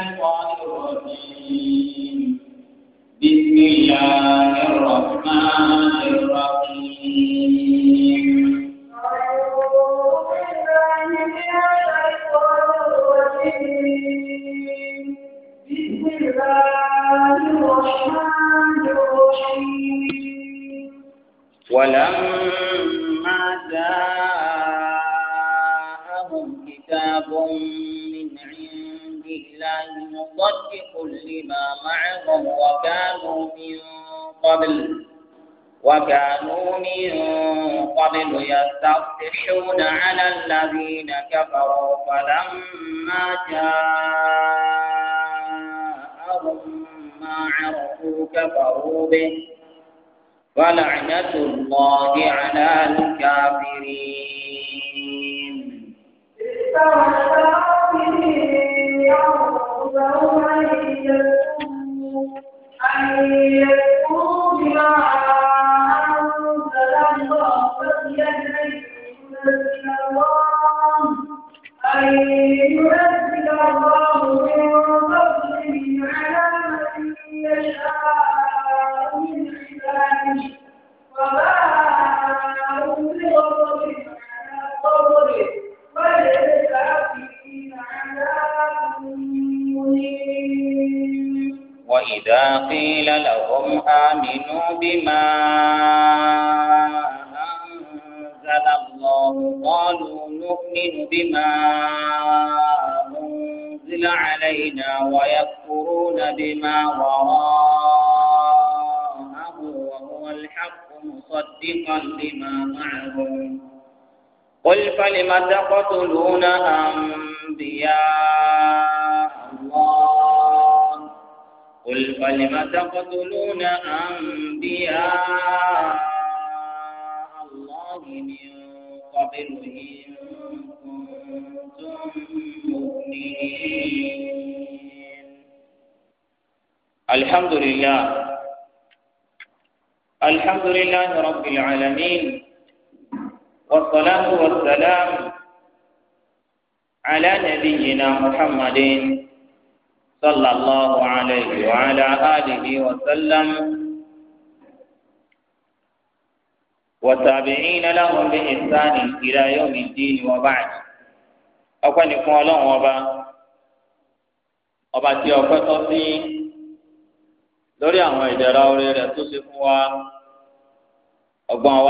الشيطان الرجيم بسم الله الرحمن الرحيم بسم الله الرحمن الرحيم ولما جاءهم كتاب مصدق لما معهم وكانوا من قبل وكانوا من قبل يستفتحون على الذين كفروا فلما جاءهم ما عرفوا كفروا به فلعنة الله على الكافرين فهم أن يكفروا بما أنزل الله فليجعل الله ينزل الله من فضله على من يشاء من عباده وما أنزل الله على قبره وإذا قيل لهم آمنوا بما أنزل الله قالوا نؤمن بما أنزل علينا ويكفرون بما وراءه وهو الحق مصدقا لما معهم قل فلم تقتلون أنبياء الله قل فلم تقتلون أنبياء الله من قبل إن كنتم مؤمنين الحمد لله الحمد لله رب العالمين والصلاة والسلام على نبينا محمد صلى الله عليه وعلى آله وسلم وتابعين لهم بإحسان إلى يوم الدين وبعد أكون يكون لهم وبا ọba tí ọpẹ́ tọ́ sí lórí àwọn ìdẹ̀ra orí rẹ̀ tó ṣe fún wa ọgbọ́n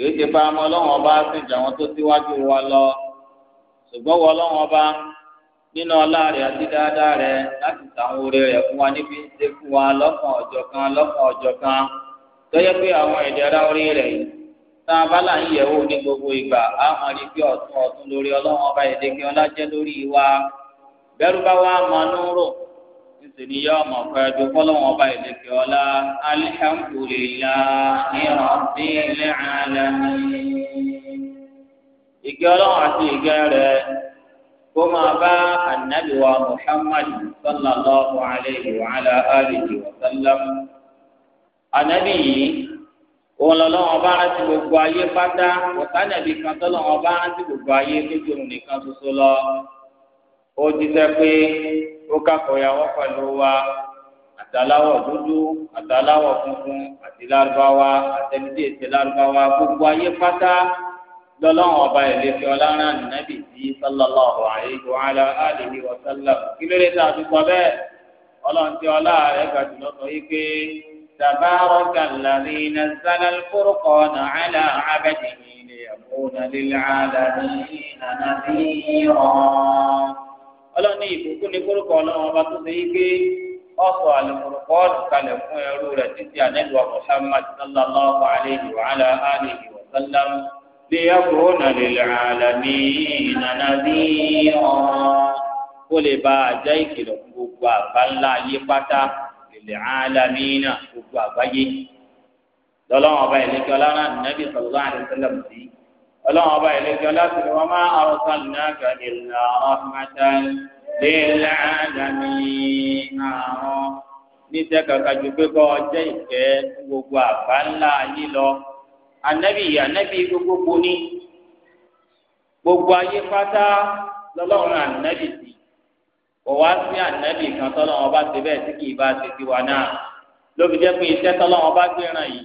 kìí ṣe bá ọmọ ọlọ́run ọba síjà wọn tó síwájú wa lọ ṣùgbọ́n wọ ọlọ́run ọba nínú ọlá rẹ̀ àti dáadáa rẹ̀ láti sàwọn oore rẹ̀ fún wa níbi ń ṣe fún wa lọ́kàn ọ̀jọ̀ kan lọ́kàn ọ̀jọ̀ kan tọ́jọ́ pé àwọn ìdẹ̀ra orí rẹ̀ yìí tá a bá là ń yẹ̀wò ní gbogbo ìgbà á hàn rí pé ọ̀tún ọ̀tún lórí ọlọ́run ọba èdè ọlá jẹ́ lórí wa bẹ́rù bá wa máa ń rò sini yóò mọ̀ fẹ́ du fọlọ́wọ́n ọba ìlẹ́kẹ̀ ọ̀la alihamdulilayi rabbil alamin. ìkẹ́ ọlọ́run àti ìkẹ́ rẹ̀ kó máa bá anabi wa muhammad sallallahu alayhi wa ala alihi wa sallam. anabi yìí òun lọ́lọ́run bá rántí gbogbo ayé pátá kò sánàbí kan tọ́lọ́run bá rántí gbogbo ayé tó tó nìkan ṣoṣo lọ ó jíṣẹ́ pé ó kàkọyàwó pẹ̀lú wa àtàláwọ̀ dúdú àtàláwọ̀ funfun àti lárúbáwá àtẹnudí ètè lárúbáwá gbogbo ayé pátá lọ́lọ́run ọba ìlẹ́fẹ́ ọlọ́run nàbì sí sallallahu alayhi wa ala alihi wa sallam kí ló dé tá a ti sọ bẹ́ẹ̀ ọlọ́run tí ọlá rẹ̀ gàdú lọ́sọ yìí pé tabaraka alladhi nazzala al-furqana ala abdihi liyakuna lil alamin nadhira ọlọ́ni ìbùkún ní kórúkọ ọlọ́run ọba tó ṣe yí pé ọ̀sọ̀ àlùkòròkọ ọ̀dùkalẹ̀ fún ẹrú rẹ̀ títí ànẹ́lùwà Muhammad sallallahu alayhi wa ala alihi wa sallam liyakuna lil'alamina nadhira kó lè bá ajá ìkìlọ̀ fún gbogbo àgbáńlá ayé pátá lil'alamina gbogbo àgbáyé lọ́lọ́run ọba ìlẹ́kẹ́ ọlọ́run ànábì sallallahu alayhi ọlọ́run ọba ìlẹ́jọ́ láti ní wọ́n máa àròsọ nàkà ìlà ọ̀hánmátà lílà àdàmì àrùn níṣẹ́ kàkà ju pé kọ́ ọjọ́ ìfẹ́ gbogbo àbá ńlá yìí lọ anabi anabi gbogbogbò ní gbogbo ayé pátá lọ́lọ́run anabi sí kò wá sí anabi kan tọ́lọ́run ọba ti bẹ́ẹ̀ sí kì í bá ti tiwa náà lóbi jẹ́ pé iṣẹ́ tọ́lọ́run ọba gbéra yìí.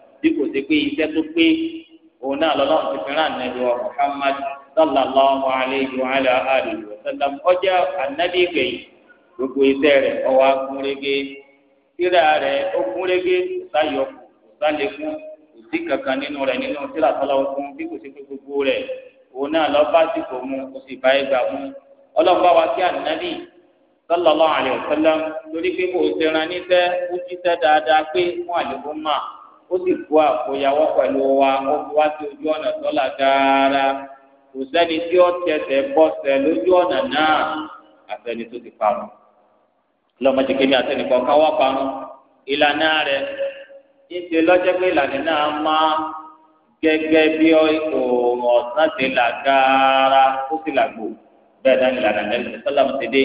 bí kò sí pé iṣẹ́ tó pé òun náà lọ́lọ́run ti fi rán Muhammad sallallahu alayhi wa ala wa sallam ọjà ànábì gbẹ̀yìn gbogbo iṣẹ́ rẹ̀ ọwọ́ agúnrégé tírà rẹ̀ ó gúnrégé kò sáyọ kò sálẹ̀kùn kò sí kankan nínú rẹ̀ nínú fún bí kò sí pé gbogbo rẹ̀ òun náà bá sì kò kò sì bá ẹ gbà ọlọ́run bá wa kí sallallahu alayhi wa sallam ó sì kó àkóyawọ́ pẹ̀lú wa ó fi wá sí ojú ọ̀nà sọ́là dáadáa kò sẹ́ni tí ó tẹsẹ̀ bọ́sẹ̀ lójú ọ̀nà náà àfẹni tó ti parun lọ́mọdé kémi àtẹnìkan káwá parun ìlànà rẹ̀ níṣẹ lọ́jọ́ pé ìlànà náà máa gẹ́gẹ́ bí oòrùn ọ̀sán ti là gaara ó sì làgbò bẹ́ẹ̀ náà ìlànà lẹ́yìn sọ́lá mi ti dé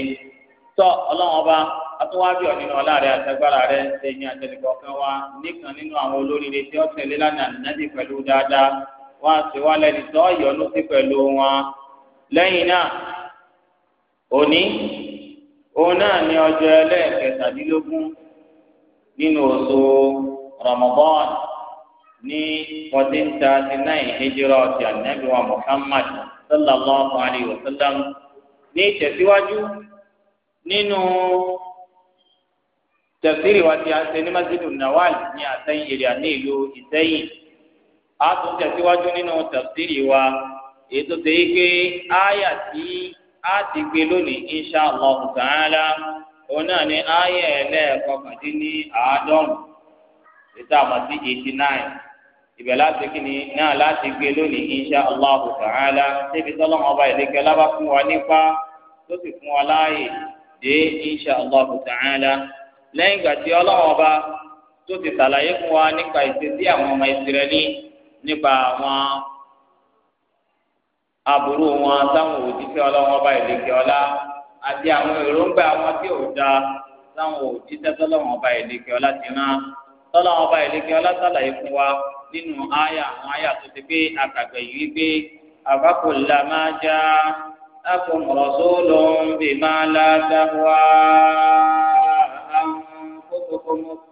tọ́ ọlọ́run ọba atúwájú ọ̀nínú ọ̀la rẹ̀ àtẹ́gbára rẹ̀ ṣe ní àtẹnìkọ̀ọ̀kan wa nìkan nínú àwọn olóríire tí ó tẹ̀lé lánàá nàbì pẹ̀lú dáadáa wá sí wá lẹ́ni tó yọ́nú sí pẹ̀lú wọn. lẹ́yìn náà òní òun náà ní ọjọ́ ẹlẹ́ẹ̀kẹtàdínlógún nínú oṣù Ramadan ní fourteen thirty nine hijira ti anabi wa Muhammad sallallahu alayhi wa sallam ní ìtẹ̀síwájú nínú tafsiri wa ti ase ní masjidu nawal ni àsẹyìn èrè àní ìlú ìsẹyìn a tún tẹsíwájú nínú tafsiri wa ètò tẹ̀yí pé àyà tí a ti gbé lónìí insha allah ta'ala òun náà ní àyà ẹlẹ́ẹ̀kọkàndínní àádọ́rùn ètò àmọ́sí eighty nine ibẹ̀ láti kí ni náà láti gbé lónìí insha allah ta'ala débi tọ́lọ́mọ ọba ìdíkẹ́ lábá fún wa nípa tó sì fún wa láàyè dé insha allah ta'ala lẹ́yìn ìgbà tí ọlọ́wọ́n ọba tó ti sàlàyé fún wa nípa ìṣesí àwọn ọmọ ìsirẹ́lì nípa àwọn aburú wọn táwọn òjíṣẹ́ ọlọ́wọ́n ọba ìlẹ́kẹ̀ ọlá àti àwọn èròǹgbà wọn tí ò da táwọn òjíṣẹ́ tọ́lọ́wọ́n ọba ìlẹ́kẹ̀ ọlá ti rán tọ́lọ́wọ́n ọba ìlẹ́kẹ̀ ọlá sàlàyé fún wa nínú àyà àwọn àyà tó ti pé àkàgbẹ̀ yìí pé àbákòlá máa já akùnrọ̀sọ́ lọ́n bè máa lá dáwàá.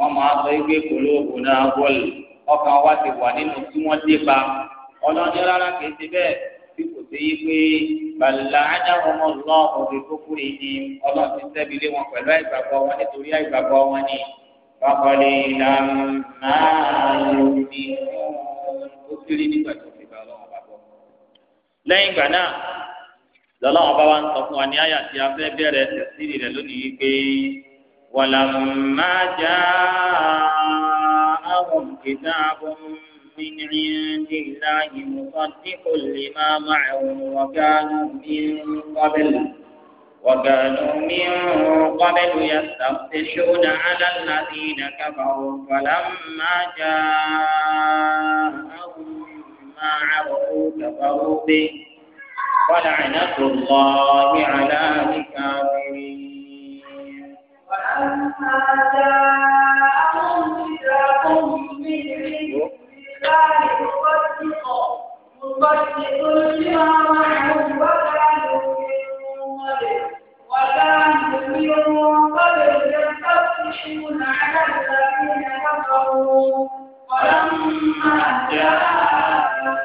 wọn máa sọ igbe kòlóògùn náà wọlé ọkàn wa ti wà nínú tí wọn dé ba ọlọ́ni rárá kìí ṣe bẹ́ẹ̀ bí kò ṣe yí pé bàlá adáwọmọ lọ́ọ̀hún rí kókó yìí ni ọlọ́ọ̀tì sẹ́bi lé wọn pẹ̀lú àìgbàgbọ́ wọn nítorí àìgbàgbọ́ wọn ni bàbọ̀lì làmà lòdì ó kéré nígbà tó fi bá ọlọ́wọ́n bá lẹ́yìn ìgbà náà lọ́lọ́wọ́n bá wa ń sọ fún wa ní àyà tí a fẹ́ bẹ̀rẹ̀ tẹ̀síìrì rẹ̀ lónìí wípé. ولما جاءهم كتاب من عند الله مصدق لما معهم وكانوا من قبل وكانوا من قبل يستفتشون على الذين كفروا فلما جاءهم ما عرفوا كفروا به ولعنة الله على الكافرين فلما جاءهم كتاب من عند الله مصدق مصدق لما معهم وكانوا من قبل وكانوا من قبل يستفتحون على الذين كفروا فلما جاءهم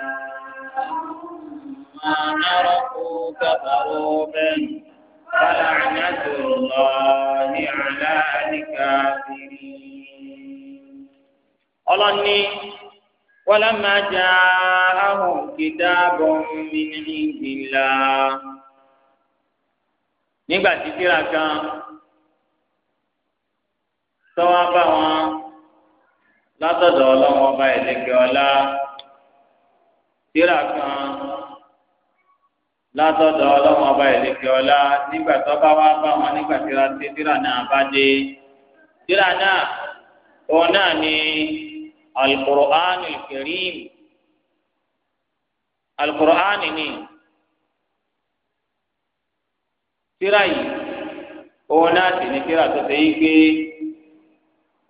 ما عرفوا كفروا منه ولعنة الله على الكافرين أولاني ولما جاءهم كتاب nígbà tí tírà kan tọ́wọ́ bá wọn látọ̀dọ̀ ọlọ́wọ́ ọba ẹ̀lẹ́gẹ̀ ọlá kan. látọ̀dọ̀ ọlọ́mọ ọba ìlẹ́kẹ̀ ọlá nígbà tó bá wá bá wọn nígbà tí ra ti tíra náà bá dé tíra náà òun náà ni Al-Qur'anul Karim quran ni tíra yìí òun náà sì ni tíra tó ṣe yí pé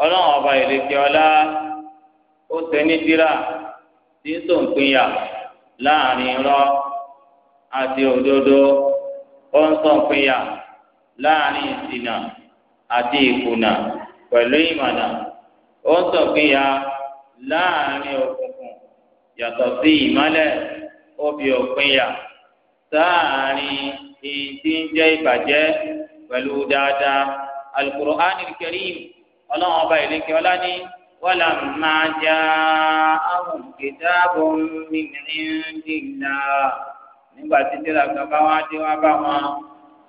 ọlọ́mọ ọba ìlẹ́kẹ̀ ọlá ó ṣe ní tíra tí ń sòǹpinya láàrin rọ́ọ̀ àti òdodo ó ń sọ péyà láàrin ìṣìnà àti ìkùnà pẹ̀lú ìmọ̀nà ó ń sọ péyà láàrin òkùnkùn yàtọ̀ sí ìmọ́lẹ̀ obì òpinya sáàrin èyí tí ń jẹ́ ìbàjẹ́ pẹ̀lú dáadáa alukur'an karim ọlọ́run ọba ìlékè ọlá ní wàlà máa já àwọn kìtàbù min indillah nígbà tí tíra kan bá wọn dé wọn bá wọn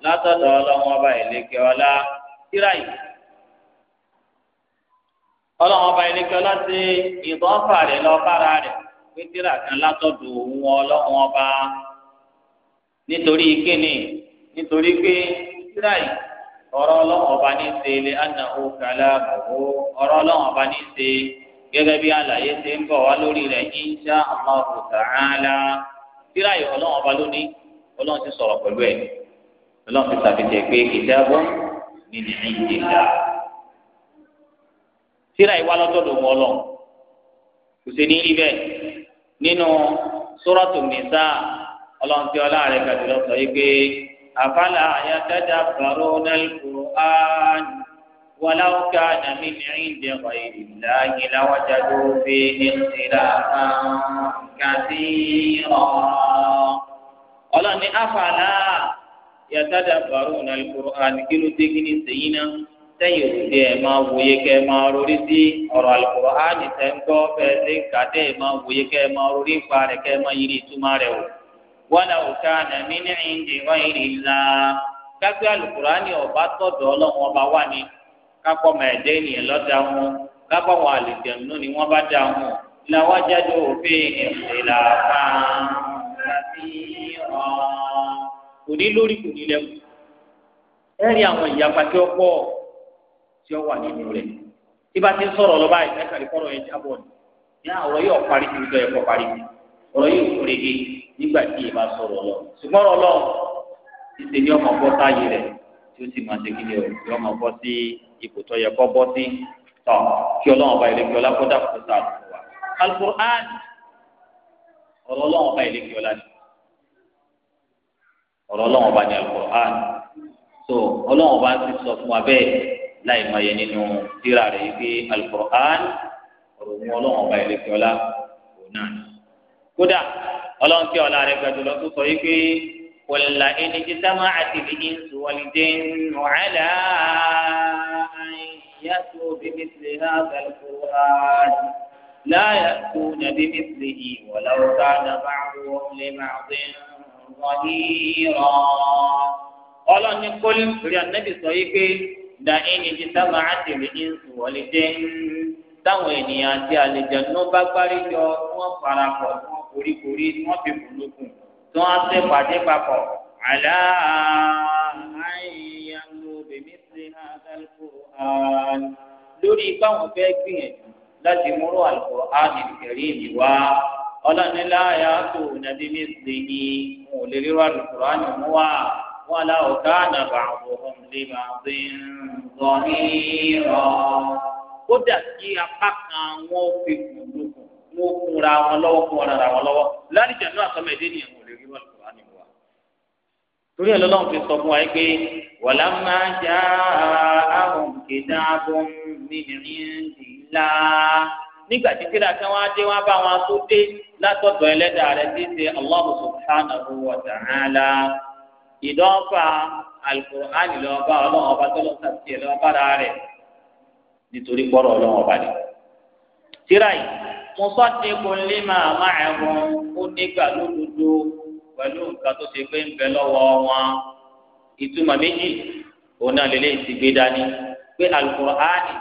látọ̀dọ̀ ọlọ́wọ́n ọba ìlékè ọlá tíra yìí ọlọ́wọ́n ọba ìlékè ọlá ti ìdánfà rẹ̀ lọ bára rẹ̀ pé tíra kan látọ̀dọ̀ òun ọlọ́wọ́n ọba nítorí kíni nítorí pé tíra yìí ọ̀rọ̀ ọlọ́wọ́n ọba ní ṣe lè àná òkàlà bòbó ọ̀rọ̀ ọlọ́wọ́n ọba ní ṣe gẹ́gẹ́ bí àlàyé ṣe ń bọ̀ wá lórí rẹ̀ insha Allah ta'ala tíra yìí ọlọ́run ọba lónìí ọlọ́run ti sọ̀rọ̀ pẹ̀lú ẹ̀ ọlọ́run ti sàfihàn pé ìdáàbọ̀ ní nìyí ìdèlà tíra yìí wá lọ́dọ̀dọ̀ mọ́ ọlọ́run kò sí ní rí bẹ́ẹ̀ nínú sóràtò nìsa ọlọ́run ti ọlá rẹ̀ kàdúrà sọ yìí pé àfàlà àyàtàjà fàrọ̀ náà kúrò áánì. ولو كان من عند غير الله لوجدوا فيه اختلافا كثيرا ọlọ́run ní afàlà yàtàdà bàrún náà alukur'an kí ló dé kí ni sèyí náà sẹ́yìn òde ẹ̀ máa wòye kẹ́ ẹ̀ máa rori sí ọ̀rọ̀ alukur'an tẹ̀ ń gbọ́ bẹ́ẹ̀ ṣe ń kà dé ẹ̀ máa wòye kẹ́ ẹ̀ máa rori ipa rẹ̀ kẹ́ ẹ̀ máa yiri ìtumá rẹ̀ o. wọ́n àwọn ká nàmí ní ìdìbọn ìrìlá kápẹ́ alukur'an ọba tọ̀dọ̀ ọlọ́run ọba wà ní kápọ̀ mọ̀ ẹ̀dẹ́ ènìyàn lọ́dà wọn kápọ̀ wọn àlìjẹ̀nu ni wọ́n bá dà wọn làwọn jáde òfin ìlà kan láti wọn. kò ní lórí kò ní lẹ́wù ẹ rí àwọn ìyapa tí ó pọ̀ tí ó wà nínú rẹ̀ tí bá ti ń sọ̀rọ̀ lọ́ba ìtẹ́kàlì kọ́rọ̀ yẹn jábọ̀ ni ní ọ̀rọ̀ yóò parí ju ìjọ ẹ̀kọ́ parí ju ọ̀rọ̀ yóò kúrege nígbà tí ìbá sọ̀rọ̀ lọ ṣùgbọ́n ọ̀rọ̀ lọ ìṣe ni ọmọ bọ́ sáyé rẹ̀ tí ó sì máa ṣe kí ni ọmọ bọ́ sí ipò tó yẹ kó bọ́ sí tọ̀ kí ọlọ́run ọba ìlẹ́kí ọlá kó dà kó sàánù fún wa. alukur'an ọ̀rọ̀ ọlọ́run ọba ìlẹ́kí ọlá ni ọ̀rọ̀ ọlọ́run ọba ni alukur'an so ọlọ́run ọba ti sọ fún wa bẹ́ẹ̀ láì máa yẹ nínú tírà rẹ̀ pé alukur'an ọ̀rọ̀ òun ọlọ́run ọba ìlẹ́kí ọlá òun náà ni. kódà ọlọ́run kí ọlá rẹ̀ gbẹdùn lọ tó sọ yìí pé. ولا إن اجتمعت الإنس والجن على يأتوا بمثل هذا القرآن لا يأتون بمثله ولو كان بعضهم لبعض ظهيرا قال نقول للنبي صحيح دعين اجتمعت الإنس والجن táwọn ènìyàn àti àlejò ní wọn bá gbárí jọ wọn parapọ̀ tí wọn koríkorí tí wọn fi kùlùkùn tí wọn ṣe pàdé papọ̀ àlá àáyí lórí báwọn fẹ́ gbìyànjú láti múrò Al-Qur'an Al-Karim wá ọlọ́nilá yàtò nàbí mẹ́sìlẹ̀ ni wọn ò lè rí Al-Qur'an mú wá wọn làwọn ká nàbà àwọn lè máa fi ń gbọ́ ní ìrọ̀. kódà kí apá kan wọn fi kùn lókun wọn kúnra wọn lọ́wọ́ kúnra wọn lọ́wọ́ lálẹ́ ìjàdùn àtọ́mọ̀ ẹ̀dẹ́ nìyẹn wọn ò lè rí al torí ẹ lọ́lọ́run fi sọ fún wa pé wàlá máa já àrùn kìdá bọ́n mi nìyíńdìlá nígbà tí tíra kan wá dé wá bá wọn tó dé látọ̀dọ̀ ẹlẹ́dàá rẹ̀ tí ń ṣe Allahu subhanahu wa ta'ala ìdánfà alukur'an lọ́ba ọlọ́run ọba tó lọ sàtì ẹ̀ lọ́ba rà rẹ̀ nítorí pọ́rọ̀ ọlọ́run ọba rẹ̀. tíra mo sọ́ ti kò lè máa máa ẹ̀wọ̀n ó nígbà lódò pẹ̀lú nǹkan tó ṣe pé ń bẹ lọ́wọ́ wọn ìtumọ̀ méjì òun náà lè lè ti gbé dání pé alukur'ani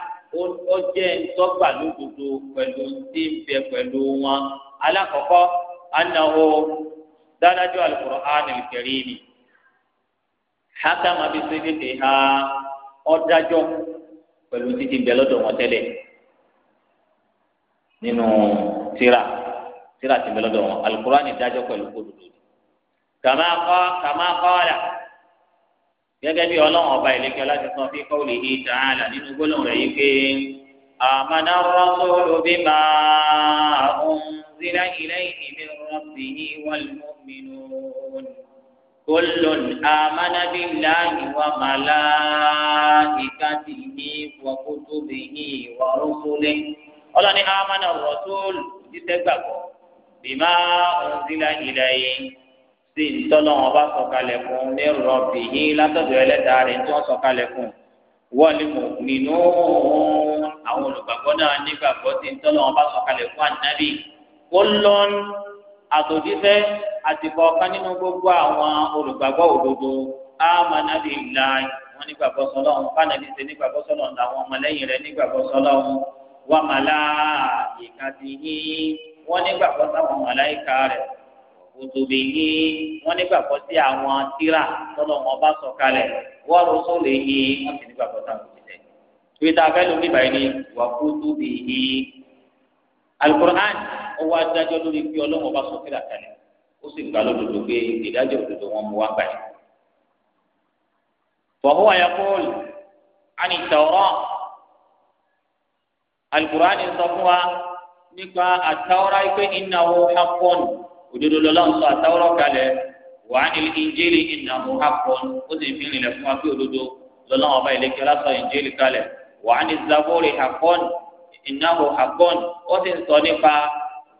ó jẹ́ ntọ́gbà lódodo pẹ̀lú tí ń bẹ pẹ̀lú wọn alákọ̀ọ́kọ́ anahu dáadájú alukur'ani al-karimi hakama bi sebete ha ọdájọ́ pẹ̀lú títí ń bẹ lọ́dọ̀ wọn tẹ́lẹ̀ nínú tírà tírà tí bẹ lọ́dọ̀ wọn alukur'ani dájọ́ pẹ̀lú kódodo kàmá kọ́ kàmá kọ́ọ̀là gẹ́gẹ́ bí ọlọ́run ọba ìlẹ́kẹ́ láti sọ fí kọ́ọ̀lì yìí ta'ala nínú gbólóhùn rẹ̀ yìí pé amana ar-rasulu bima unzila ilayhi min rabbihi wal mu'minun kullun amana billahi wa malaikatihi wa kutubihi wa rusulihi ọlọ́ni amana ar-rasulu ti tẹ́gbàgbọ́ bima sí ntọ́nà wọn bá sọ̀kalẹ̀ fún ní rọ̀bì yín látọ̀dọ̀ ẹlẹ́dàá rẹ̀ tí wọ́n sọ̀kalẹ̀ fún wọ́n ní mò nínú àwọn olùgbàgbọ́ náà nígbàgbọ́ sí ntọ́nà wọn bá sọ̀kalẹ̀ fún ànábì ó lọ́n àtòjíṣẹ́ àti kọ̀ọ̀kan nínú gbogbo àwọn olùgbàgbọ́ òdodo ámànàbì láì wọ́n nígbàgbọ́ sọ́lọ́ wọn fánàbí ṣe nígbàgbọ́ sọ́lọ́ làwọn ọmọlẹ́yìn rẹ̀ nígbàgbọ́ sọ́lọ́ wọn wàmàlà ìkàtì yín wọ́n nígbàgbọ́ sáwọn màláìka rẹ̀ kùtùbí yìí wọ́n nígbàgbọ́ sí àwọn tíra tọ́lọ̀ wọn bá sọ kalẹ̀ wọ́n rò sóòlù yìí wọ́n sì nígbàgbọ́ sí àwọn òṣìṣẹ́. ìwé tá a fẹ́ lómi báyìí ni wà kùtùbí yìí. alukur'an ó wá dájọ́ lórí pé ọlọ́wọ́n bá sọ tíra kalẹ̀ ó sì gbà lódodo pé ìdájọ́ òdodo wọn mú wá gbà yìí. فهو يقول عن التوراة القرآن صفوة نقا التوراة إنه حق òdodo lọ́lọ́run sọ àtàwọ́rọ́ kalẹ̀ wà á ní ìjẹ́lì ìnáwó àpọ̀n ó sì fi rìnlẹ̀ fún wa pé òdodo lọ́lọ́run ọba ìlẹ́kẹ́ lásọ ìjẹ́lì kalẹ̀ wà á ní zabori àpọ̀n ìnáwó àpọ̀n ó sì ń sọ nípa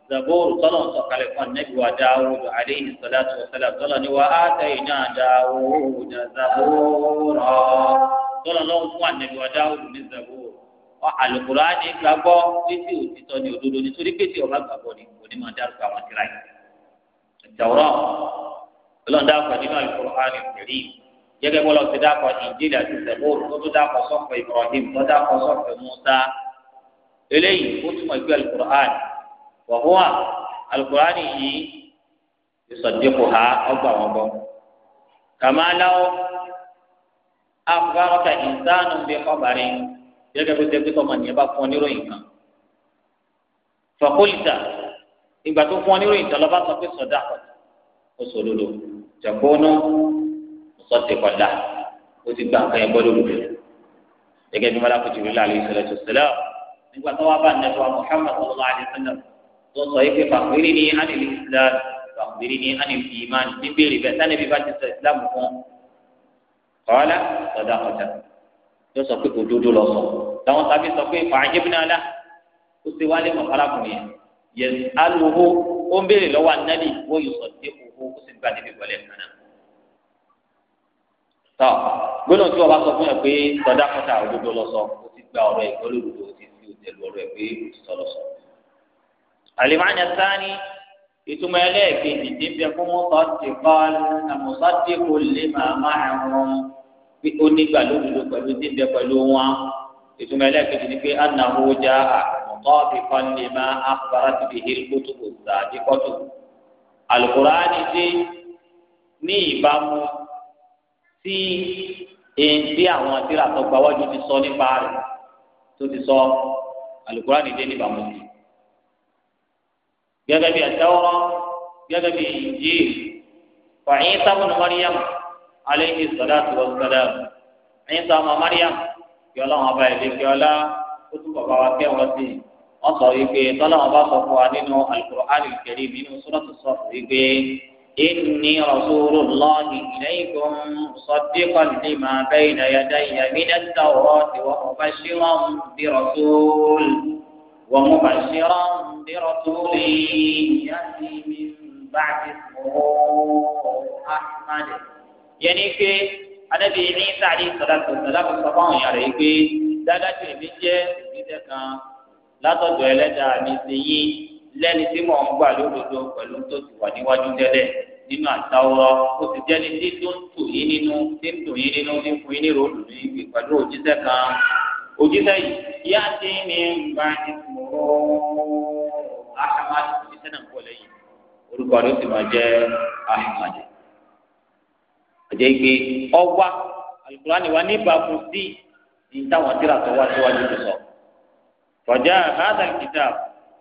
zabori tọ́lọ̀ ń sọ kalẹ̀ fún anabi wa dáwúdù aleyhi salatu wa salam tọ́lọ̀ ni wà á tẹ iná dáwúdù zaborọ̀ tọ́lọ̀ lọ́wọ́ fún anabi wa dáwúdù ní zabori alukurani gbàgbọ́ títí òtítọ́ ni òdodo nítorí pé tí ọba gbàgbọ́ ni onímọ̀ dárúkọ àwọn tírà Tawrah ọlọ́run dákọ̀ nínú Al-Qur'an Al-Karim gẹ́gẹ́ bọ́lá ti dákọ̀ Injil àti Zabur tó tó dákọ̀ sọ́fọ̀ Ibrahim tó dákọ̀ sọ́fọ̀ Musa eléyìí ó túmọ̀ ìgbé Al-Qur'an wa huwa Al-Qur'an yìí ìsọ̀dẹ́kù ha ọgbà wọn bọ́ kàmá láwọ́ akhbaraka insanu bi khabarin gẹ́gẹ́ bó ṣe pé tọmọ ìgbà tó fún ọ nírò ìtọ́lọ́bá sọ pé sọdá ó sọ lólo jàgbóná sọtẹkọdà ó ti gbà nǹkan yẹn bọ́ lórí rẹ̀ gẹ́gẹ́ bí mọ́lá kùtù rírà ìṣẹ̀lẹ̀ tó ṣẹlẹ̀ nígbà tó wá bá nẹ́tọ́ wa Muhammad sallallahu alaihi wasallam tó sọ yìí pé fàkùnrin ní anil Islam fàkùnrin ní anil iman ní béèrè bẹ́ẹ̀ sani bíbá ti sọ Islam fún kọ́lá sọdá kọjá tó sọ pé òdodo lọ sọ táwọn sábẹ́ sọ pé fàájẹ́bínà lá ó ti wálé mọ̀ yẹn alùwò ó ń béèrè lọ́wọ́ anábì wọ́n yóò sọ dé owó ó sì ń bá níbi wọlé kan náà. tọ́ gbọ́dọ̀ tí wọ́n bá sọ fún yẹn pé sọdá kọta òdodo lọ sọ ó ti gba ọ̀rọ̀ ẹ̀gbọ́n lòdòdò ó ti fi òtẹ̀lù ọ̀rọ̀ ẹ̀ pé ó ti sọ lọ sọ. àlìmáàyà sáni ìtumọ̀ ẹlẹ́ẹ̀kejì ti bẹ fún mọ́tọ́tìkọ́l àmọ́sọ́tìkù lè máa máa rún bí onígbàlódodo pẹ̀lú ti bẹ pẹ̀lú wọn ìtumọ̀ ẹlẹ́ẹ̀kejì ni pé ànáwó já àá مطابقا لما أخبرت به الكتب السابقة القرآن دي ní ìbámu sí èyí àwọn àtìrà tó gbáwájú ti sọ nípa rẹ̀ tó ti sọ alukura nìdé níbàámu sí gẹ́gẹ́ bí àtẹwọrọ gẹ́gẹ́ bí ìjì fàáyín sábùnù mariam aleyhi sọdá tó wọ sọdá ẹyìn sábùnù mariam kí Ọlọ́run ọba ẹlẹkẹ ọlá ó túbọ̀ bá wa kẹ́ wọn sí i wọ́n sọ wípé tọ́lá wọn bá sọ fún wa nínú al-Qur'an al-Karim nínú Suratu Saff wípé inni rasulullahi ilaykum musaddiqan lima bayna yadayya mina at-tawrati wa mubashiran bi rasul wa mubashiran bi rasulin ya'ti min ba'di ismuhu Ahmad yẹn ni pé Ànábì Ìsá alayhi salatu wa salam ìdádájú èmi jẹ ìgbésẹ̀ kan látọ̀dọ̀ ẹlẹ́dàá mi ti yí lẹ́ni tí mò ń gbà lódodo pẹ̀lú tó ti wà níwájú tẹ́lẹ̀ nínú àtàwọ̀ ó ti jẹ́ni tí tó ń tù yín nínú tí kan òjíṣẹ́ yìí yá ti ní gba ìmọ̀ náà wọlé yìí orúkọ ó ní táwọn tíra tó wá síwájú ti sọ. fọjá hàdà kìtà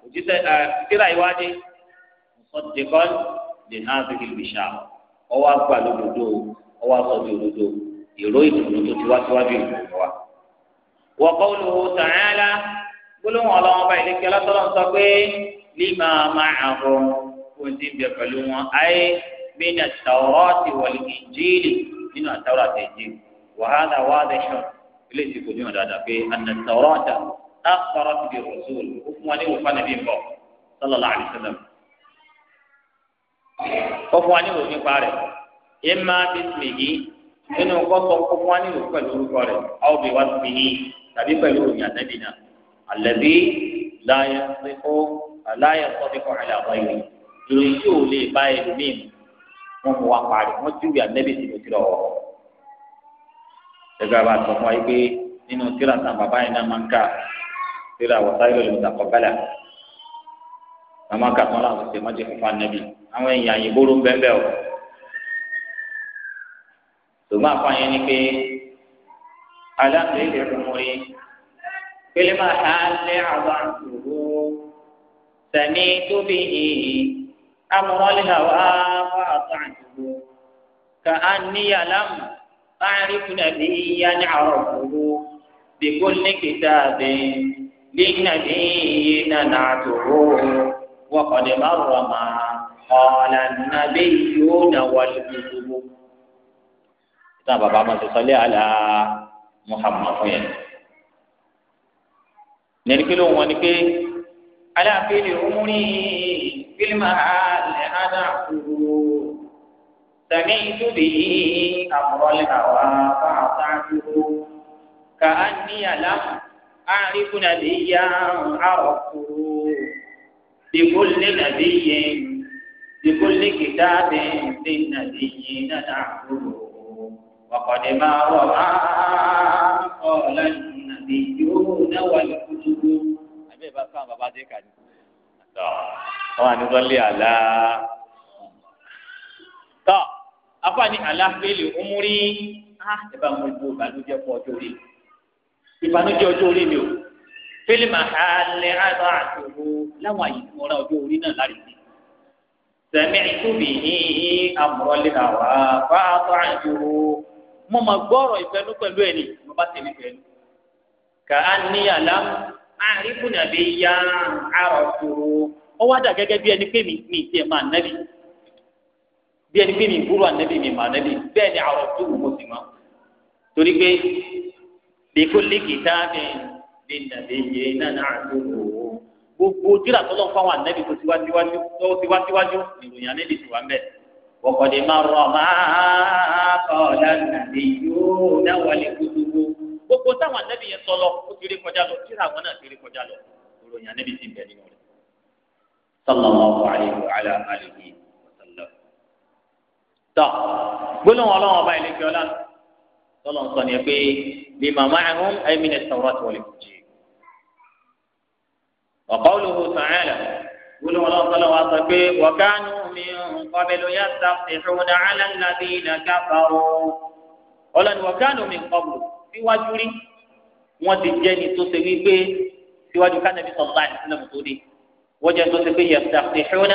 òjíṣẹ́ tíra ìwádìí mùsọ̀dẹ̀kọ́n lè hàn sí kìlìbìṣà ọwọ́ àgbà lódodo ọwọ́ àsọ bí òdodo ìró ìdùnnú tó ti wá síwájú ìdùnnú wa. wa qawluhu ta'ala gbólóhùn ọlọ́wọ́n bá ìlẹ́kẹ́ lọ́sọ̀rọ̀ sọ pé lima ma'ahum kó o ti bẹ̀ pẹ̀lú wọn ayé min at-taurati wal injili nínú àtàwọn àtẹ̀jẹ́ wàhálà wàhálà ṣọ̀rọ̀ ilé tí kò ní wọn dáadáa pé anatawrata akpara ti di rasul ó fún wa ní wòfá níbi ń bọ̀ sallallahu alaihi wasallam ó fún wa ní wòfá nípa rẹ̀ ìmá bísímìhì nínú kọsọ ó fún wa ní wòfá pẹ̀lú orúkọ rẹ̀ àwọn òbí wa sìmìhì tàbí pẹ̀lú òyìn ànábì náà àlẹbí láyé sọdíkọ láyé sọdíkọ àlẹ àwọn ìwé ìròyìn tí ò lè bá ẹlòmíì wọn mú wa parí wọn júwèé ànábì sí lọ sí lọ́wọ́ ẹgbẹ́ àbá sọ fún wa pé nínú tíra tán bàbá yìí náà máa ń kà tíra wọ́sáyìlò lè mọ̀tà kọ́bálà màmá kà tán láwọn ṣe mọ́jẹ́ fífa nẹ́bí àwọn èèyàn àyìnbó ló ń bẹ́ẹ̀ o tòmá fáyẹn ni pé aláǹdé lè fún mi pélé máa ha lé àwọn àtúrò sẹ́ni tó bí yìí amúhánlẹ́hàwá fún àtúntò kà á níyàlámù. أعرف نبيا عرفه بكل كتاب للنبي ننعته وقد مر ما قال النبيون والكتب تابع بابا ما تصلي على محمد نركلون ونكي على فيل أمري في المعال أنا أقول سمعت به أمر الهوى فأطعته كأني لم أعرف نبيا عرفته لكل نبي لكل كتاب للنبيين نعبده وقد ما رأى قال النبيون والكتب أبي بسام بابا ديكا طبعا نصلي على طبعا afáàní aláfẹ́lì ọmúrí ah, ẹ̀bá mo gbó ìbànújẹ́ pọ̀ ọjọ́ orí ìbànújẹ́ ọjọ́ orí mi o fẹ́lẹ́ máa ha lẹ́ àbá àtòwò láwọn àyè tí wọ́n rán ọjọ́ orí náà lárí sí sẹ́mi ni yìí amúrọ́lé àwà bá a tọ́ àjò mo máa gbọ́rọ̀ ìfẹ́nu pẹ̀lú ẹni mo bá tẹ̀lé ìfẹ́nu kà á ní àlám àrífùnàbí yá àròkù ọwọ́ àdà gẹ́gẹ́ bí ẹni pé mi mi tiẹ̀ máa nẹ́bi bí ẹni pé mi ìbúrò ànẹ́bí mi mà ànẹ́bí bẹ́ẹ̀ ni àwọn tó wù mo sì mọ́ torí pé lèkó léèkì dáàbì lè nàbẹ yẹ iná náà tó wò ó gbogbo tíra tó lọ́n fáwọn ànẹ́bí tó tiwájú tó tiwájú ìròyìn ànẹ́bí ti wà ń bẹ̀ wọ́kọ̀dé máa rọ̀ máa kọ́ lánàbí yóò dáwọ́ lè gbogbo gbogbo táwọn ànẹ́bí yẹn sọ ó ti rí kọjá lọ tíra àwọn náà ti rí kọjá lọ ìròyìn ànẹ́bí ti bẹ̀ nínú rẹ̀ sallallahu alaihi wa tọ gbólóhùn ọlọ́run ọba ìlẹkẹ ọlá tọlọ ń sọ ni ẹ pé lè màmá ẹhún ẹmí ní sọ̀rọ̀ àti wọlé kùjì ọkọ olùkọ sàrẹlẹ gbólóhùn ọlọ́run tọlọ wa sọ pé wọkánú mi kọbẹlú yá sàfihàn alálàbí nàkàfàrọ ọlọ́run wọkánú mi kọbù síwájú rí wọn ti jẹ ní tó ṣe wípé síwájú kánẹbí sọlá ìsìlẹmù tó dé tó ṣe pé yẹ sàfihàn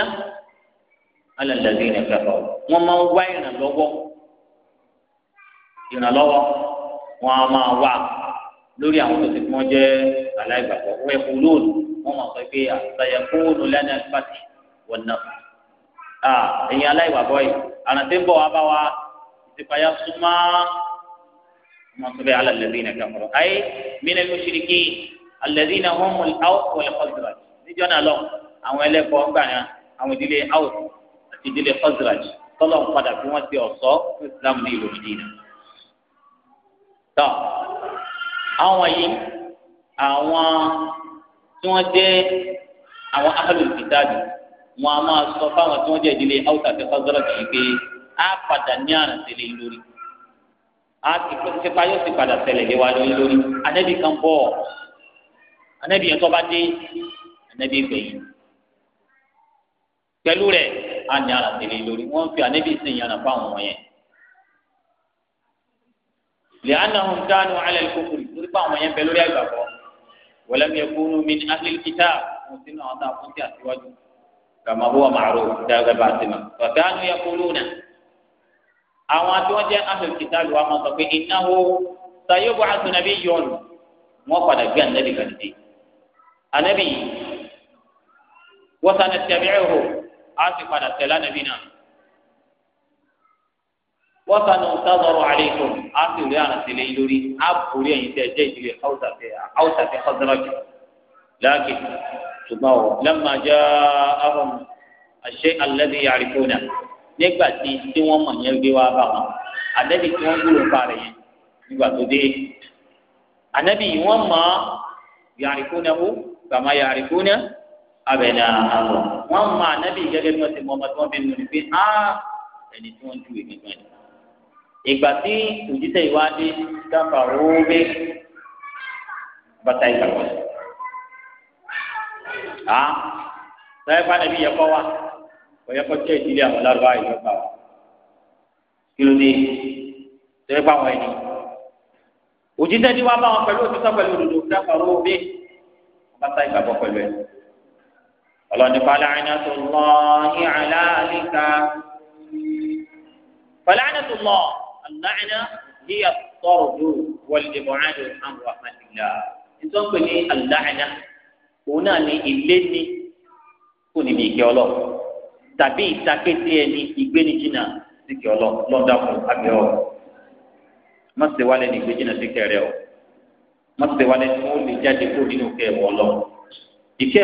alàlàdé ní kẹfọ wọn máa ń wá ìrànlọ́wọ́ ìrànlọ́wọ́ wọn a máa wá lórí àwọn tó ti fún ọ jẹ aláìgbàgbọ́ wọn ẹkú lóòlù wọn máa sọ pé àtàyẹ kóònù lẹ́nu ẹfàtì wọn nà á ẹ̀yin aláìgbàgbọ́ yìí àrántí ń bọ̀ wá bá wa ìsìpáyà súnmọ́ wọn sọ pé alàlàdé ní kẹfọ ayé mílẹ̀ ló ṣe kí alàdé náà wọn mú àwọn ọ̀pọ̀lọpọ̀ jùlọ níjọ́ náà lọ àwọn ẹlẹ́kọ̀ọ́ gbà náà àwọn ìdílé áwòsàn ìdílé Khazraj tọ́lọ̀ ń padà bí wọ́n ti ọ̀sọ́ fún Islam ní ìlú Medina. tọ́ àwọn yìí àwọn tí wọ́n jẹ́ àwọn ahlul kitabi wọn a máa sọ fáwọn tí wọ́n jẹ́ ìdílé Awus àti Khazraj yìí pé á padà ní àrùn sílé lórí á ti pípa yóò ti padà ṣẹlẹ̀ lé wa lórí anẹ́bí kan bọ̀ anẹ́bí yẹn tó bá dé anẹ́bí gbẹ̀yìn pẹ̀lú rẹ̀ á ní ara tẹ̀lé lórí wọ́n fi ànábì sí ìyànà fáwọn wọn yẹn. li'annahum kanu 'ala al-kufri lórí fáwọn yẹn bẹ lórí àgbàgbọ́ wa lam yakunu min ahli al-kitab mo ti náà ta fún ti àtiwájú kama huwa ma'ruf dáadáa bá a ti mọ̀ wa kanu yaquluna àwọn tí wọ́n jẹ́ ahli al-kitab ló wà sọ pé innahu sayub'athu nabiyyun wọ́n padà gbé ànábì kan dé wọ́n sanà tẹ̀mí ẹ̀hó á sì padà tẹ̀lé ànábì náà wọ́sàn ọ̀tàzọ̀rọ̀ àlẹ́kùn á sì rí àrántí lé lórí á borí ẹ̀yin tẹ̀ jẹ́ ìdílé haúsàfẹ́ kọ́sẹ́rọ́jù láàkì ṣùgbọ́n ọ̀ lẹ́mà já ahọ́n àṣẹ alẹ́bí àríkónà nígbà tí tí wọ́n mọ̀ yẹn gbé wá bá wọn àdẹ́bí tí wọ́n gbúrò pa rẹ̀ yẹn nígbà tó dé ànábì wọ́n mọ̀ yàríkónà ó gbàmà yàríkónà abẹ́nà àwọn wọ́n mọ ànábì gẹ́gẹ́ bí wọ́n ti mọ ọmọ tí wọ́n fi nù ní pé á ẹni tí wọ́n ju èmi gan ni. ìgbà tí òjíṣẹ́ ìwádìí dáfà róòbé bàtà ìgbàgbọ́. à sáyẹ́ bá nàbí yẹkọ́ wa ọ̀yẹ́kọ́ tí ìdílé àwọn lárúbá ìjọba wa. kí ló dé sáyẹ́ bá wọn ẹni. òjíṣẹ́ ni wọ́n bá wọn pẹ̀lú òtítọ́ pẹ̀lú òdodo dáfà róòbé bàtà ìgbàgbọ́ pẹ̀lú ẹ̀ ọlọ́ni fàlànà tó lọ ní àlàáfíà fàlànà tó lọ àlàáfíà ní àtọ́rọ̀dù wọlé mọ́ràdù àwọn àmàlìlá nítorí ní àlàáfíà òun náà ní ilé ní kò níbi ìkẹ́ ọlọ́ tàbí ìtakété ẹni ìgbénijìnà sí kẹ́ ọlọ́ lọ́dàkùn abẹ́ ọ má ṣe wálé ní ìgbéjìnà sí kẹrẹ ọ má tí wọn lè jáde kó nínú kẹ́ ẹ̀wọ̀ ọlọ́ ìkẹ́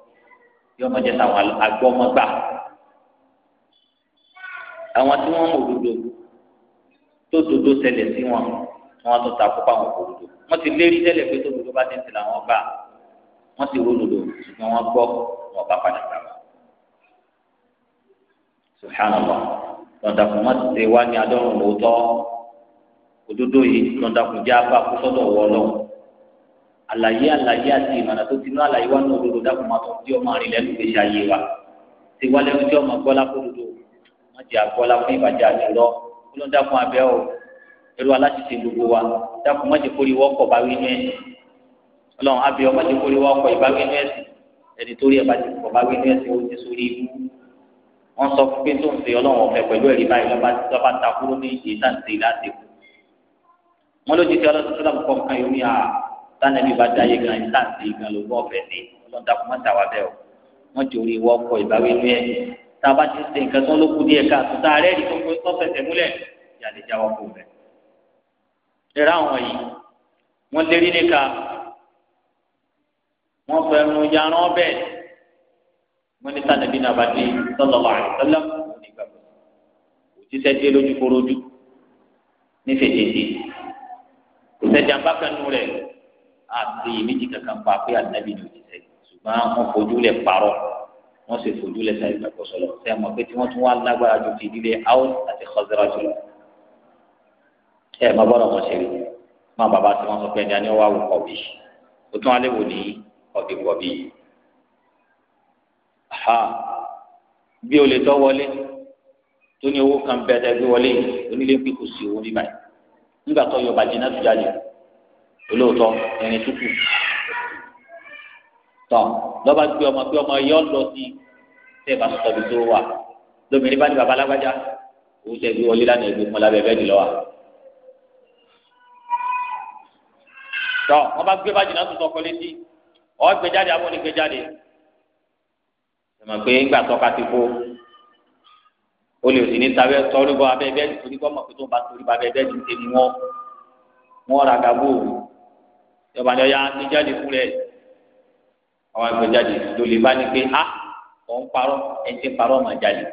yọ ọmọ jẹ táwọn àgbọ ọmọ gbà àwọn tí wọn mọ òdodo tó dodo ṣẹlẹ̀ sí wọn wọn tó ta kópa wọn kò dodo wọn ti lérí tẹ́lẹ̀ pé tó dodo bá ti ń tẹ làwọn gbà wọn ti wó dodo ṣùgbọ́n wọn gbọ́ wọn bá padà gbà wọn. subhanallah lọ́dàkùn wọn ti ṣe wá ní adọ́rùn lóòótọ́ òdodo yìí lọ́dàkùn jẹ́ apá kó sọ́dọ̀ wọ́ ọlọ́run àlàyé àlàyé àti ìmọ̀nà tó ti ní àlàyé wa ní òdodo dákun máa tọ́ tí ọmọ rìn lẹ́nu gbèsè ayé wa ti wá lẹ́nu tí ọmọ gbọ́lá fún òdodo wọ́n ti àgbọ́lá fún ìbàjẹ́ àtìrọ́ kó ló dákun abẹ́ o ẹrú aláṣìṣe gbogbo wa dákun má jẹ́ kórìí wọ́kọ̀ bá wí ní ẹ̀sìn ọlọ́run abẹ́ ọ má jẹ́ kórìí wọ́kọ̀ ìbá wí ní ẹ̀sìn ẹni tó rí ẹ̀ bá kọ̀ bá wí ní ẹ̀sìn ó ti sórí ibú wọ́n sọ pé tó ń ṣe ọlọ́run ọ̀fẹ́ pẹ̀lú ẹ̀rí báyìí lọ́ba ta kúrò ní ìdí náà láti kú wọ́n ló ti ṣe ọlọ́run tó dábòkọ̀ nǹkan yóò ní àá tánàbí bá dáyé gan ní láǹtì gan ló wọ́ ọ̀fẹ́ ni ọlọ́run dàpọ̀ mọ́ tàwa bẹ́ẹ̀ o wọ́n ti orí wọ́ ọkọ̀ ìbáwí inú ẹ̀ tá a bá ti ṣe nǹkan tó ló kú díẹ̀ ká tó tá a rẹ́ẹ̀dì tó kó tó fẹsẹ̀ múlẹ̀ yà lè jáwọ́ kó bẹ̀. ìrà àwọn yìí wọ́n lérí níka wọ́n fẹnu yarán bẹ́ẹ̀ wọ́n ní tánàbí náà bá dé sallallahu alaihi wasallam òjíṣẹ́ dé lójú korojú ní fètètè kò sẹ́jà bá fẹnu rẹ̀ àti ìmíjì kankan pa pé ànábì ni òjì sẹ́yìn ṣùgbọ́n wọ́n fojú lẹ̀ parọ́ wọ́n sì fojú lẹ̀ sàyè gbàgbọ́ sọlọ sẹ́yìn mọ̀ pé tí wọ́n tún wá lágbára ju ti ìdílé Aws àti Khazraj jùlọ. ẹ má bọ́dọ̀ wọn ṣe rí má bàbá tí wọ́n sọ pé ẹni wá wò kọ̀bí ó tún alẹ́ wò ní kọ̀bí kọ̀bí. bí o lè tọ́ wọlé tó ní owó kan bẹ́ẹ̀ olóòótọ́ ẹni tó kù tọ lọba gbé ọmọ gbé ọmọ yọ lọ sí tẹ bá sọ ibi tó wà lómìnir bá ní baba alágbájá òun tẹ gbé wọlé lánàá ẹgbẹ fún lábẹ́ bẹ́ẹ̀ nílọ wa tọ wọn bá gbé bájì náà tó sọkọ létí ọ gbé jáde abọ́ ní gbé jáde tẹmọ pé ńgbà tọ́ka ti kó o lè sì ní tàbí tọ́rí bọ́ abẹ́ bẹ́ẹ̀ nítorí kọ́ mọ̀ pé tó ń bá torí bá abẹ́ bẹ́ẹ̀ ní tẹ̀lé wọn wọn ra gàgbó òru yọba ni ọya ní jáde fún rẹ àwọn àgbẹ̀ jáde lólè bá ní pé a ah, kò ń parọ́ ẹ̀ ń ti parọ́ mà jáde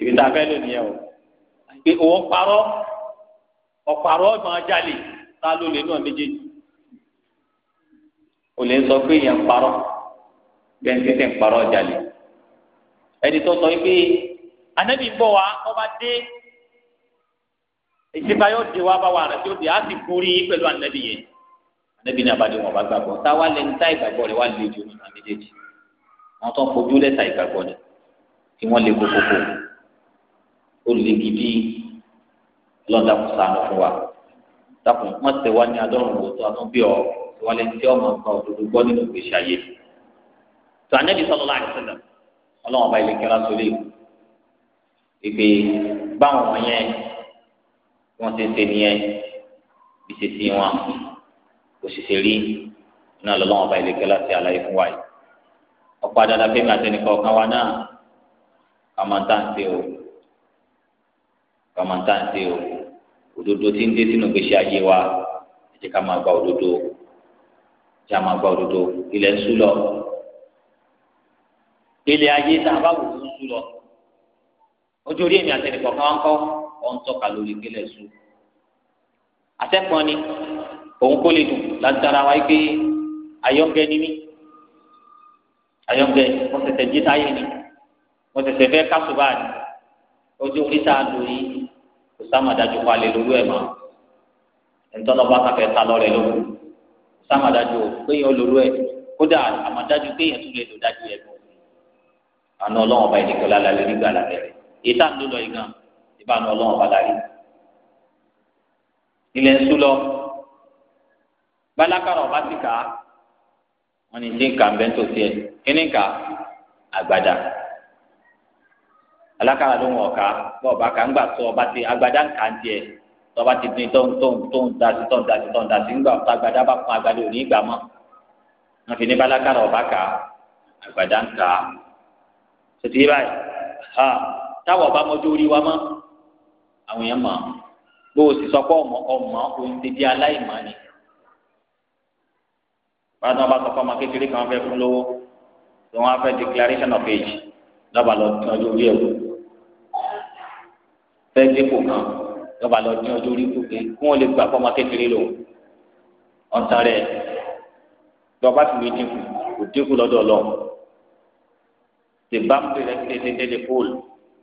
ibi tá a fẹ́ lónìí yẹn o pé òun parọ́ ọ̀parọ́ mà jáde tá a lólè náà méjèèjì olè ń sọ pé yẹn ń parọ́ bẹ́ẹ̀ ń tẹ́tẹ́ ń parọ́ jáde ẹni tó sọ pé anabi ń bọ̀ wá ọba dé ìṣèpá yóò di wá bá wa rẹ̀ tí ó di á sì kú rí pẹ̀lú ànábì yẹn ànábì ní abadé wọn bá gbàgbọ́ tá a wá lẹ́nu tá ìgbàgbọ́ rẹ̀ wá lè ju nínú àmédèjì wọn tó ń fojú lẹ́tà ìgbàgbọ́ ni tí wọ́n lè kókókó ó lè gidi lọ́dàkùn sànù fún wa dàkùn wọ́n ti wá ní adọ́rùn wò tó a bí ọ wọ́n lè tí ọmọ nǹkan òdodo gbọ́ nínú ìgbésí ayé tó ànábì sallallahu alaihi wasallam ọlọ́wọ́n bá ilé kẹ́lá sólé ìpè báwọn yẹn wọn ti ń ṣe nìyẹn bí ṣe ti wọn kò sì ṣe rí iná lọ́lọ́wọ́n ọba ìlẹ̀kẹ́ láti àlàyé fún wa yìí ọ̀pọ̀ àdàdà pé mi àtẹnìkọ̀ kan wa náà kàmáńtàǹtì o kàmáńtàǹtì o òdodo tí ń dé sínú gbèsè ayé wa ẹ jẹ́ ká máa gba òdodo jẹ́ máa gba òdodo ilẹ̀ ń sú lọ ilẹ̀ ayé tá a bá wò ó ń sú lọ ojú orí èmi àtẹnìkọ̀ kan wá ń kọ́ ọ̀ ń tọ́ka lórí kílẹ̀ sùn. atẹ́kùn ni òun kò lè dùn látara wa pé ayọ́ngẹ́ ni mí ayọ́ngẹ́ wọ́n tẹ̀sẹ̀ jí táyé ni wọ́n tẹ̀sẹ̀ fẹ́ kásùbà ni ojú orí tá a lò yìí kò sámàdájú palẹ̀ lórí ẹ̀ máa ntọ́lọ́ba kàfẹ́ ta lọ́rẹ̀ lóko sámàdájú péyàn lóru ẹ̀ kódà àmàdájú péyàn tún lè lò dájú ẹ̀ bọ̀ àná ọlọ́wọ́n ọba ìdíkọ̀ lálẹ́ nígbà lálẹ́ rẹ̀ èyí ń lò lọ yìí ìbánu ọlọ́run ọba lárí ilẹ̀ ń sú lọ bálákàrọ̀ ọba ti kà á wọn ni ti ń kà ń bẹ́ńtò tiẹ̀ kí ni kà àgbàdà alákàrà ló ń wọ̀ ká bọ́ọ̀ bá kà ń gbà tó ọba ti àgbàdà ń kà ń tiẹ̀ tọba ti dín tó ń tó ń tó ń dasi tó ń dasi tó ń dasi ńgbà tó agbada bá fún agbada òní ìgbà mọ wọn fi ní balakara ọba ká agbada ń tètè báyìí táwọn ọba mọjú orí wa mọ àwọn èèyàn mọ̀ bó o sì sọ pé ọmọ ọmọ òun ti di aláìmọ̀ ni báyìí tí wọ́n bá sọ pé ọmọ kékeré kan fẹ́ fún lówó tí wọ́n fẹ́ declaration of age lọ́ba lọ tún ọjọ́ orí ẹ̀kú fẹ́ dépò kan lọ́ba lọ tún ọjọ́ orí ẹ̀kú pé kí wọ́n lè gbà pé ọmọ kékeré lò ọ̀sán rẹ̀ lọ́ba sì lè dínkù kò dínkù lọ́dọ̀ ọlọ́run tìbámu rẹ̀ tètè tètè kóòlù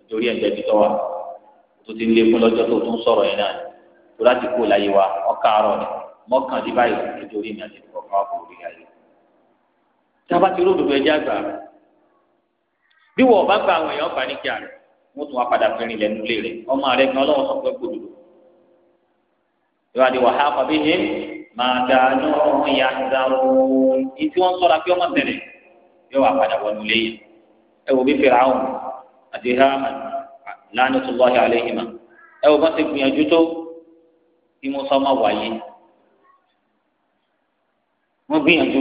torí ẹ̀jẹ̀ títọ́ wa tó ti lé fún lọ́jọ́ tó tún sọ̀rọ̀ yẹn náà tó láti kó láyé wa ọkà àárọ̀ ni mọ́kàndín báyìí nítorí ìrìn àti ìfọ̀kàn wa kò rí ayé. tí a bá ti ròdòdó ẹjẹ́ àgbà rẹ̀ bí wọ́n bá gba àwọn èèyàn bá ní kí a rẹ̀ wọ́n tún wá padà fẹ́rin lẹ́nu lé rẹ̀ ọmọ rẹ̀ gan ọlọ́wọ́ sọ pé kò dùdù. ìwádìí wàhálà pàbí ni màá dà ní ọ̀hún ya dàrú ní tí wọ́n sọ̀rọ̀ pé ọmọ tẹ̀lé yóò wá padà wọnú lé ẹ wò bí Fíráùn àti Hámánì lánàtúláhì àlẹyìnmá ẹ wò bá ti gbìyànjú tó kí musa má wáyé wọn gbìyànjú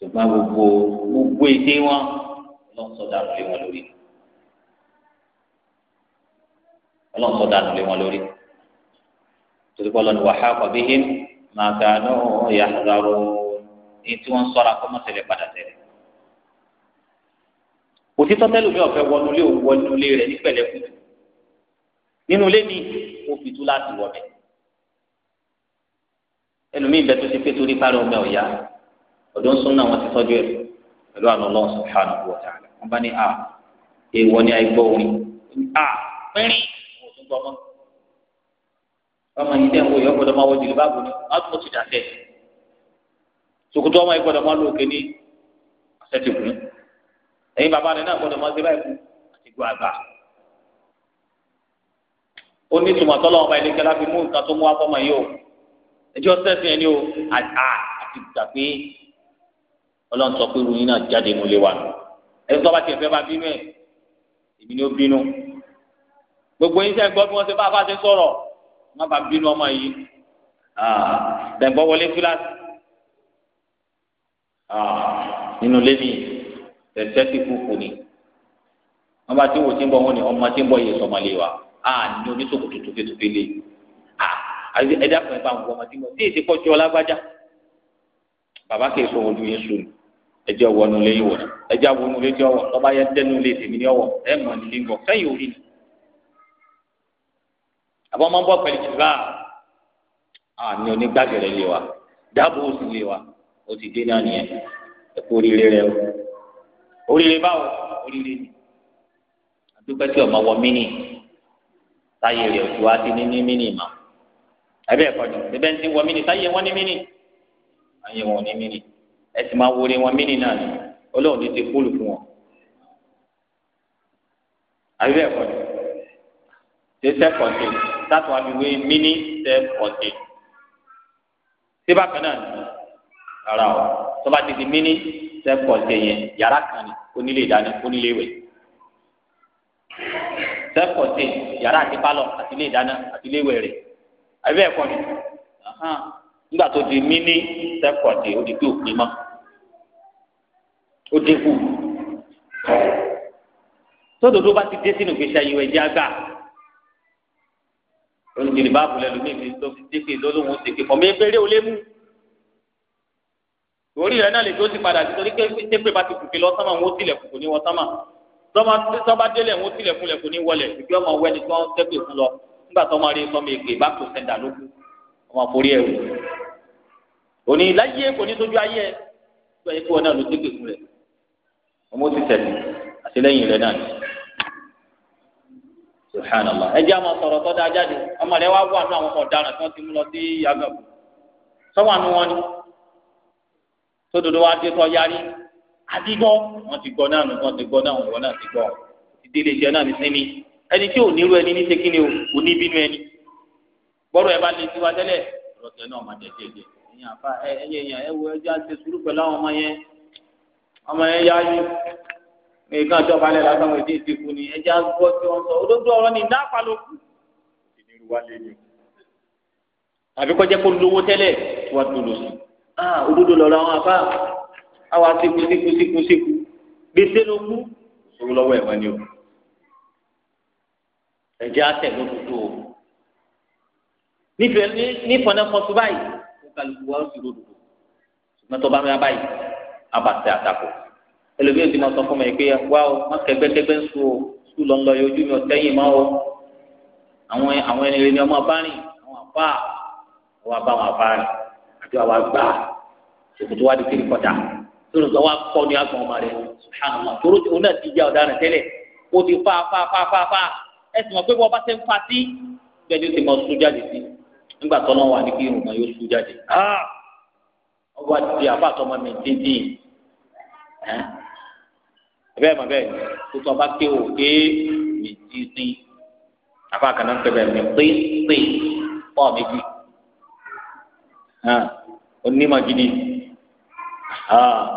ṣùgbọ́n gbogbo gbogbo èdè wọn lọ sọdá lé wọn lórí Ọlọ́run sọdá lé wọn lórí torí pé Ọlọ́run wàhálà kọbíhìn màgànú yàtọ̀ ní tí wọn sọra kọmọsẹlẹ padà tẹ́lẹ̀ kò sí tọ́tẹ́lù mi ọ̀fẹ́ wọnú ilé òun wọnú ilé rẹ̀ ní pẹ̀lẹ́kù nínú ilé mi mo fi tú láti wọ̀ bẹ̀ ẹlòmíì bẹ tó ti pé torí parí ọmọ ọ̀yá ọ̀dọ́ ń sún náà wọ́n ti tọ́jú ẹ̀ pẹ̀lú àwọn ọlọ́run subhanahu wa ta'ala wọ́n bá ní a èèwọ̀ ni àìgbọ́ orin a pínrín mo tún ọmọ yìí dẹ́n wo yọ gbọ́dọ̀ máa wọ jìlì báàbò ni wọ́n tún ti dà sẹ́ẹ̀ sokoto ọmọ yìí gbọ́dọ̀ máa lò ó kéde ọ̀sẹ̀ ti kùn ẹ̀yin bàbá rẹ̀ náà gbọ́dọ̀ mọ̀ sí báyìí àti gbọ́ àgbà. ó ní tùmọ̀ tọ́lọ́ ọba ìlẹ́kẹ́ láfi mú nǹkan tó mú wá fọ́mọ yìí o ẹjọ́ sẹ́sìn ẹni o àti gbà pé ọlọ́run sọ pé ròyìn náà jáde múlẹ̀ wa ẹni tó bá tiẹ̀ fẹ́ bá bínú ẹ̀ èmi ni ó bínú gbogbo yín sẹ́ gbọ́ bí wọ́n ṣe bá fáṣẹ sọ̀rọ̀ wọ́n bá bínú ọmọ yìí tẹ̀gbọ́ wọlé kíláàsì nínú lẹ́yìn tẹ̀tẹ́ ti kúkú ni wọ́n bá ti wò tí ń bọ̀ wọ́n ní ọmọ tí ń bọ̀ yìí sọmọlé wa a ní oníṣòwò tó tófé tófé lé a ẹ̀dá kan bá ń bọ̀ ọmọ tí ń bọ̀ tí èsì pọ̀ jọ lágbájá bàbá kì í sọ ojú yín sùn ẹjẹ wọnú lé yìí wọnú ẹjẹ wọnú lé ọwọ lọba yẹ dẹnu lé tèmi ní ọwọ ẹ mọ ní bíbọ sẹ́yìn orí ni. àbọ̀ máa ń bọ̀ pẹ̀lú jìbá àmì onígbàgẹ̀rẹ̀ lé wa dáàbò òsì lé wa ó ti dé náà nìyẹn ẹ kú oríire rẹ o oríire báwo oríire ni àdúgbò tí ọmọ wọ mínì táyé rẹ̀ òtún wá sí ní ní mínì mà ẹbẹ ẹkọ ni ẹbẹ ń ti wọ mínì táyé wọn ní mini? ayé wọn ní mínì ẹ sì máa wọlé wọn mínì náà ni Ọlọ́run ní ti kúlù fún wọn àbí bẹ́ẹ̀ ni ṣe self contained that one mini self contained ṣé bákan náà ni rárá o tó bá mini sẹ́kọ̀ọ̀tì yẹn yàrá kan ní onílé ìdáná onílé ìwẹ̀ sẹ́kọ̀ọ̀tì yàrá àti pálọ̀ àti ilé ìdáná àti ilé ìwẹ̀ rẹ̀ ẹ̀bẹ̀ ẹ̀kọ́ ni nígbà tó di mini sẹ́kọ̀ọ̀tì ó di pé òpin mọ́ ó dínkù tódodo bá ti dé sínú ìgbésí ayé wẹ̀ jẹ́ àgbà olùdílé báàbù lẹ́nu mi fi tó fi dé pé lọ́lọ́wọ́n ti pé kọ́ mi ebèrè ò lé mú torí rẹ náà lè tó ti padà sí torí pé pé bá ti gòkè lọ sọmọ wọn ó tilẹ̀kùn kò ní wọ sọmọ sọba délẹ̀ wọn ó tilẹ̀kùn lẹ̀ kò ní wọlẹ̀ ìgbé ọmọ wẹni tí wọn tẹpẹ fún lọ nígbà tó ọmọ rẹ sọmọ ègbè bá tó sẹńdà lókun ọmọ forí ẹ wò òní láyé kò ní tójú ayé ẹ kó ọ ló tẹpẹ fún rẹ ọmọ ti tẹlẹ àtìlẹ́yìn rẹ náà subhanallah ẹ jẹ́ àwọn sọ̀rọ̀ tó dáa jáde ọmọ rẹ wá wà ní àwọn ọ̀daràn tí wọ́n ti mú lọ sí yàgàbù sọ́wọ́n sódodo wa dé tọ́ yarí adigbọ́ wọ́n ti gbọ́ náà wọ́n ti gbọ́ náà wọ́n náà ti gbọ́ ìdílé iṣẹ́ náà ní sinmi ẹni tí ò nírú ẹni ní sekí ni o kò ní bínú ẹni gbọ́dọ̀ ẹ bá lè tiwa tẹ́lẹ̀ lọ́tẹ̀ náà má jẹ́jẹ́ jẹ́ ẹ̀yin àfa ẹ̀yin ẹ̀yin ẹ̀ wo ẹjọ́ àti sùúrù pẹ̀lú àwọn ọmọ yẹn ọmọ yẹn yá nǹkan ìjọba alẹ́ lásán wọ́n ti ti kú ni ẹjọ́ àgbọ̀ tí wọ́n sọ òdodo ọ̀rọ̀ ni ìdáàpá ló kù àbíkọ́jẹ́ kó lówó tẹ́lẹ̀ tí wọ́n tó lò sí ah òdodo lọ̀rọ̀ àwọn afá àwa síkú síkú síkú síkú gbèsè ló kú òun lọ́wọ́ ẹ̀wọ̀n ni o ẹ̀jẹ̀ àtẹ̀ ló dúdú o nífẹ̀ẹ́ ní fọnẹ́fọ́sọ báyìí ó kálukú wá sí lódodo ṣùgbọ́n tó bá ń ra báyìí abàtẹ àtàkù ẹlòmíràn ti máa sọ fún mi pé wá o má kẹgbẹ́kẹgbẹ́ ń sùn o sùn lọ lọ yọjú mi ọ̀tẹ́yìn máa o àwọn àwọn ẹni rẹ ni ọmọ bá rìn àwọn àbá àwọn àbá àwọn àbá àti àwọn àgbà òkùtù wa di kiri kọjá lórí nǹkan wa kọ́ ní agbọ̀n ọmọ rẹ subhanallah tóró tí òun náà ti jẹ́ ọ̀daràn tẹ́lẹ̀ ó ti fa fa fa fa fa ẹ̀sìn wọn pé wọ́n bá ṣe ń fa sí bẹ́ẹ̀ ni ó ti mọ sún jáde sí nígbà tó náà wà ní kí irun náà yóò sún jáde ah! ọgbà ti àbá àtọmọ mi dídín bẹ́ẹ̀ mọ̀ bẹ́ẹ̀ tó tọ́ bá ké òkè mi dídín àbá àkànná ń mi pé pé pọ́ọ̀ méjì onímọ̀ gidi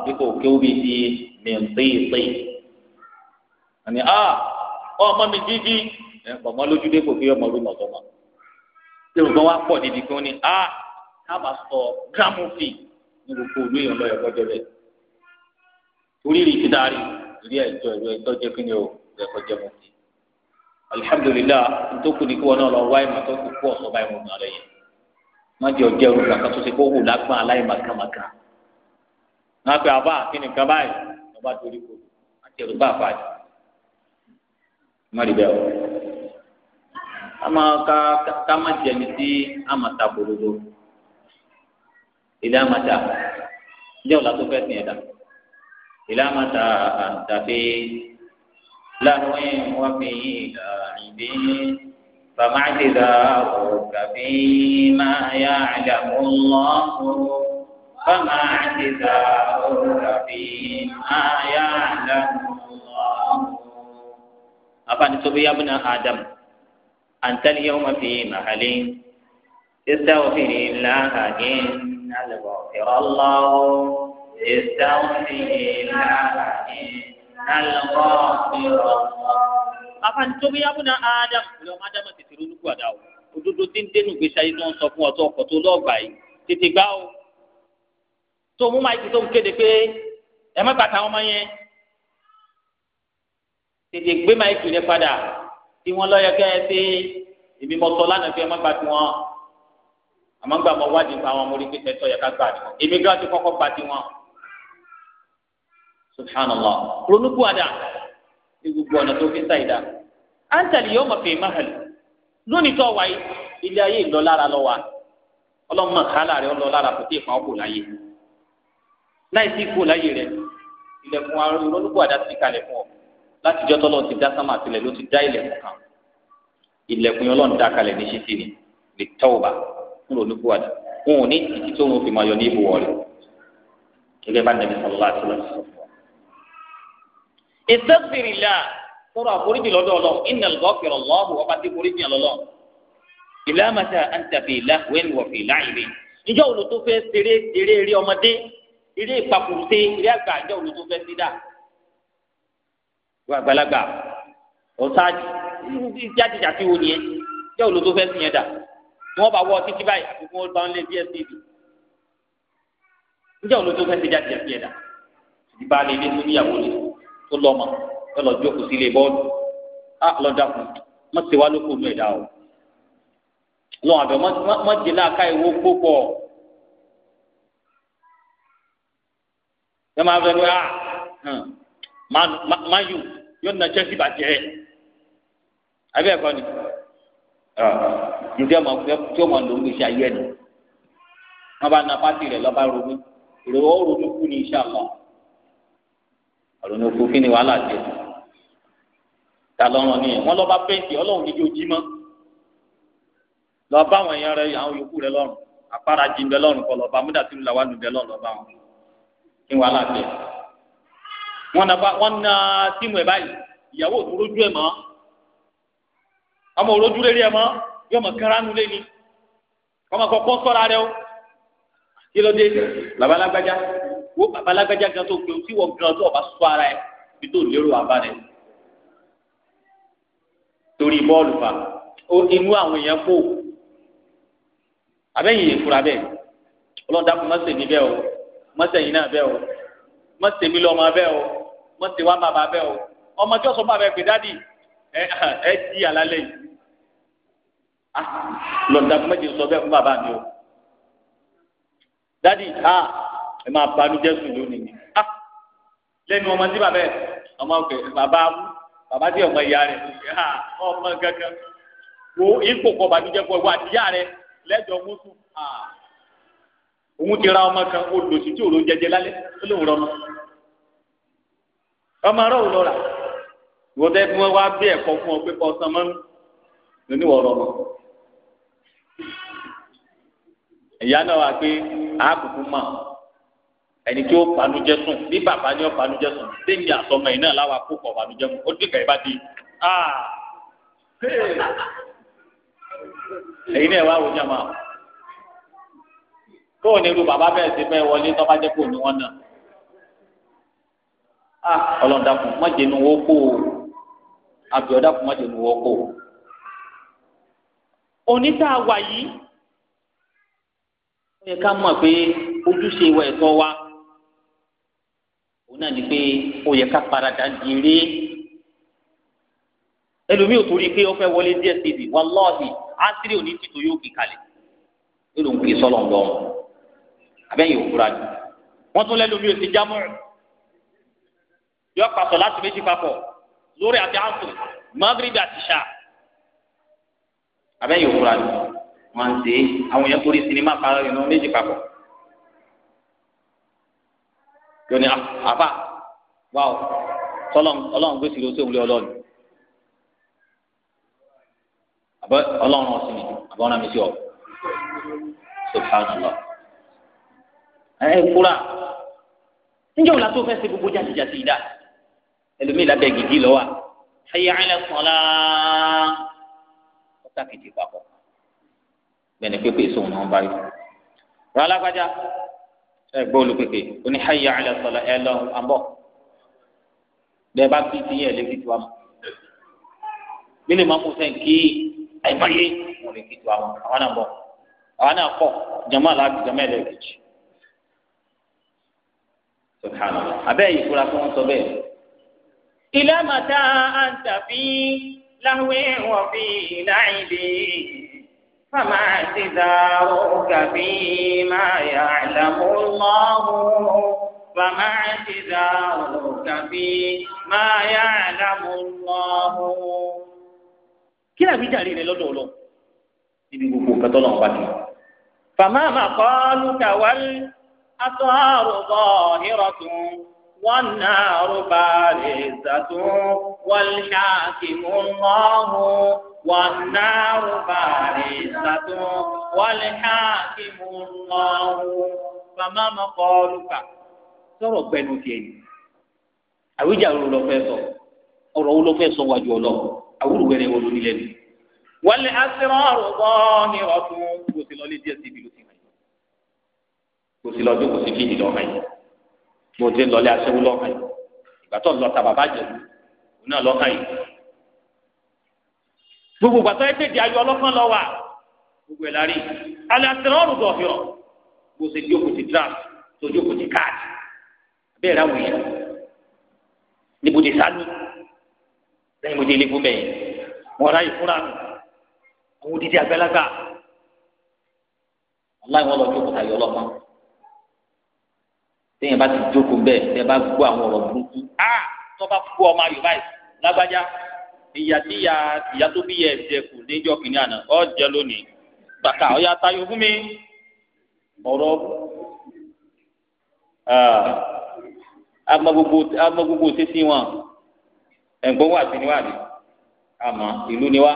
bí kò kéwú bíi ti mìntíìtì àní ọmọ mi dídí ọmọ lójúdé kò fi ọmọ rúmọ tó mọ èrò kan wá pọ̀ níbi kí wọ́n ní tábà ah, sọ gíráàmù fì ní gbogbo olú èèyàn lọ́yọ̀ kọjọ́ bẹ́ẹ̀ torí rí ti dárí rí ẹ̀jọ́ ẹ̀rọ ẹ̀tọ́ jẹ́ kí ni o ẹ̀kọ́ jẹ́ mọ́ sí alihamudulilayi ntòkù ní kí wọn náà lọ wáyé màtó kó kó ọ̀sọ́ báyìí wọn nà lẹ́yìn má jẹ́ ọjẹ́ òrùka kátó kó wù lágbọ́n aláìmàkàmàkà náà pé àbá kíni kan báyìí lọ́ba torí kò àti ẹ̀rù bá àbá yìí má rí bẹ́ẹ̀ o. a máa ka ká má jẹni sí àmàta gbòdodo ilé àmàta ìjọ ọ̀la tó fẹ́ sìn ẹ̀dá ilé àmàta àtàfi láàrin wọn fi ìdàrínbí fàmáṣí dáa òkàfí máa yá àjàmú lọ́kùnrin. فما اعتذاره فيما يعلم الله أفن تب يا ابن آدم أنت اليوم في محل استغفر الله إن الغفر الله استغفر الله إن الغفر الله أفن تب يا ابن آدم لو ما دام تترون كوا داو òdodo tí ń dénú ń sọ fún ọtọ ọkọ tó lọgbà yìí tètè gbá o tó mú máìkì tó ń kéde pé ẹ má bàtà ọmọ yẹn tètè gbé máìkì rẹ padà tí wọ́n lọ́ọ́ yẹ kẹ́ ẹ pé èmi mọ̀ sọ lánàá pé ẹ má gbà tiwọn àmọ́ gbà mọ́ wádìí nípa àwọn ọmọ orí pípẹ́ yẹ ká gbà tiwọn èmi gbà ti kọ́kọ́ gbà tiwọn subhanallah ronúkú àdá ní gbogbo ọ̀nà tó fi ń ṣàìdá à ń tẹ̀lé yọ̀ọ́ mọ̀ fèé lónìí tó wáyé ilé ayé ìlọ lára lọ wa ọlọ́mọ kálá rẹ ọlọ́ lára kò tí ì pa ọ́ kò láyé láì sí ikú láyé rẹ ilẹ̀kùn ìrònúkú àdá ti kalẹ̀ fún ọ láti jọ́ tọ́lọ́ ti dá sámà tilẹ̀ ló ti dá ilẹ̀kùn kan ilẹ̀kùn Ọlọ́run dá kalẹ̀ ní ṣíkì ni lè tọ́wọ́bà ìrònúkú àdá wọn ò ní títí tó wọn fi máa yọ ní ibò wọlé gẹ́gẹ́ bá nàbí sọlá àti lọ́sọ̀ fún ọ. ìsẹ́sìrìlà kúrò àforíjì lọ́dọ̀ Ọlọ́run iná lọ́kìrọ̀ lọ́hùn ọba tí foríjì ìlàmàtà àǹtàfẹ́ ìlà wẹ́n wọ̀fẹ́ láì ilé ìpapòròté ilé àgbà àjọ olùtò fẹ́ sí dà wọ́n àgbàlagbà ọ̀sáàjì jáde-jáde wo nìyẹn àjọ olùtò fẹ́ sí yẹn dà wọ́n bá wọ́ títí báyìí àti wọ́n bá ń lé bsdb níjẹ́ olùtò fẹ́ sí jáde-jáde yẹn dà ìdìbò alẹ́ ilé tó níyàwó lè tó lọ́mọ ẹ lọ jókòó sí ilé bọ́ọ̀lù á lọ dákun mọ̀ sí wa lóko nù ẹ̀dá o lọ́wọ́n àbẹ̀ mọ̀ jẹ́ láàká ìwó gbó ẹ máa fẹ́ pé ah mayu yóò na Chelsea bàjẹ́ àbí ẹ̀kọ́ ni ǹjẹ́ tí ó mọ̀ ló ń gbèsè ayé ẹ̀ wọ́n bá na pátì rẹ̀ lọ́ba ronú ìrọ̀wọ́ ronú kú ní iṣẹ́ àmọ́ ronú kú kí ni wàhálà jẹ́ ta lọ́rùn ni wọ́n lọ́ba pẹ́ǹtì ọlọ́run ní yóò jí mọ́ lọ́ọ́ bá àwọn èèyàn rẹ̀ àwọn yòókù rẹ̀ lọ́rùn àpárá ń bẹ lọ́rùn kọ́ lọ́ba múdàtúndínláwà kí n wà láti ẹ̀. wọ́n na wọ́n na tíìmù ẹ̀ báyìí ìyàwó òtún rojú ẹ̀ mọ́ ọmọ òrojú rẹ̀ rí ẹ̀ mọ́ yóò mọ̀ káránú lé ni ọmọ kọ̀ọ̀kan sọ́ra rẹ o kí ló dé babalágbájá wo babalágbájá gan tó gbé o tí wọ́n gan tó ọba sọ ara ẹ̀ bí tó lérò àbá rẹ̀ torí bọ́ọ̀lù fa inú àwọn èèyàn kó abẹ́yìn èkúra bẹ́ẹ̀ ọlọ́dà má ṣe níbẹ̀ o mọ́tẹ̀yìn náà bẹ́ẹ̀ o mọ́tẹ̀mí lọ́mọ bẹ́ẹ̀ o mọ́tẹ̀wá bàbá bẹ́ẹ̀ o ọmọ tí ọ̀sán bàbá ẹ̀ pé dádì ẹ ẹ jí àlálẹ́ yìí ah lọ́dà méjì sọ bẹ́ẹ̀ fún bàbá mi o dádì ah ẹ máa banújẹ́ sùn lónìí ah lẹ́nu ọmọ tí bàbá ẹ̀ ọmọ òkè bàbá bàbá tí ọmọ ìyá rẹ̀ ah ọmọ gángan wo ipò kọ̀ bàdújẹ́ fún ẹ wá àtìyá rẹ̀ lẹ́jọ́ mú ah òun ti ra ọmọ kan olùsí tí òun jẹjẹ lálẹ́ ó lóun rọmọ ọmọ rẹ ò lọra ìwọ tẹ fún wa bí ẹ̀kọ́ fún ọ pé kọ san mọ lóní wọ rọmọ ìyá náà wà pé àákùkù mà ẹni tí ó panújẹ́ sùn bí bàbá ni ó panújẹ́ sùn tèmi àtọmọ yìí náà láwa kó pọ̀ panújẹ́ mu ó dìgbà yìí bá di ah ẹ̀yin náà wà wọ jàmá tó o ní irú bàbá bẹ́ẹ̀ sí bẹ́ẹ̀ wọlé tó bá jẹ́ kó o ní wọn náà a ah, ọlọ́dàkùn mọ̀jẹ̀nu wo kó o àbíọ̀dàkùn mọ̀jẹ̀nu wo kó o. òní a wà yìí ó yẹ ká mọ̀ pé ojúṣe ìwà ẹ̀tọ́ wa òun náà ni pé ó yẹ ká paradà dìré ẹlòmíì ò torí pé ó fẹ́ wọlé díẹ̀ síbi wàlọ́ọ̀hì ásírí òní títò yóò kí kalẹ̀ ó lòún kí sọ́lọ̀ ń bọ̀ wọn abẹ́yìn òkúra ni wọ́n tún lẹ́nu mi ò sí jámọ́ yọ pàtó láti méjì papọ̀ lórí àti àǹtò mọ́gírìbì àti ṣá abẹ́yìn òkúra ni wọ́n ń ṣe àwọn yẹn torí sinimá para ìnú méjì papọ̀ yóò ní àfà wáò tọ́lọ́n ọlọ́run gbèsè ló sóhun lé ọlọ́run àbọ̀ ọlọ́run ọ̀sìn àbọ̀ ọ̀nà mi sí ọ subhanallah ẹ fura níjẹ́ òun látó fẹ́ ṣe gbogbo jàtìjàtì ìdá ẹlòmíì lábẹ́ gidi lọ́wọ́ ẹ̀yà ẹ̀lẹ́ sọ̀lá ọ̀tá kejì papọ̀ bẹ́ẹ̀ni pépè sóun náà ń bá yọ. rọ alágbájá ẹ gbọ́ olùpèpè ó ní ẹ̀yà ẹ̀lẹ́ sọ̀lá ẹ lọ àbọ̀ bẹ́ẹ̀ bá kí ti yẹ ẹ̀ lé kí tu àmọ́ bí lè má mú sẹ́ǹkì ẹ̀ bá yé wọn lè kí tu àmọ́ àwọn náà bọ̀ àwọn náà pọ̀ jàmá làbí jàmá ẹlẹ́ẹ̀kejì subhanallah abẹ́ yìí fura fún wọn sọ bẹ́ẹ̀. ilé màtá àǹtàfi láwé wọ̀fi láìdè fama àtìdáwò kàbí máa yà lámú lọ́wọ́ fama àtìdáwò kàbí máa yà lámú lọ́wọ́. kí ni àbíjàre rẹ lọ́dọ̀ ọlọ́ níbi gbogbo nǹkan tó lọ́wọ́ bá ti. fama àmàkọ́ lùkà wálé. الأطهار ظاهرة والنار بارزة والحاكم الله والنار بارزة والحاكم الله فما مقالك sọ̀rọ̀ pẹ̀lú tiẹ̀ ni àwíjàre wo ló fẹ́ sọ ọ̀rọ̀ wo ló fẹ́ sọ wájú ọ lọ àwúrúwẹ̀rẹ̀ kò sí lọ́dún kò sí fídì lọ́kàn yìí mo ti ń lọlé aṣẹ́wó lọ́kàn yìí ìgbà tó ń lọ ta bàbá jẹ̀lú òun náà lọ́kàn yìí gbogbo gbàtọ́ ẹgbẹ́ di ayọ̀ ọlọ́kàn lọ wà gbogbo ẹ̀ lárí alẹ́ àtẹnà ọ̀rùn dọ̀ fìrọ̀ bó ṣe jókòó ti draft tó jókòó ti káàdì abẹ́rẹ́ àwọn èèyàn níbo ti sálú lẹ́yìn mo ti bẹ́ẹ̀ wọ́n ráyè fúnra àwọn odidi àgbàlagbà aláìwọ́n lọ jókòó téèyàn bá ti jókòó bẹ́ẹ̀ tẹ́ bá gbọ́ àwọn ọ̀rọ̀ burúkú á tó bá kú ọmọ ayò báyìí lágbájá ìyá tí ìyá ìyá tó bí yẹ ẹ̀jẹ̀ kù níjọ́ kìnìún àná ọ́ jẹ́ lónìí kàkà ọ̀yà tayọ fún mi ọ̀rọ̀ agbagbogbo agbagbogbo sísí wọn ẹ̀gbọ́n wà sí níwájú àmọ́ ìlú ni wá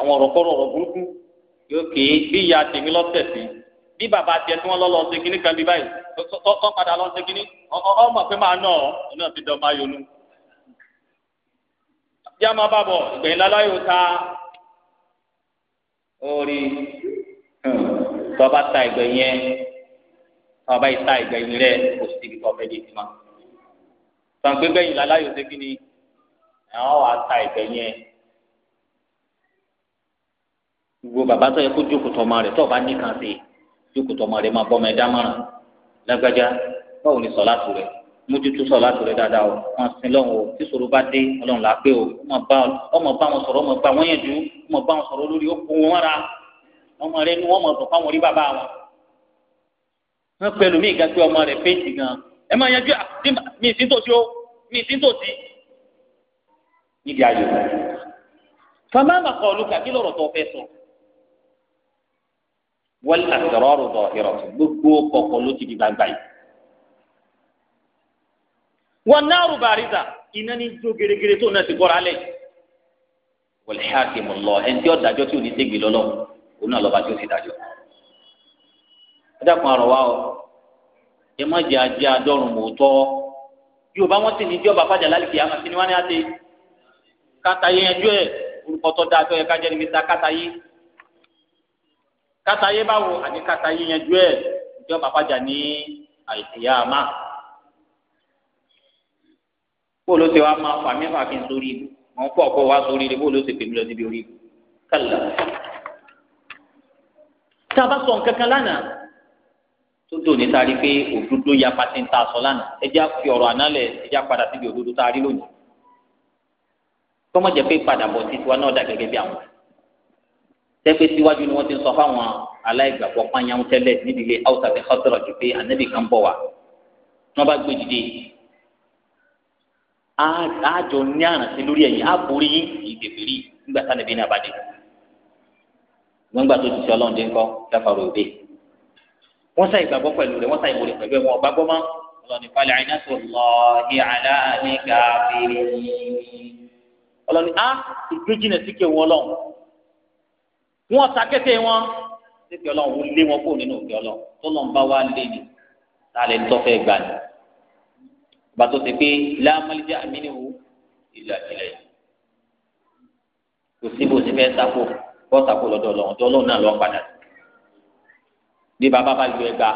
àwọn ọ̀rọ̀ kọ́rọ̀ ọ̀rọ̀ burúkú yóò kéé bí ìyá tèmi lọ́tẹ̀ sí bí bàbá tiẹ̀ tí wọ́n lọ lọ ṣe kínní kan bí báyìí tọ́ padà lọ ṣe kínní ọmọ pé máa nà ọ́ ọ̀nà ti dọ̀ máa yọnu. yá máa bá bọ̀ ìgbẹ̀yìn láláyò ta orí tọ́ba ta ìgbẹ̀yìn yẹn tọ́ba ìta ìgbẹ̀yìn rẹ̀ kò sí ibi tọ́ fẹ́ẹ́ di ìtìmá. sàǹpé gbẹ̀yìn láláyò ṣe kínní àwọn wàá ta ìgbẹ̀yìn yẹn gbogbo bàbá tó yẹ kó jókòó tọ́ ọmọ rẹ̀ tọ́ba ní kan sí i jókòó tọmọ rẹ máa bọ́mọ ẹ̀dá márùn lágbájá báwo ni sọ̀láàtù rẹ mójútó tu rẹ dáadáa o wọn sin lọ́wọ́ o tí sọ̀rọ̀ bá dé ọlọ́run là á pé o ọmọ bá wọn sọ̀rọ̀ ọmọ bá wọn yẹn jù ọmọ bá wọn sọ̀rọ̀ lórí ó kó wọn ra ọmọ rẹ ni wọn mọ̀ sọ̀ fáwọn orí bàbá wọn wọn pẹ̀lú mi gàgbé ọmọ rẹ péjì gan ẹ máa yanjú ah, mi sí tòsí o mi sí tòsí níbi ayò. fama ma kọ wal asraru zahiratu gbogbo kọ̀kọ̀ ló ti di gbangba yìí. wan naru bariza iná ní jó gèrègèrè tó náà ti bọ́ra lẹ̀. wal hakimu Allah ẹni tí ó dájọ́ tí ò ní ségbè lọ́lọ́ òun náà lọ́ba tí ó sì dájọ́. ẹ dákun àrọ̀ wa o ẹ má jẹ́ ajé adọ́rùn mọ́tọ́ yorùbá wọn sì ní jọba fàjà lálẹ́ kìí àmọ́ sí ní kátàyé báwo àní kátàyé yanjú ẹ̀ ìjọ bàbájà ní àìsíyá àmà bóòlù ti wá máa fà mí fà kí n sórí ibù mọ̀ ń pọ̀ kó sórí ibù bóòlù ti pèmí lọ síbi orí ibù kálá. tá a bá sọ nǹkan kan lánàá tó dò ní sáré pé òdodo ya pati ń ta aṣọ lánàá ẹ já fi ọ̀rọ̀ àná lẹ̀ ẹ já padà síbi òdodo tá a rí lónìí. tọ́mọ̀jẹ̀ pé padà bọ̀ sí tiwa náà dà gẹ́gẹ́ bí àwọn tẹ́pẹ́ síwájú ni wọ́n ti sọ fáwọn aláìgbàgbọ́ pányánwó tẹ́lẹ̀ nídìílé Awusa àti Khazraj jù pé ànábì kan bọ̀ wá tí wọ́n bá gbé dìde àjọ ní àrántí lórí ẹ̀yìn àbórí yín kì í tètè rí nígbà tá ànábì náà bá dé wọ́n gbà tó ti sọ ọlọ́run dé ńkọ́ dáfàrò òde wọ́n sá ìgbàgbọ́ pẹ̀lú rẹ̀ wọ́n sá ìwòrè pẹ̀lú ẹ̀ wọn ọba gbọ́ mọ́ ọlọ́ni falẹ̀ àyìnàṣọ lọ́ọ̀hì aláàbí káfíìn ọlọ́ni á ah, ìgbéjìnà síkè wọ́n lọ́hùn wọn ta kété wọn tètè Ọlọ́run lé wọn kó nínú òkè Ọlọ́run tó lọ bá wa lé ni tá a lè tọ́ fẹ́ gbà ní. ìgbà tó ti pé lámàlíjà àmínìwò ìlú àtìlẹ̀ kò síbi òsì fẹ́ sáko bọ́ sáko lọ́dọ̀ Ọlọ́run tó Ọlọ́run náà lọ padà sí. bí bàbá bá lu ẹgbàá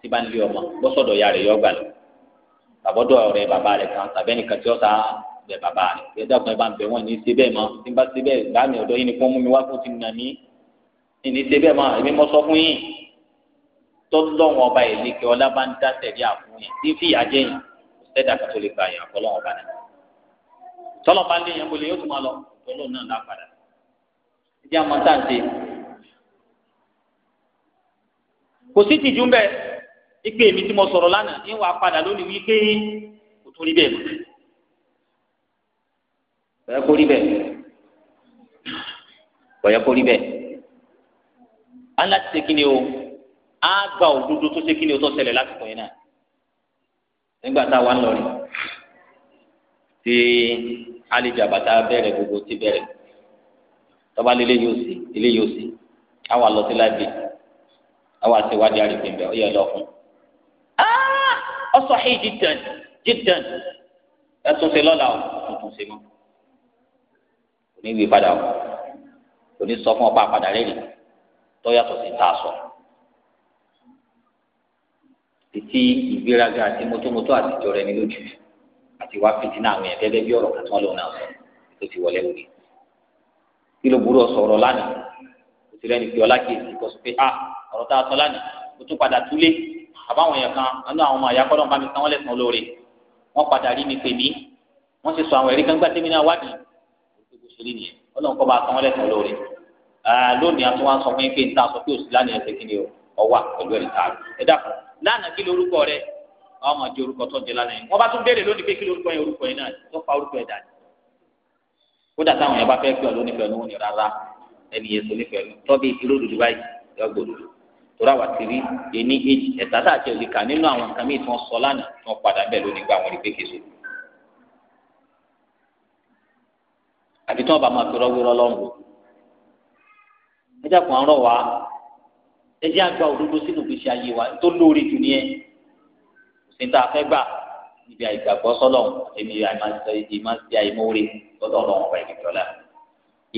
tí bá ń lé ọmọ bọ́sọ̀dọ̀ ya rẹ̀ yọ gbà lọ tàbọ́dọ̀ ọ̀rẹ́ bàbá rẹ̀ kan tàbí ẹnìkan tí ó ta bẹ bàbá rẹ̀ ẹ̀dá kan bá ń bẹ wọ́n ní í mọ́ tí ń bá ṣe gbá mi ọ̀dọ́ yìí ni fún mú mi wá fún ti nà ní ìní ṣe bẹ́ẹ̀ máa èmi mọ́ sọ fún yín tọ́lọ́wọ́n ọba ìlékè ọlá bá ń dá tẹ̀lé àfún yẹn tí fìyà jẹ́ yẹn ṣẹ́dá kan tó lè gba yẹn àfọlọ́wọ́n ọba náà tọ́lọ́ bá lé yẹn bolè yóò tún máa lọ tọ́lọ́ náà lá padà ìdí àmọ́ tá à ń ṣe kò sí tìjú ń bẹ ipe èmi tí mo sọ̀rọ̀ lánàá ní wàá padà lónìí wípé kò tó rí bẹ́ẹ̀ mọ́ bẹ́ẹ̀ kó rí bẹ́ẹ̀ bọ́yẹ kó rí bẹ́ẹ̀ aláti ṣe kíni o á gba òdodo tó ṣe kíni o tó ṣẹlẹ̀ lásìkò yẹn náà nígbà tá a wà ń lọ rí tí alìjàbàtà bẹ̀rẹ̀ gbogbo ti bẹ̀rẹ̀ tọ́ba lé ilé yóò sí ilé yóò sí àwa lọ sí láìpẹ́ àwa ṣe wádìí àrègbè bẹ́ẹ̀ ó lọ fún un. ọ̀sọ̀ ah! hí jìtàn jìtàn ẹ̀tún ṣe o tuntun ṣe mọ́ kò ní wí padà o kò ní sọ fún padà rẹ̀ rèé tọ́yàtọ̀ sí tá a sọ. títí ìgbéraga àti mọ́tòmọ́tò àtijọ́ rẹ ní lójú àti wá fìtínà àwọn yẹn gẹ́gẹ́ bí ọ̀rọ̀ kan tí wọ́n lòun náà sọ tó ti wọlé lórí. kí ló burú ọ̀sọ̀ ọ̀rọ̀ lánàá kò sí rẹ́ni pé ọlá kìí kọ́ sí pé a ah, ọ̀rọ̀ tá a sọ lánàá kò tún padà túlé àbáwọn yẹn kan nínú àwọn ọmọ àyàkọ́ náà bá mi san wọ́n lẹ́sàn-án lóore wọ́n padà rí mi pè mí wọ́n ti sọ àwọn ẹ̀rí kan gbá tẹ́mi náà wádìí kò sí bó ṣe rí nìyẹn ọlọ́run kọ́ bá san lẹ́sàn-án lóore lónìí àti wọn sọ fún yín pé n ta sọ pé òsì lánàá ẹsẹ kìnìún ọwà pẹ̀lú ẹ̀rí ta ẹ dàpọ̀ lánàá kí lórúkọ rẹ ọmọ di orúkọ tó di lánàá yẹn wọn bá tún béèrè lónìí pé kí lórúkọ yẹn orúkọ yẹn náà tó pa orúkọ yẹn dàní kódà táwọn yẹn bá fẹ́ pẹ́ lónìí pẹ̀lú òní rárá ẹni yẹn tó ní pẹ̀lú tọ́bi ìlódodo báyìí yọ gbòdodo tora wa ti rí ení èjì ẹ̀ta tá a ti rí kà nínú àwọn nǹkan míì tí wọ́n sọ lánàá tí wọ́n padà bẹ́ẹ̀ lónìí gba àwọn ìgbéke so. àbí tí wọ́n bá máa fi rọ́wé rọ́lọ́run ẹjẹ kan rọ wá ẹjẹ àgbà òdodo sínú gbèsè ayé wa tó lóore jù ní ẹ òsèǹtà afẹ́gbà níbi àìgbàgbọ́ sọ́lọ̀ ẹni ìmọ̀sí àìmọ́re lọ́dọ̀ ọ̀rọ̀ ọ̀pá ìdíjọ́lá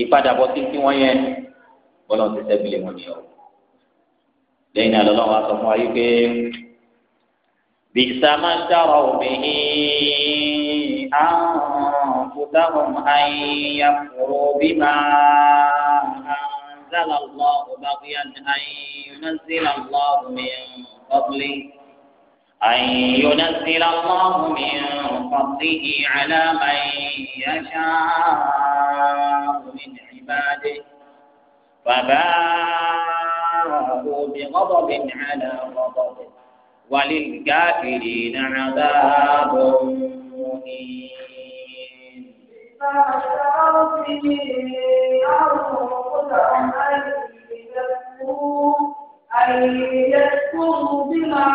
ìpadàbọ̀ sí kí wọ́n yẹn bọ́lá ti sẹ́bílẹ̀ wọn ni ọ. lẹ́yìn náà lọ́lọ́wọ́ a fún wa yìí pé bìsà máa ń dára obìnrin àwọn òkúta wọn àìyàn kúrò bí máa. أنزل الله بغيا أن ينزل الله من فضله أن ينزل الله من فضله على من يشاء من عباده فباءوا بغضب على غضب وللكافرين عذاب مهين ما اشتروا به أنفسهم أن يكفروا أن يكفروا بما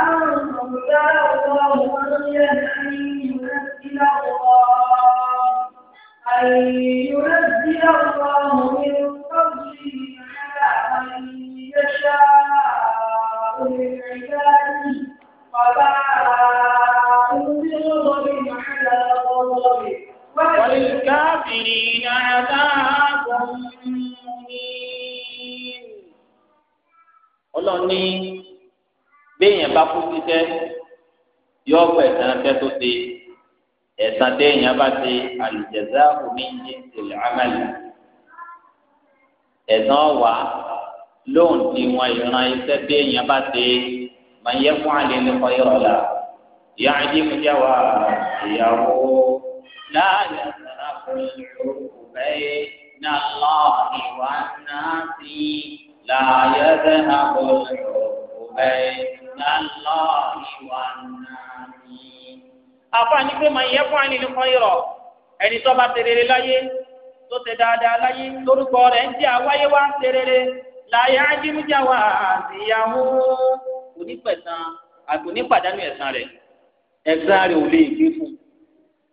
أنزل الله بغيا أن أن ينزل الله من فضله على من يشاء من عباده وما وللكافرين عذاب مهين ọlọ́ni béèyàn bá kú síṣẹ́ yọ ọgbà ẹ̀san afẹ́ tó ṣe ẹ̀san téèyàn bá ṣe àlùjẹ̀dá omi ń jẹ́ ìṣẹ̀lẹ̀ amẹ́lẹ̀ ẹ̀san wà lóun tí wọn ìran iṣẹ́ téèyàn bá ṣe máa yẹ fún àlè ní yọ̀ọ̀la ìyá àjẹmújáwá ìyàwó. لا يسرق الحب بين الله والناس لا يذهب الحب بين الله والناس àfààní pé màá yẹ fún àníní kan irọ ẹni tó bá tẹrẹrẹ láyé tó tẹ dáadáa láyé lórúkọ rẹ̀ ń jẹ àwáyé wá ń tẹrẹrẹ láyé ájímújà wà àtìyàwó onípẹ̀sán àti onípàdánù ẹ̀san rẹ̀ ẹ̀san rẹ̀ ò lè gbé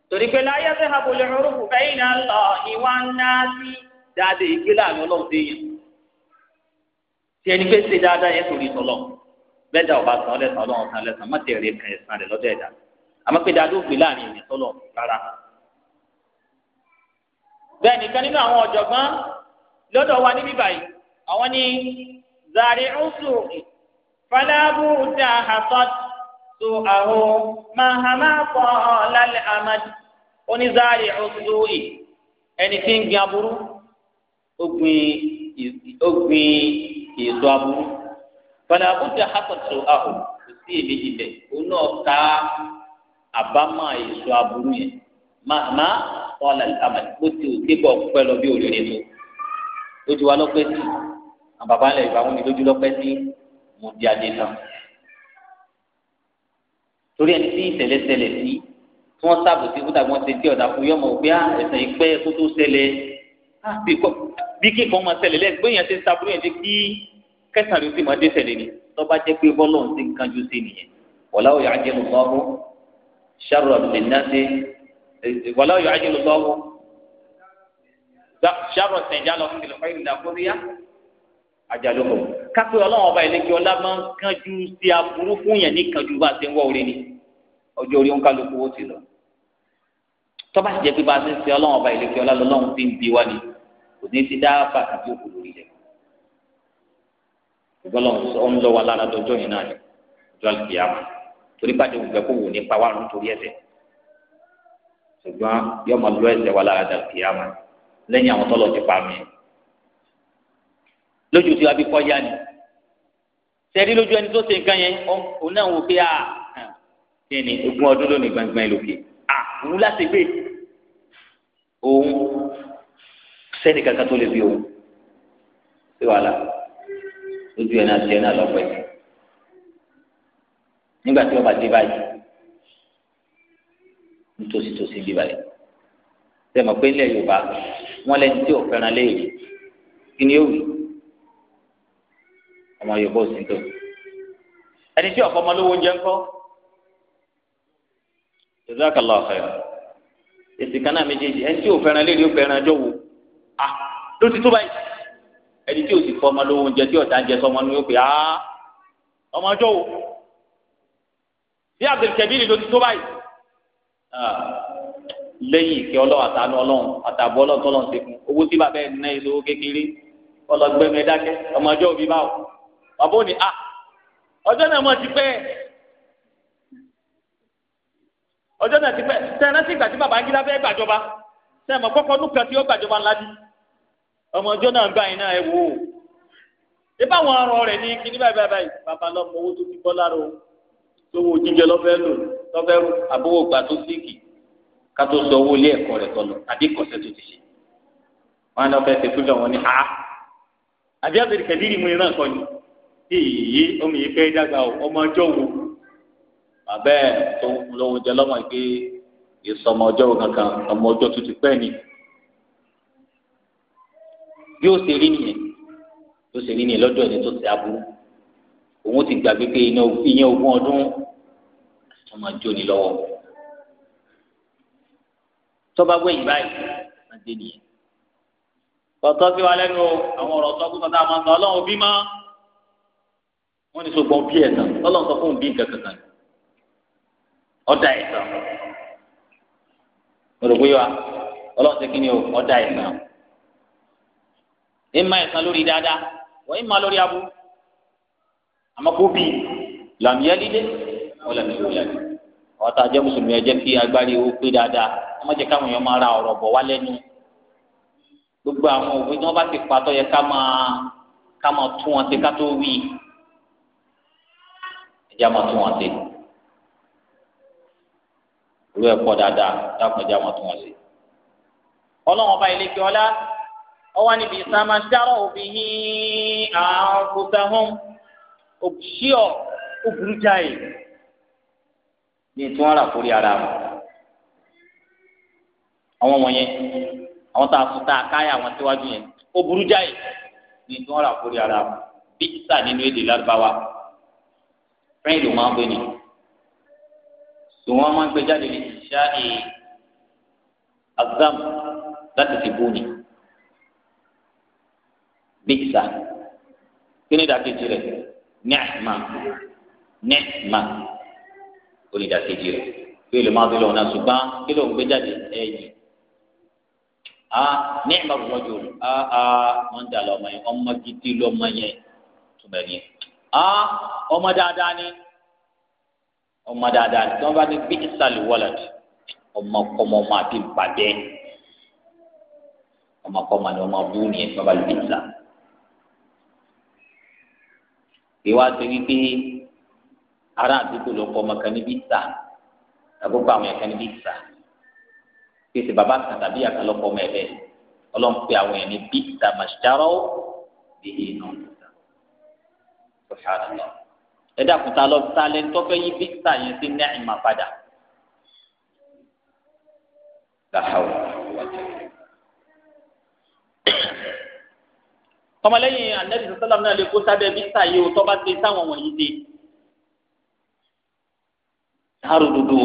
torí pé láyé ṣe ha bolè orúkú bẹ́yìn náà lọ ìwà náà sí dáadáa ìgbé láàrin ọlọ́run dé yẹn tí ẹni pé ṣe dáadáa yẹn torí tọ́lọ̀ bẹ́ẹ̀ dà ọba sàn ọlẹ́sàn ọlọ́run sàn lẹ́sàn má tẹ̀rẹ̀ kan ẹ̀sán rẹ̀ lọ́dọ̀ ẹ̀dá àmọ́ pé dáadáa ògbé láàrin ìrìn tọ́lọ̀ rárá. bẹ́ẹ̀ nìkan nínú àwọn ọ̀jọ̀gbọ́n lọ́dọ̀ wa níbí báyìí àwọn ni zari ọ̀sùn fàlábù dáhà سوءه مهما طال الأمد ونزارع السوء ẹni tí ń gbin aburú ó gbin èso aburú padà bóde àkàtúntò àhò kò sí èméjì bẹ òun náà ta àbámọ̀ èso aburú yẹn màmá ọ̀là àmàlí bó ti òkè bọ̀ lọ bí òrèrè tó lójú wa lọ́pẹ́ sí àbàbá ńlẹ̀ ìbáwọn ni lójú lọ́pẹ́ sí mo di adé tán torí ẹni tí ìṣẹ̀lẹ̀ ṣẹlẹ̀ sí tí wọ́n sábò sí kúta wọ́n ṣe tí ọ̀dà fún yọmọ òpé ah, ẹ̀sìn ìpẹ́ kó tó ṣẹlẹ̀ ah, bí kíkan máa ṣẹlẹ̀ lẹ́yìn gbé yẹn ṣe ń sábúrú yẹn ṣe kí kẹsàn-án ló sì máa dé ṣẹlẹ̀ ni tọ́ba jẹ́ pé bọ́lọ̀ ń ti ń kanjú sí nìyẹn wàláwò yà á jẹ́ lọ́wọ́ ṣàrò àbùlẹ̀ náà ṣe wàláwò yà á jẹ́ lọ́wọ́ ṣàrò ṣẹ̀dá lọ́ ajalóko kápẹ́ ọlọ́run ọba ìlẹ́kẹ́ ọlá máa ń kánjú sí aburú fún yẹn ní kánjú bá a ṣe ń wọ́ orí ni ọjọ́ orí ń kálukú ó ti lọ tọ́ba ti jẹ́ pé bá a ṣe ń ṣe ọlọ́run ọba ìlẹ́kẹ́ ọlá lọ́lọ́run ti ń bi wá ni kò ní ti dá bàtà tí ó kù lórí rẹ̀ ìgbọ́lọ́run ó ń lọ wa lára dọjọ́ yẹn náà ni ọjọ́ àlùkìyàmù torí pàdé òǹgbẹ́ kò wò nípa wa nítorí ẹ̀ṣẹ̀ ṣùgbọ́n yọmọ lójú tí wàá fi kọ́ ni sẹ́rí lójú ẹni tó ṣe nǹkan yẹn òun náà wò pé a kí ni ogún ọdún lónìí gbangban lókè a òun láti gbé òun sẹ́ni kankan tó lè bí òun ṣé wàhálà lójú ẹ̀ náà tiẹ̀ náà lọ́pẹ́ nígbà tí wọ́n bá dé báyìí nítòsí tòsí bí báyìí sẹ́mi pé ilẹ̀ Yorùbá wọ́n lẹ́ni tí ò fẹ́ràn léèrè kí ni yóò wí ọmọ yorùbá ò sí tó ẹni tí ọkọ ọmọlówó ń jẹ ńkọ jazakallahu khairan èsì kan náà méjèèjì ẹni tí ò fẹ́ràn lérí ó fẹ́ràn ẹjọ́ wò á ló ti tó báyìí ẹni tí ò sì fọ ọmọlówó ń jẹ tí ọ̀tá ń jẹ sọmọ ní òkè á ọmọ ọjọ́ wò bí Abdulkabir ló ti tó báyìí lẹ́yìn ìkẹ́ ọlọ́run àtàánú ọlọ́run àtàbọ̀ ọlọ́run tọ́lọ́run ṣe fún owó tí bàbá ẹ̀ ń ná ìṣòwò kékeré ọlọ́gbẹ́mẹ́dákẹ́ ọmọ ọjọ́ òbí báwò bàbá òní a ah, ọjọ́ náà mọ̀ ti pẹ́ ọjọ́ náà ti pẹ́ sẹ́yìn tí ìgbà tí bàbá Angila fẹ́ gbàjọba sẹ́yìn mọ̀ kọ́kọ́ nùkan tí ó gbàjọba ńlá di ọmọ ọjọ́ náà ń gbà yín náà ẹ wò ó ìbá àwọn ọ̀rọ̀ rẹ̀ ní kíní báyìí báyìí báyìí bàbá lọ́mọ owó tó ti bọ́ lára o lówó jíjẹ lọ́fẹ́ lò lọ́fẹ́ àbówó gbà tó síkì ká tó sọ owó ilé ẹ̀kọ́ rẹ̀ tọ̀nà àbí kọ̀sẹ̀ tó ti ṣe wọn á lọ́fẹ́ ṣe fúnjọ wọn ní ha ah, àbí àbẹ̀rẹ̀ kẹ̀dírì mú iná kan yìí èyí ọmọ yìí fẹ́ dàgbà ọmọ ọjọ́ wo bàbá ẹ̀ tó ń lọ́wọ́ jẹ lọ́mọ pé ìsọmọ ọjọ́ wo kankan ọmọ ọjọ́ tó ti ni yóò ṣe rí nìyẹn yóò ṣe rí nìyẹn lọ́dọ̀ ẹni tó ti aburú òun ti gbàgbé pé ìyẹn ogún ọdún ọmọ ọjọ́ ni lọ́wọ́ tọ́ba wẹ̀yìn báyìí máa dé nìyẹn kọ̀ọ̀tọ́ sí wa lẹ́nu àwọn ọ̀rọ̀ tó kú tọ́ta máa ń sọ ọlọ́run bí wọ́n ní sọgbọn bí ẹ tán Ọlọ́run sọ fún bí nǹkan kankan ọdà ẹ tán olùkóyè wa Ọlọ́run sẹkìn ni ọdà ẹ tán ìmọ̀ ẹ̀sán lórí dáadáa wọ́n ìmọ̀ lórí abu amakobi làmìyálílé wọ́n làmìyálílé ọ̀tá jẹ́ mùsùlùmí ẹ jẹ́ kí agbárí owó pé dáadáa wọ́n jẹ́ káwọn èèyàn máa ra ọ̀rọ̀ bọ̀ wá lẹ́nu gbogbo àwọn òwe tí wọ́n bá ti pa tọ́ yẹ ká máa ká máa tún wọn ṣe ká tó wí ẹjá máa tún wọn sí irú ẹ̀ pọ̀ dáadáa dákun ẹjá máa tún wọn sí. ọlọ́run ọba ìlẹ́kẹ̀ ọlá ọwọ́ níbi ìsámá dárọ̀ òbí ní àwọn kòtàhún òṣìọ́ òbúrú jáì ní tí wọ́n rà kórí ara wọn. àwọn wọ̀nyẹn àwọn tá a sọ tá a káyà àwọn tíwájú yẹn òbúrú ní tí wọ́n rà kórí ara wọn bí ìsà nínú èdè lárúbáwá fẹ́yìn ló máa ń gbé ni tí wọ́n máa ń gbé jáde ní ìṣá ì azam láti fi bú ni bíkìsà kí ni ìdàkejì rẹ̀ nẹ́ẹ̀mà nẹ́ẹ̀mà onídàkejì rẹ̀ fẹ́yìn ló máa ń gbé lọ́wọ́ náà ṣùgbọ́n kí ló ń gbé jáde ẹ̀yìn a nẹ́ẹ̀mà rọ̀jò a a wọ́n dà lọ́mọ yẹn ọmọ gidi lọ́mọ yẹn tùmẹ̀ ni. Ah, ọmọ dáadáa ni ọmọ dáadáa ni tí wọn bá ní bí ìsàlẹ̀ wọlọdì ọmọkọmọ ọmọ àti ìpàdé ọmọkọmọ ni ọmọ bú ni ẹgbẹ́ bá lè bìtà ìwà tó wípé ará àdúgbò ló kọ ọmọ kan níbi ìta àgbógbó àwọn ẹ̀ka níbi ìta pèsè bàbá kan tàbí àkàlọ́kọ ọmọ ẹ̀ bẹ́ẹ̀ ọlọ́run pé àwọn ẹ̀ ní bí ìta màṣítárọ́ bíi náà subhanallah ẹ dàkún ta lọ ta lẹ tọpẹ yí bíkítà yẹn sí ní àyìnbá padà làhàwù tọmọlẹ́yìn anabi sọsọlọm náà lè kó sábẹ́ bíkítà yìí o tọba ti sáwọn wọ̀nyí dé dàrú dodo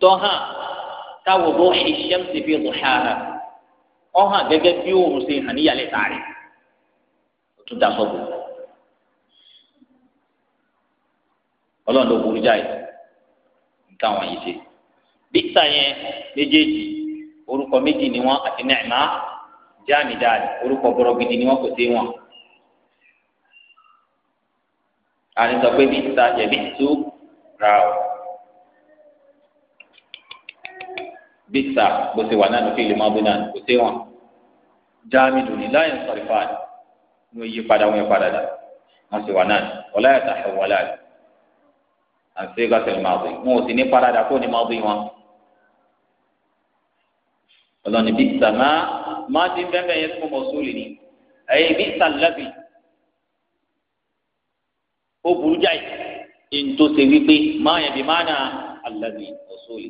tọhán káwọ bó ṣiṣẹ́ ń ṣe fi rò ṣáà ọhán gẹ́gẹ́ bí òun ṣe hàn níyàlẹ tààrí o tún da sọ ọlọ́run ló burú jáì nǹkan wọ̀nyí ṣe bíkítà yẹn méjèèjì orúkọ méjì ni wọn àti nàìmá jáàmì dáàdì orúkọ bọrọ gidi ni wọn kò sí wọn àti sọ pé bíkítà yẹ bíkítù ra ọ bíkítà bó ṣe wà náà ló fi lè máa bó náà kò sí wọn jáàmì dùn ní láyé sọrí fáàlì ní oyè padà wọn yẹn padà dà wọn sì wà náà wọláyà tàṣọ wọláyà àti gàtẹ̀lẹ̀ màdùn wọn ò sì ní paradà kó ní màdùn wọn. ọlọ́ni bí sàmá máa ti ń bẹ́ẹ̀ yẹn fún mọ̀súlì ni ẹ̀yìn bí sàlẹ́bì ó burú jáì ntòsí wípé máa yẹn bí máa nà alẹ́bì mọ̀súlì.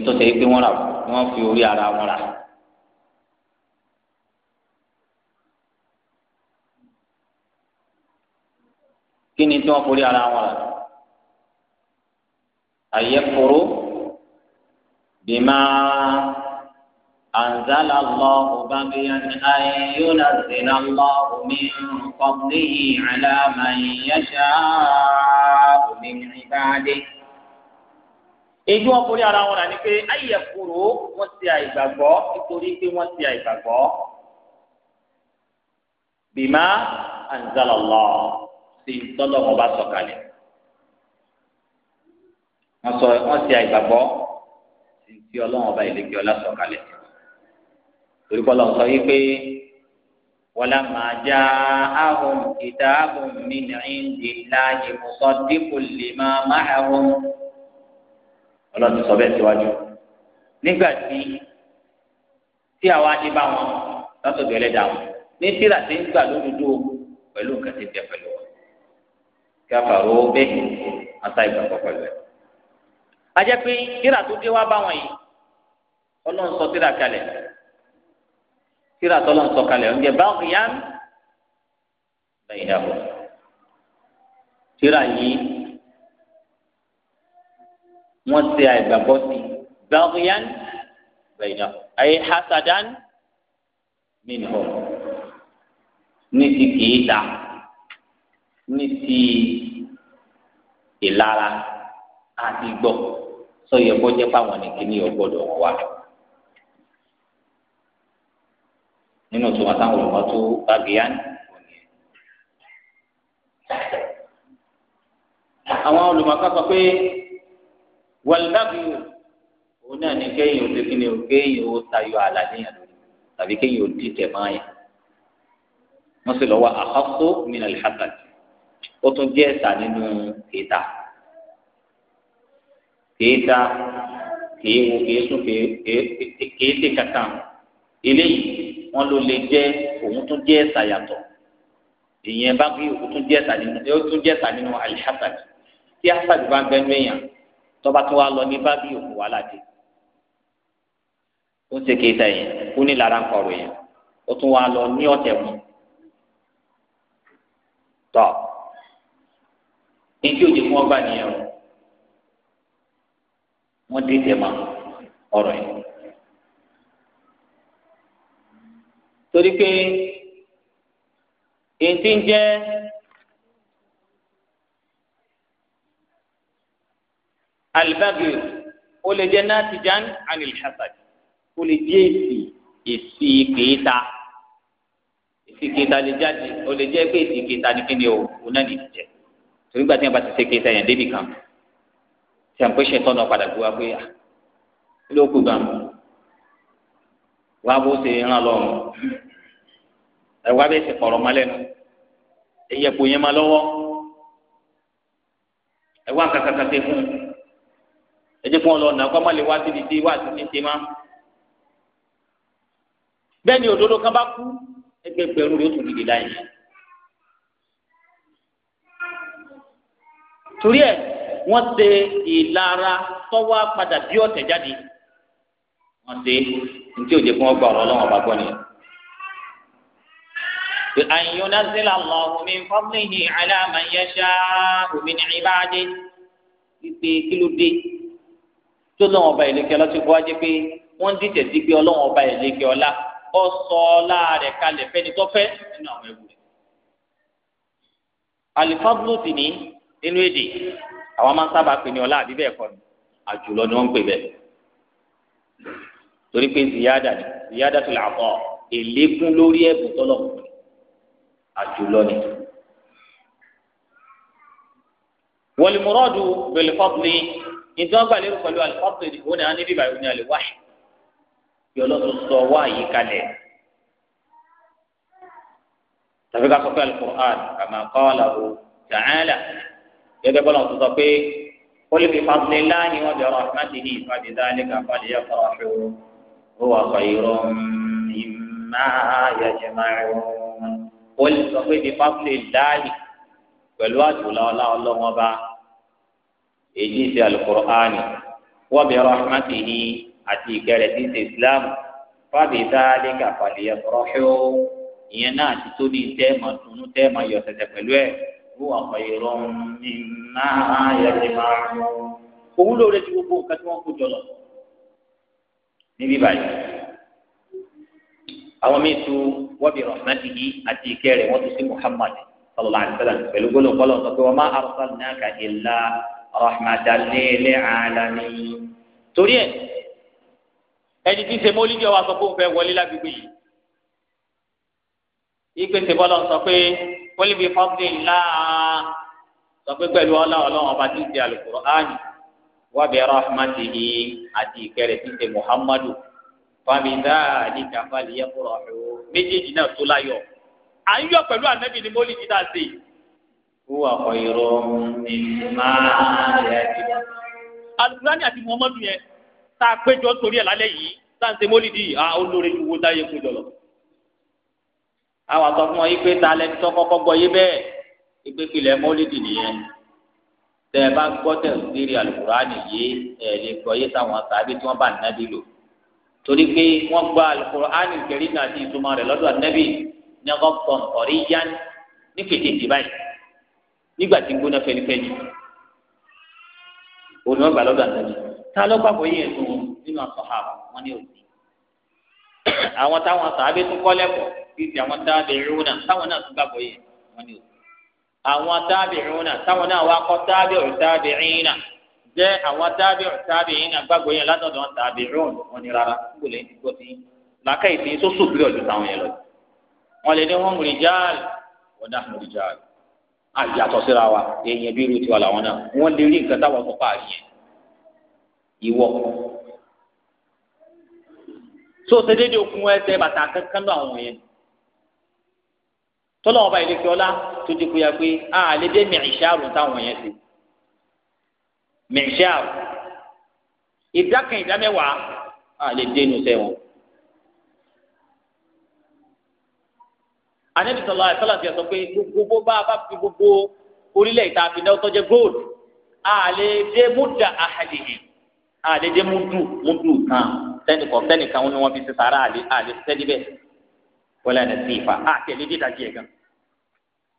ntòsí wípé wọ́n rà wọ́n fi orí ara wọn rà. kí ni tí wọ́n forí ara wọn rà àyẹ̀kùrú bímá anzala Allahu bagiyan an yunazzila Allahu min fadlihi ala man yasha'u min ibadihi. èyí wọ́n forí ara wọn rà ni pé àyẹ̀kùrú wọ́n ti àìgbàgbọ́ nítorí pé wọ́n ti àìgbàgbọ́ bímá anzala Allahu sí tọ́lọ̀ wọn bá sọ̀kalẹ̀ wọn sọ wọn ti àgbàgbọ́ ti ọlọ́run ọba ìlẹ́kẹ́ ọlá sọ̀kalẹ̀ torí kọ́lọ́ sọ yí pé wọlá máa já ahùn kitabun min indillahi musaddiqun lima ma'ahum ọlọ́run ti sọ bẹ́ẹ̀ síwájú nígbà tí tí àwa dé bá wọn látọ̀dọ̀ wọn ní tíra ti ń gbà lódodo pẹ̀lú nǹkan ti tẹ̀ pẹ̀lú káfàró bẹ́ẹ̀ ata ìgbàgbọ́ pẹ̀lú ẹ̀. ajẹ́ pé tíra tó dé wá bá wọn yìí ọlọ́run sọ tíra kalẹ̀ tíra tó lọ́n sọ kalẹ̀ ń jẹ báwọn yá lẹ́yìn dàbọ̀ tíra yìí wọ́n ti àìgbàgbọ́ sí báwọn yá lẹ́yìn dàbọ̀ ayé hasadan minhum ní ti kìí ta ní ti ìlara àti gbọ́ sọyẹ bọ́jẹ́ fáwọn nìkíní ọgbọ́dọ̀ wọn wá. nínú tí wọn táwọn olùmọ̀ tó bàgìyàn òní. àwọn olùmọ̀ kan sọ pé wàlúùdàgbìyàn òun náà ní kéèyàn ó ti kíni o kéèyàn ó tayọ àlàníyàn lórí tàbí kéèyàn ó dìtẹ̀ máa wọ́n sì lọ wá àkọ́kọ́ min al-hasad ó tún jẹ́ ẹ̀sà nínú kéta kéta kéé wo kéé sún kéé tè kankan eléyìí wọn ló lè jẹ́ òun tún jẹ́ ẹ̀sà yàtọ̀ ìyẹn bá gbé òun tún jẹ́ ẹ̀sà nínú ó tún jẹ́ ẹ̀sà nínú alihasad tí hasad bá ń èèyàn tọ́ba tó wá lọ ní bá bí òun wà láti ó ṣe kéta yẹn ó ní lára ń kọrọ yẹn ó tún wá lọ ní ọ̀tẹ̀ wọn tọ́ ètí òjò fún ọba nìyẹn o wọn dé tẹmọ ọ̀rọ̀ yìí torí pé ètí ń jẹ alibagi ó lè jẹ natijan anil hasad ó lè jẹ èsì èsì kèéta èsì kèéta lè jáde ó lè jẹ pé èsì kèéta ni kí ni o ò náà lè jẹ torí gbàtí yẹn bá ti ṣe kéésà yẹn débì kan tí a ń pèsè tọ́nà padà gbé wa pé à ah, ló kú gan wá bó ṣe ń ràn lọ́rùn ẹ wá bẹ́ẹ̀ ṣe pọ̀rọ̀ mọ́ lẹ́nu ẹ̀yẹ kò yẹn má lọ́wọ́ ẹ wá kàkàkà ṣe fún un ẹ jẹ́ kí wọ́n lọ nà kó má lè wá síbi tí wá sí ti ṣe má bẹ́ẹ̀ ni òdodo kan bá kú ẹgbẹgbẹ̀rún yóò tún dìde láyé torí ẹ wọ́n ṣe ìlara tọ́wọ́ padà bí ọ̀tẹ̀ jáde wọ́n ṣe ní tí òjò fún ọgbà ọ̀rọ̀ ọlọ́wọ́n bá gbọ́ nìyẹn. أن ينزل الله من فضله على من يشاء من عباده pé kí ló tó lọ́wọ́n ọba ìlẹ́kẹ́ ọlá ti kọ́ ajé pé wọ́n ń dìtẹ̀ sí pé ọlọ́wọ́n ọba ìlẹ́kẹ́ ọlá ọ sọ ọlá rẹ̀ kalẹ̀ fẹ́ni tó nínú àwọn ẹ̀wù rẹ̀. àlìfábùlù sì ní nínú èdè àwọn máa ń sábà pè ní ọlá àbí bẹ́ẹ̀ kọ́ ni àjùlọ ni wọ́n ń pè bẹ́ẹ̀ torí pé ziyada ni ziyada tó làá kọ́ èlékún lórí ẹ̀bùn tọ́lọ̀ àjùlọ ni. wal muradu bil fadli nítorí wọn gbà lérò pẹ̀lú alifọ́tò ìdìbò ní àwọn níbí báyìí ní bí ọlọ́run sọ wá yìí tàbí ká sọ pé al-Qur'an kama qalahu ta'ala gẹ́gẹ́ bọ́lá tó sọ pé qul bi fadlillahi wa bi rahmatihi fabidhalika falyafrahu huwa khayrun mimma yajma'un qul sọ pé bi fadlillahi pẹ̀lú àjùlọ ọlá ọlọ́mọba èyí ti alukur'ani wa bi rahmatihi àti ìkẹrẹ ti ti islam fabidhalika falyafrahu ìyẹn náà ti tó ní tẹ́ẹ̀mà tunu tẹ́ẹ̀mà yọ tẹ̀tẹ̀ pẹ̀lú ẹ̀ huwa khayrun mimma yajma'un. owó lóore ti gbogbo nǹkan tí wọ́n kó jọ lọ níbí báyìí àwọn míín tu wọ́bi rahmatihi àti ìkẹrẹ wọ́n tún sí Muhammad sallallahu alayhi wa sallam pẹ̀lú gbólóhùn kọ́lọ́ sọ pé wa ma arsalnaka illa rahmatan lil alamin torí ẹ̀ ẹni tí ń ṣe mọ́lídìí ọwọ́ àsọ̀kò ń wọlé lágbègbè yìí ìpèsè bọ́lá sọ pé kólé bíi fọ́ọ̀tì ńlá sọ pé pẹ̀lú ọlá ọlọ́run ọba tí ń ṣe Al-Qur'an wa bi rahmatihi àti ìkẹrẹ tí ń ṣe Muhammadu fàmìlá àdìgá fàlìyẹ kúrò ọ̀hún méjèèjì náà tó láyọ̀ à ń yọ̀ pẹ̀lú ànábì ní mọ́lì dídá sí i. wúwà kọ ìró ní máa yẹ kí. àti Muhammadu yẹn tá a péjọ sórí ẹ̀ lálẹ́ yìí tá ń ṣe mọ́lì dì í à ó lóore ju wo táyé kú jọ lọ àwọn àtọ fún wọn yí pé ta lẹni tó kọ́kọ́ gbọ́ yé bẹ́ẹ̀ ìgbékilẹ mọlídì nìyẹn tẹ ẹ bá gbọ́ tẹsíri alukurani yé ẹ lè gbọ́ yé táwọn sábẹ tí wọn bá nàbí lò torí pé wọn gba alukurani kẹrin náà ti ìtumọ̀ rẹ̀ lọ́dọ̀ nàbí nyọkọ pọn ọrí yán ní kètèkè báyìí nígbà tí gbóná fẹnifẹni òun náà gbà lọ́dọ̀ nàbí tá ló gbàgbọ́ yé ẹsùn nínú àtọhà wọn ní òbí àwọn táwọn sábẹ tún kọ́ lẹ́kọ̀ọ́ títí àwọn tábìrúnà táwọn náà tún gbàgbọ́ yìí wọ́n ní o àwọn tábìrúnà táwọn náà wá kọ́ tábìrù tábìrínà jẹ́ àwọn tábìrù tábìrínà gbàgbọ́ yẹn látọ̀dọ̀ tábìrún wọ́n ní rárá kúkú lè ti gbọ́ sí làákà ìdí tó sòbí ọ̀dọ̀ táwọn yẹn lọ wọ́n lè ní wọ́n mùrìjáàlì wọ́n dá mùrìjáàlì àyàtọ̀ síra wa èèyàn bí irú tiwa làwọn náà wọ́n so ṣe okun ẹsẹ̀ bàtà kankan lọ àwọn yẹn tọ́lọ́wọ́n bá ilé kíọ́lá tó ti kúya pé a lè dé mìíràn táwọn yẹn ti mìíràn ìdá kan ìdá mẹ́wàá a lè dé inú sẹ́wọ̀n. anabi sọlá ẹsọlá ti sọ pé gbogbo bá a bá fi gbogbo orílẹ̀ ìta àfin náà tọ́jú gold a lè dé múdà àhàdìhì a lè dé múdù múdù kan sẹ́nìkan sẹ́nìkan ni wọ́n fi ṣe sàrà àlè sẹ́nìbẹ̀ wọlé ẹni sí ìfà á tẹ̀lé dídá jẹ gan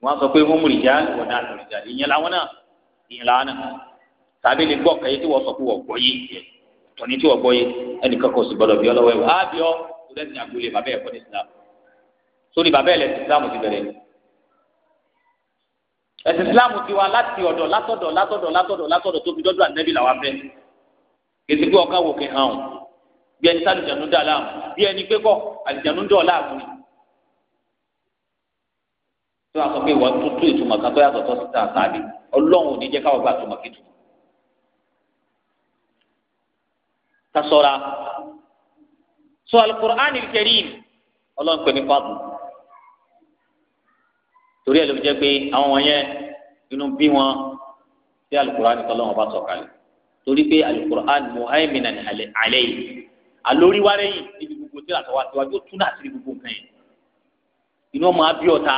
wọn sọ pé wọn múlì já wọn náà múlì já ìyẹn làwọn náà ìyẹn làwọn náà tàbí lè gbọ́ kẹyẹ tí wọ́n sọ pé wọ́n gbọ́ yé jẹ tọ́ni tí wọ́n gbọ́ yé ẹnìkan kò sì gbọ́dọ̀ bí ọlọ́wọ́ ẹ̀wọ̀ á bí ọ kúrẹ́ ní agboolé bàbá ẹ̀kọ́ ní Islam sórí bàbá ẹ̀ lẹ́sìn Islam ti bẹ̀rẹ̀ ẹ̀sìn Islam ti wá láti ọ̀dọ̀ látọ̀dọ̀ látọ̀dọ̀ látọ̀dọ̀ látọ̀dọ̀ tó fi dọ́dọ̀ ànẹ́bí làwọn fẹ́ kèsì pé ọkàn wò kí hàn bí ẹni tí wọ́n sọ pé ìwọ tún tún ìtumọ̀ kan tó yàtọ̀ tó sí tàn sáàlì ọlọ́run ò ní jẹ́ káwọn gbà túmọ̀ kí túmọ̀. ká sọ́ra sọ alukur'an karim ọlọ́run pè ní fáàbù torí ẹ̀ ló jẹ́ pé àwọn wọ̀nyẹn inú bí wọn sí alukur'an kọ́ lọ́wọ́n bá sọ̀kalẹ̀ torí pé alukur'an muhaiminan alayhi alóríwárẹ́yìn níbi gbogbo tí àtọwá tiwájú ó tún náà sí gbogbo nǹkan yẹn inú ọmọ abíọ́ta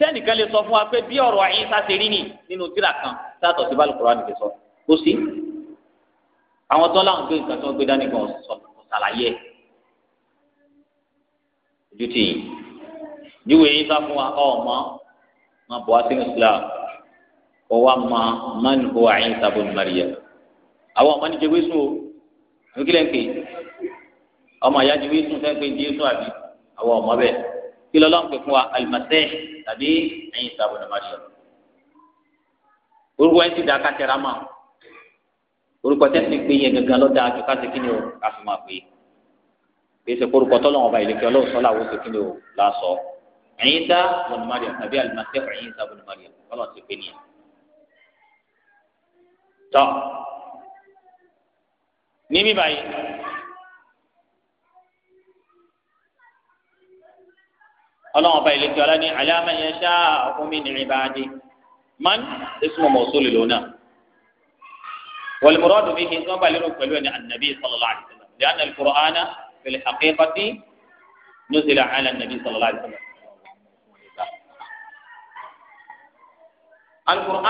sẹ́nìkan lè sọ fún wa pé bí ọ̀rọ̀ àyín sáṣe rí nì nínú tírà kan sátọ̀ sí bá Al-Qur'an nìkan sọ kó sí. àwọn tó láwọn gbé nǹkan tó ń gbé dání kan sọ ṣàlàyé ẹ̀. ojú ti yìí níwèé yín sá fún wa ọmọ máa bọ̀ wá sínú Islam kó wá ma man huwa Isa ibn Maryam. àwọn ọmọ níjẹ wíṣọ o ní kílẹ̀ ń pè ọmọ àyájú wíṣọ fẹ́ pé jésù àbí àwọn ọmọ bẹ́ẹ̀ kí lọ́lọ́ ń pè fún wa alimase tàbí ẹ̀yin ìsàbọ̀ ní maṣọ. orúkọ yẹn ti da kátẹ́ra mọ́ orúkọ tẹ́ ti gbé yẹn gangan lọ́dà àjọ káṣí kí ni o káṣí máa pè é gbèsè orúkọ tọ́lọ́wọ́n ọba ìlẹ́kẹ́ ọlọ́run sọ́lá àwọn oṣù kí ni o lásọ. ẹ̀yin dá bọ̀ ní mariam tàbí alimase ẹ̀yin ìsàbọ̀ ní mariam kọ́lọ́ ti pè nìyẹn. tọ́ ní bíbáyìí. ọlọ́run ọba ìletí ọlá ní aláma yẹn ṣá omi ní ìbáde man ismu mọ̀sọ́lì lónà wọlùmọ́rọ́ wàlúmọ̀rọ́dù bíi kì í sọ́n lérò pẹ̀lú ẹni anabi sallallahu alayhi wa sallam lẹ́yìn anabi qur'ana fil haqiqati nuzila ala anabi sallallahu alayhi wa sallam.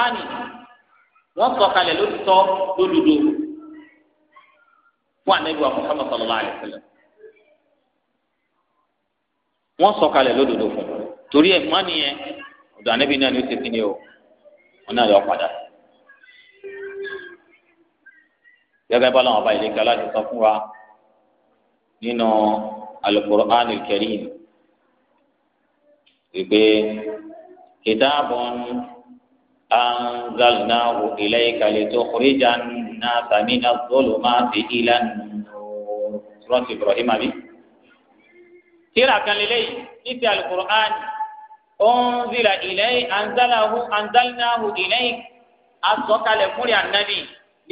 wọ́n sọ kalẹ̀ lórí tọ́ lódodo fún anabi wa muhammad sallallahu alayhi wa sallam. wọ́n sọ̀kalẹ̀ lódodo fún un torí ẹ̀ má nìyẹn ọ̀dọ̀ ànábì náà ni ó ti fi ní o wọn náà lọ padà. gẹ́gẹ́ bá làwọn ọba ìlẹ́kẹ́ aláṣẹ sọ fún wa nínú al-Qur'an al-Karim wípé kitabun anzalnahu ilayka litukhrijan nasa mina zulumati ilan surati Ibrahim abi tíra kan lélẹ́yìí títí alukur'an ọ̀nzìlà ìlẹ́yìn anzalahu anzalnahu ìlẹ́yìn asọ̀kalẹ̀ fúnri ànábì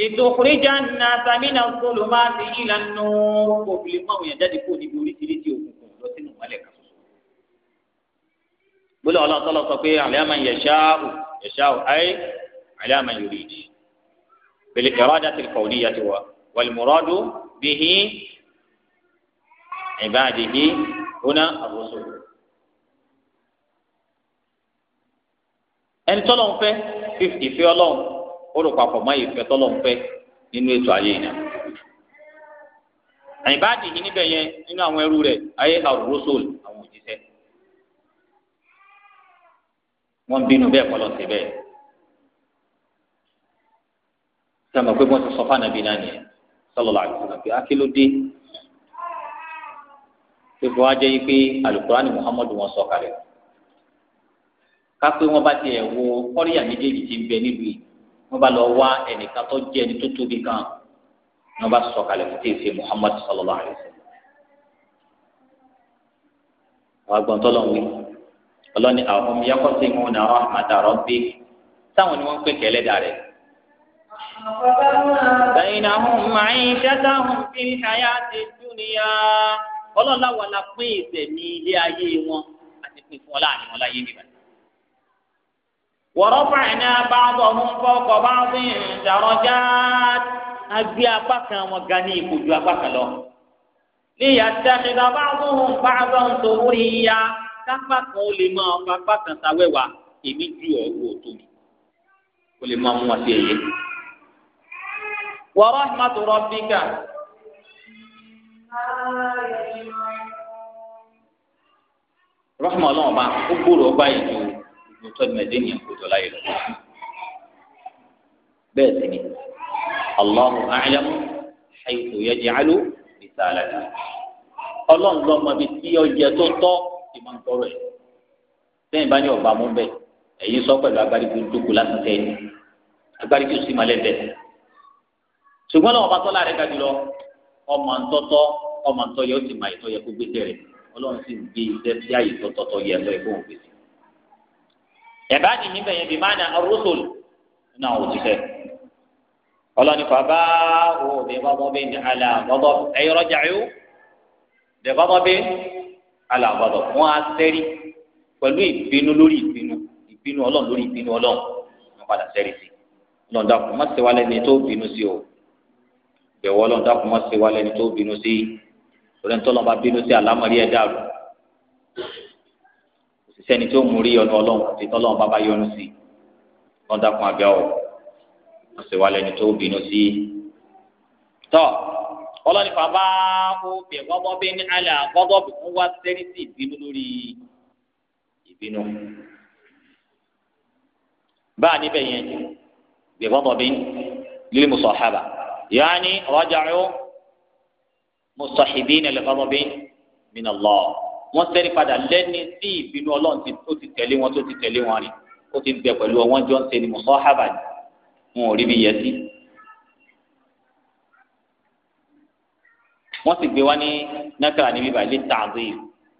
ìtòkùrìjà nàta mínà sọlùmá ti ìlà nù obìnrin máa wòyàn jáde kó níbi oríṣiríṣi òkùnkùn lọ sínú ìmọ̀lẹ̀ kan ṣoṣo. gbọ́dọ̀ ọlọ́tọ́lọ́ sọ pé àlẹ́mà yẹ̀ṣáù yẹ̀ṣáù ayé àlẹ́mà yorì ìdí. pèlè ẹ̀rọ ajá ti kọ̀ọ̀lì yàtọ̀ wà wàlùmọ́rọ́dù bíhí ìbáàdìhí hona àbòsò. ẹni tọ́lọ̀ ń fẹ́ ìfẹ́ ọlọ́run ó rò papọ̀ mọ́ ìfẹ́ tọ́lọ̀ ń fẹ́ nínú ètò ayé yìí náà. àyìnbáàdì yìí níbẹ̀ yẹn nínú àwọn ẹrú rẹ̀ ayé àrùrọ́sọ̀l àwọn òjíṣẹ́. wọ́n ń bínú bẹ́ẹ̀ kọ́lọ́ sí sọ ma pé wọ́n ti sọ fún náà nìyẹn fífọ ajẹ́ yìí pé alukurani muhammadu wọn sọ kalẹ̀ kápẹ́ wọn bá tiẹ̀ wo kọ́ríyà méjèèjì ti ń bẹ nílùú yìí wọn bá lọ wá ẹnìkan tó jẹ́ ẹni tó tóbi kan wọn bá sọ kalẹ̀ fún tèèfé muhammadu sallallahu alayhi wa sallam wí ọlọ́ni àwọn táwọn ni wọ́n ń pè kẹ́lẹ́ dà rẹ̀. ọlọ́run láwa la pín ìsẹ̀mí ilé ayé wọn àti pín fún ọlá àníwọ̀n láyé níbà. wọ̀rọ̀ fàìní abáàbọ̀ mú fọ́kọ̀ bá ń fi ìdàrọ̀já agbé apá kan wọn ga ní ipò ju apá kan lọ. ní ìyàtẹ̀kìdá bá ń fún un bá bá ń tòwú ìyá kápá kan ó lè mọ ọkọ̀ apá kan sáwẹ́wà èmi ju ọ̀wọ́ tó mi ó lè mọ ọmọ wọn sí ẹ̀yẹ. wọ̀rọ̀ ìmọ̀tò rọ̀ bíkà rahma ọlọ́run bá ó gbòòrò ọba ìjọ ìjọ tọ́jú mẹ́tẹ́ẹ̀yìn àkójọ láyé lọ. bẹ́ẹ̀ sì ni Allahu a'lamu haythu yaj'alu risalata ọlọ́run lọ́mọ bíi tí ọjẹ́ tó tọ́ ìmọ̀ ń tọrọ ẹ̀ sẹ́yìn bá ní ọba mú bẹ́ẹ̀ ẹ̀yin sọ pẹ̀lú agbáríkú dúkú láti tẹ̀ ẹ́ agbáríkú sì máa lẹ́bẹ̀ẹ́ ṣùgbọ́n lọ́wọ́ bá tọ́lá rẹ̀ kájú ọmọ ọlọ́run sì ń gbé iṣẹ́ sí àyè tọ́tọ́tọ́ yẹ lọ ẹ̀kọ́ òun pèsè. ẹ̀bá ni mi bẹ̀yẹn bí máa na rúṣòl nínú àwọn òṣìṣẹ́ ọlọ́ni fàbá òbí bọ́bọ́bí ní àlà bọ́bọ́ ẹ̀yọ́ rọ́jà yó bẹ̀ bọ́bọ́bí àlà bọ́bọ́ wọn á sẹ́rí pẹ̀lú ìpinnu lórí ìpinnu ìpinnu ọlọ́run lórí ìpinnu ọlọ́run wọn padà sẹ́rí sí torí ẹni tọ́lọ́mọba bínú sí àlámọ̀rí ẹ̀dá rò òṣìṣẹ́ ni tí ó mú rí ọ̀nà ọlọ́run àti tọ́lọ́mọba bá yọnu sí wọ́n dákun àbẹ́ ọ̀ wọ́n sì wá lẹ́ni tó bínú sí. tọ́ ọlọ́ni bàbá ó bẹ̀ gbọ́gbọ́ bí ní alẹ́ àgbọ́gbọ́ bí wọ́n wá sẹ́rí sí ìbínú lórí ìbínú. báà níbẹ̀ yẹn bẹ̀ gbọ́gbọ́ bí lílé mùsọ̀ mustahibina li ghadabin min Allah wọ́n ṣẹ́rí padà lẹ́ni tí ìbínú ọlọ́run tó ti tẹ̀lé wọn tó ti tẹ̀lé wọn rìn ó ti bẹ pẹ̀lú wọn jọ ń ṣe ni musahaba ni wọn ò rí bí yẹ sí. sì gbé wá ní nàkàrà níbí báyìí lè tààzé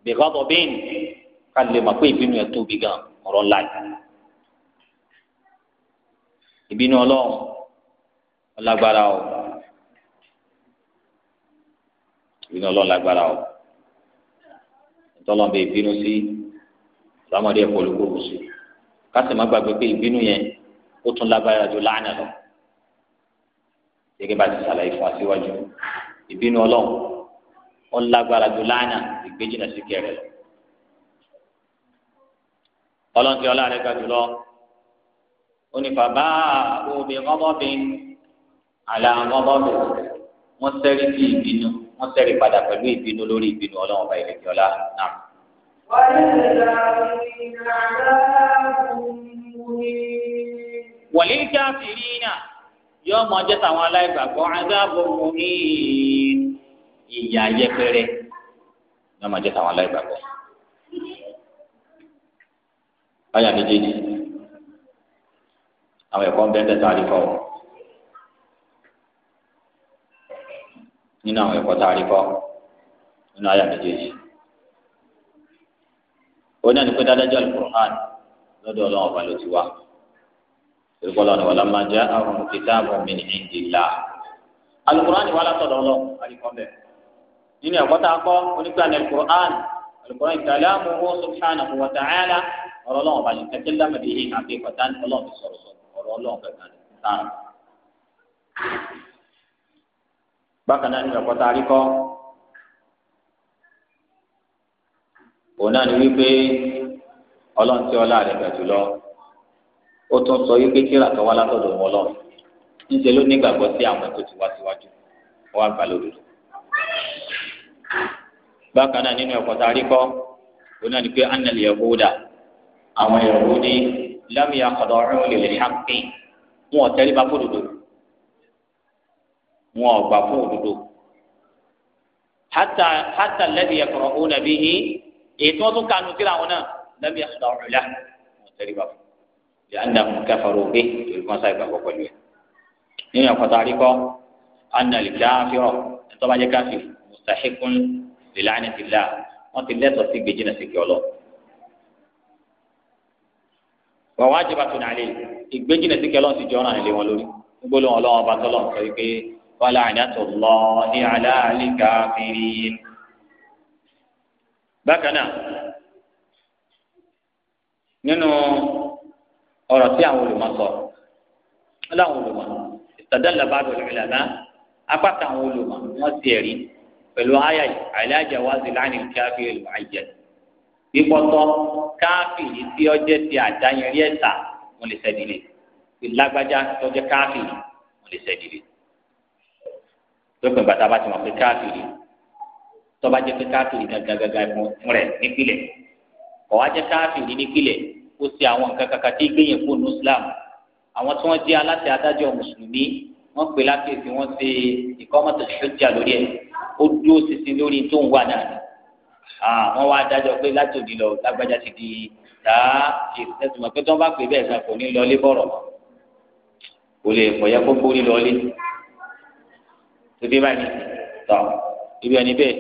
bi ghadabin ká lè pé ìbínú ẹ̀ tóbi gan ọ̀rọ̀ ńlá yìí. ìbínú ọlọ́run ọlágbára o. ìbínú ọlọ́run lágbára o ìtọ́lọ́mọbẹ ìbínú sí ìbámọ́dé ẹ̀kọ́ olùkókò sí kásì má gbàgbé pé ìbínú yẹn ó tún lágbára ju láàánà lọ gẹ́gẹ́ bá ti ṣàlàyé fún aṣíwájú ìbínú ọlọ́run ó lágbára ju láàánà ìgbéjìnà sí kẹrẹ lọ ọlọ́run ti ọlá rẹ̀ gbàdúrà onífàbá òbí ọmọbìnrin àlà ọmọbìnrin wọn sẹ́rí sí ìbínú wọ́n tẹ̀rí padà pẹ̀lú ìbínú lórí ìbínú ọlọ́run ọba ìlẹ̀kẹ́ ọlá náà. wọ̀lé káfíìrì náà yóò mọ ọjọ́ táwọn aláìgbàgbọ́ adáàbò mú ní ìyà yẹpẹrẹ yóò mọ ọjọ́ táwọn aláìgbàgbọ́. báyà méjèèjì àwọn ẹ̀kọ́ ń bẹ́ẹ̀ tẹ̀sán àdìfọ́ wọn. nínú àwọn ẹ̀kọ́ tá a rí kọ́ nínú àyà méjèèjì ó náà ní pé dáadájọ́ alukur'an lọ́dọ̀ ọlọ́run ọba ló ti wá ìrúkọ́lọ́ ni wàlá máa jẹ́ àwọn kìtàbù min indillah alukur'an ni wàlá tọ̀dọ̀ ọlọ́run àríkọ́ bẹ̀ nínú ẹ̀kọ́ tá a kọ́ onígbà ní alukur'an alukur'an kàlámù ó subhanahu wa ta'ala ọ̀rọ̀ ọlọ́run ọba ní kẹtẹ́lámù bíi àti ìkọ̀tán ọlọ́run ti sọ̀rọ̀ sọ̀rọ̀ ọ̀rọ̀ ọlọ́run kẹtàn bákan náà nínú ẹ̀kọ́ tá a rí kọ́ òun náà ni wípé ọlọ́run tí ọlá rẹ̀ gbàjú lọ ó tún sọ wípé kíra tó wá látọ̀dọ̀ wọn lọ níṣẹ ló nígbàgbọ́ sí àwọn tó ti wá síwájú wọn àgbà lódodo bákan náà nínú ẹ̀kọ́ tá a rí kọ́ òun náà ni pé annal yahuda àwọn Yahudi lam yaqda'u lil haqqi wọn ò tẹríba fódodo wọn ọgbà fún òdodo hata hata lẹbi ẹkọrọ ó nàbí yín èyí tí wọn tún kanu kíra wọn náà lẹbi ẹsùn àwọn ọlá wọn tẹrí bá fún yà á dàmú kẹfàrọ òbí torí kan sáyé pẹ̀lú ẹ nínú ẹ̀kọ́tà àríkọ anàlì káfíọ ẹtọ bá jẹ káfí mustahikun lìlànà tìlá wọn ti lẹtọ sí gbèjìnà sí kíọlọ wàá wájú bàtún àlè ìgbèjìnà sí kíọlọ ti jọ ọ̀ràn ilé wọn lórí gbólóhùn Ọlọ́run bàtọlọ nǹkan yìí pé. ولعنة الله على الكافرين بكنا nínú ọ̀rọ̀ tí àwọn olùmọ̀ sọ láwọn olùmọ̀ ìtàdánlá bá dọ̀lù ìlànà apáta àwọn olùmọ̀ wọ́n ti ẹ̀rí pẹ̀lú àyà àìlájà wá sí láàrin káfíìn ìlú àìjẹ pípọ́tọ́ káfíìn tí ọjẹ́ ti àdáyẹrí ẹ̀ta wọ́n lè sẹ́dílé ìlágbájá tọ́jẹ́ káfíìn wọ́n lè sẹ́dílé lópin bàtà bá ti mọ̀ pé káàkiri tọ́ba jẹ́ pé káàkiri gàgàgàgà fún rẹ̀ nípìlẹ̀ ọ̀wá jẹ́ káàkiri nípìlẹ̀ ó ṣe àwọn nǹkan kankan tí gbẹ̀yìn fóònù Islam àwọn tí wọ́n jẹ́ aláṣẹ adájọ́ mùsùlùmí wọ́n pè lákèsí wọ́n ṣe ìkọ́mọ̀tò ṣọ́jà lórí ẹ̀ ó dúró ṣinṣin lórí tó ń wà náà wọ́n wá adájọ́ pé láti òní lọ lágbájá ti di dáa ẹ̀sùn mọ̀ pé tí wọ́n bá síbí báyìí tọ ibi ẹni bẹ́ẹ̀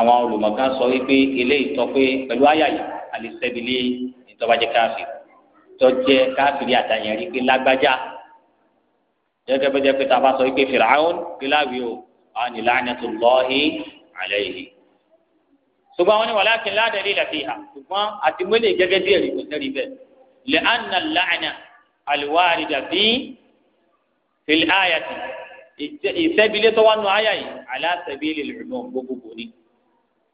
àwọn olùmọ̀kan sọ wípé eléyìí tọ́ pé pẹ̀lú àyàyà àlìsẹ́bìlì ìtọ́bajẹ́ káfíìn tọ́jẹ́ káfíìn àtàyàn rí pé lágbájá gẹ́gẹ́ bẹ́ẹ̀ jẹ́ pé tá a bá sọ wípé fìràhún kíláàwì o àwọn nílá ànyàtò lọ́ọ̀hí àlẹ́ yìí. ṣùgbọ́n wọn ni wàlá kí n ládàá lílà fi hà ṣùgbọ́n àti mọ́lẹ̀ gẹ́gẹ́ bí ẹ̀rí kò sẹ́rí bẹ́ẹ̀ lẹ́ ànà láàánà àlùwárí dàbí fìlì áyàtì ìfẹ́bilé tó wà nù àyà yìí aláṣẹ́bí lè lè mọ̀ gbogbogbò ni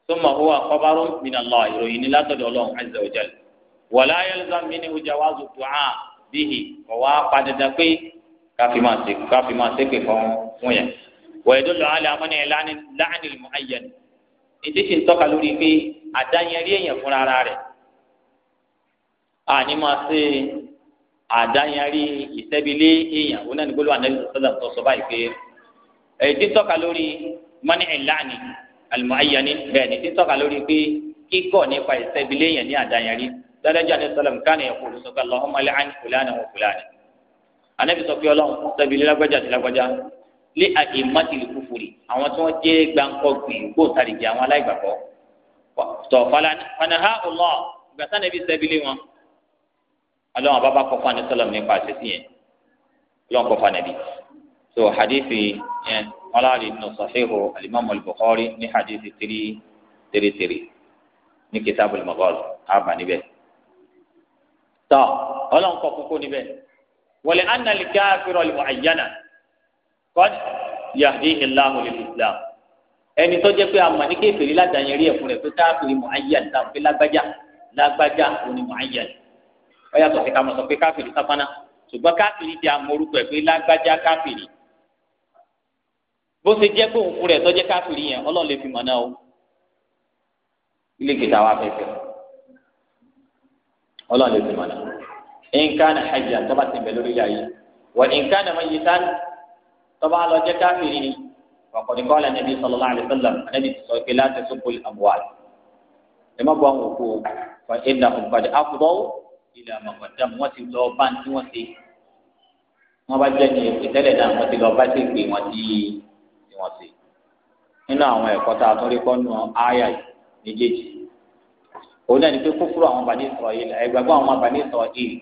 sọmọ owó àkọ́bárò mìíràn lọ ìròyìn ní látọ̀dọ̀ ọlọ́run azza wa jalla wọ̀lá ayélujára mi ní ojà wá zùtù hàn bíhì ọ̀wá padàdà pé káfí máa ṣe pé fún fún yẹn wọ̀nyẹ́dọ́ lọ́wọ́ alẹ́ amọ́ni ẹ̀ láàánì mọ́ ayé ni ètí sì ń tọ́ka lórí pé àdáyẹrí èèyàn fúnra rẹ̀ àní máa ṣe é àdáyanrí ìsẹ́bilé èèyàn wọn náà ní gbólóhùn anabi sọ́dà tó sọ báyìí pé èyí tí ń tọ́ka lórí mọ́nì ìlànì àlùmọ́ ayẹni bẹ́ẹ̀ ni tí ń tọ́ka lórí pé kíkọ́ nípa ìsẹ́bilé èèyàn ní àdáyanrí dáadájú àti sọlọm kánà ẹ̀kọ́ olùsọ̀kà lọ́wọ́ mọ́lẹ́ àni fúlàní wọn fúlàní. anabi sọ pé ọlọ́run sẹ́bilé lágbájá àti lágbájá lé àyè mọ́tìlì kúfurì àwọn tí wọ́n jẹ́ gbáǹkọ́ gbìn ọlọ́run bá bá kọ́ fún anisọ́lọ́m nípa àṣetì yẹn ọlọ́run kọ́ fún anabi so hadithi yẹn wọn láàrin nínú sahihu alimami al-bukhari ní hadithi tiri tiri tiri ní kitabul maghaz àbá níbẹ̀ tọ́ ọlọ́run kọ́ kókó níbẹ̀ wọlé anali káfíró lè mọ àyànà kọ́ni yahdihi allahu lil islam ẹni tó jẹ́ pé àmọ́ ní kéferì ládàá yẹn rẹ̀ pé káfíró mọ àyànà tàbí lágbájá lágbájá òní mọ ó yàtọ̀ sí ká mọ̀ sọ pé káfìrí sápáná ṣùgbọ́n káfìrí di amorúkọ ẹ̀ pé lágbájá káfìrí bó ṣe jẹ́ pé òun fúnra ẹ̀ tó jẹ́ káfìrí yẹn ọlọ́run lè fi mọ̀ náà o ilé kìtà wa fẹ́fẹ́ ọlọ́run lè fi mọ̀ náà nǹkan àhàjà tó ti bẹ̀ lórí ayé wọ nǹkan àmọ́yẹsán tó bá lọ jẹ́ káfìrí ni wàkọ̀dé kọ́ la nàbí sọlọ́lá àlẹ́sọ́lá nàbí sọ pé láti sọ́kòlì àbúwá ẹ̀ má bọ́ àwọn òkú fa ẹ̀ dàkùn padà ilẹ̀ àmọ̀kọ̀dàmù wọ́n ti lọ bá ń tí wọ́n ṣe wọ́n bá jẹ́ ní èpè tẹ́lẹ̀ náà wọ́n ti lọ bá ṣe pé wọ́n ti tí wọ́n ṣe. nínú àwọn ẹ̀kọ́ tá a tún rí kọ́nù áyà méjèèjì òun náà ni pé kúfúrú àwọn bàní sọ̀rọ̀ yìí ẹgbàgbọ́ àwọn bàní sọ̀rọ̀ yìí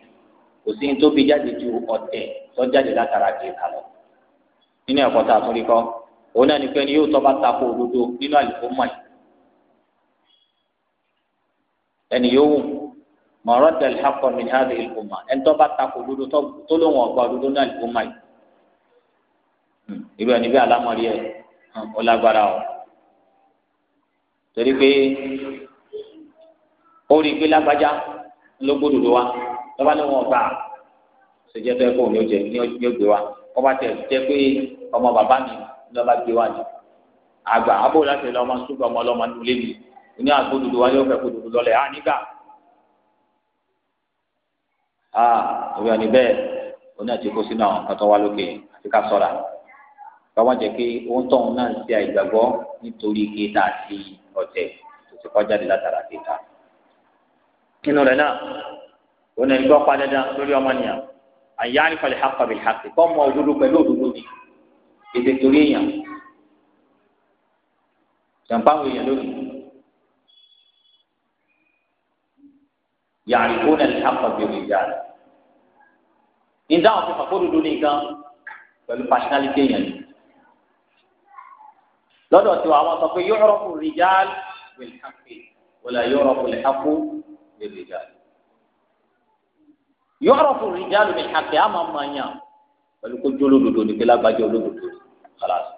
kò sí tó fi jáde ju ọ̀tẹ̀ tó jáde látara kì í kà lọ. nínú ẹ̀kọ́ tá a tún rí kọ́ òun náà ni pé ni yóò tọ́ bá takò òdodo nínú àlùkò mọ́ ẹni yóò wù mọ̀rọ́ dẹ̀lẹ̀ akọ mi ní hàdí ìlúmọ̀ ẹ̀ńtọ́ bá takò dúdú tó ló wọn ọgbà dúdú náà ìlúmọ̀ yìí hmm. ibẹ̀ níbi àlámọ̀rí ẹ̀ ó lágbára o torí pé ó rí i pé lágbájá ló gbódòdó wa lọ́ba ní wọn ọgbà ṣèjẹ́ tó ẹ̀kọ́ ní oúnjẹ ní oúnjẹ wa wọ́n bá tẹ̀ jẹ́ pé ọmọ bàbá mi lọ́ba gbé wa ni àgbà abó láti lọ́mọ ṣùgbọ́n ọmọ ọlọ́mọ nílé mi ní àgbódòdó wa yóò fẹ́ kó dòdò lọ́lẹ̀ Ah, òwe ọ̀nì bẹ́ẹ̀ oní àti kó sínú àwọn kan tó wá lókè àti ká sọ̀ra káwọn jẹ́ pé òun tọ̀hún náà ṣe àìgbàgbọ́ nítorí kéta àti ọ̀tẹ̀ tó ti kọjá de látara kéta. nínú rẹ̀ náà òun ẹni gbọ́ pa dandan lórí ọmọnìyàn àyà ànífàlẹ̀ haqqa bil haqqi kọ́ mọ òdodo pẹ̀lú òdodo ni ètè torí èèyàn jàǹfààní èèyàn lónìí. يعرفون الحق بالرجال níta àwọn fífa kó dodo nìkan pẹ̀lú pàṣínálítì èèyàn ni lọ́dọ̀ tí wàá sọ pé yu'rafu rijal bil haqqi wala yu'rafu al haqqu bil rijal yu'rafu rijal bil haqqi àmọ́ mọ̀nyà pẹ̀lú kó jóló dodo ní kílá gbájá olódodo kàlásì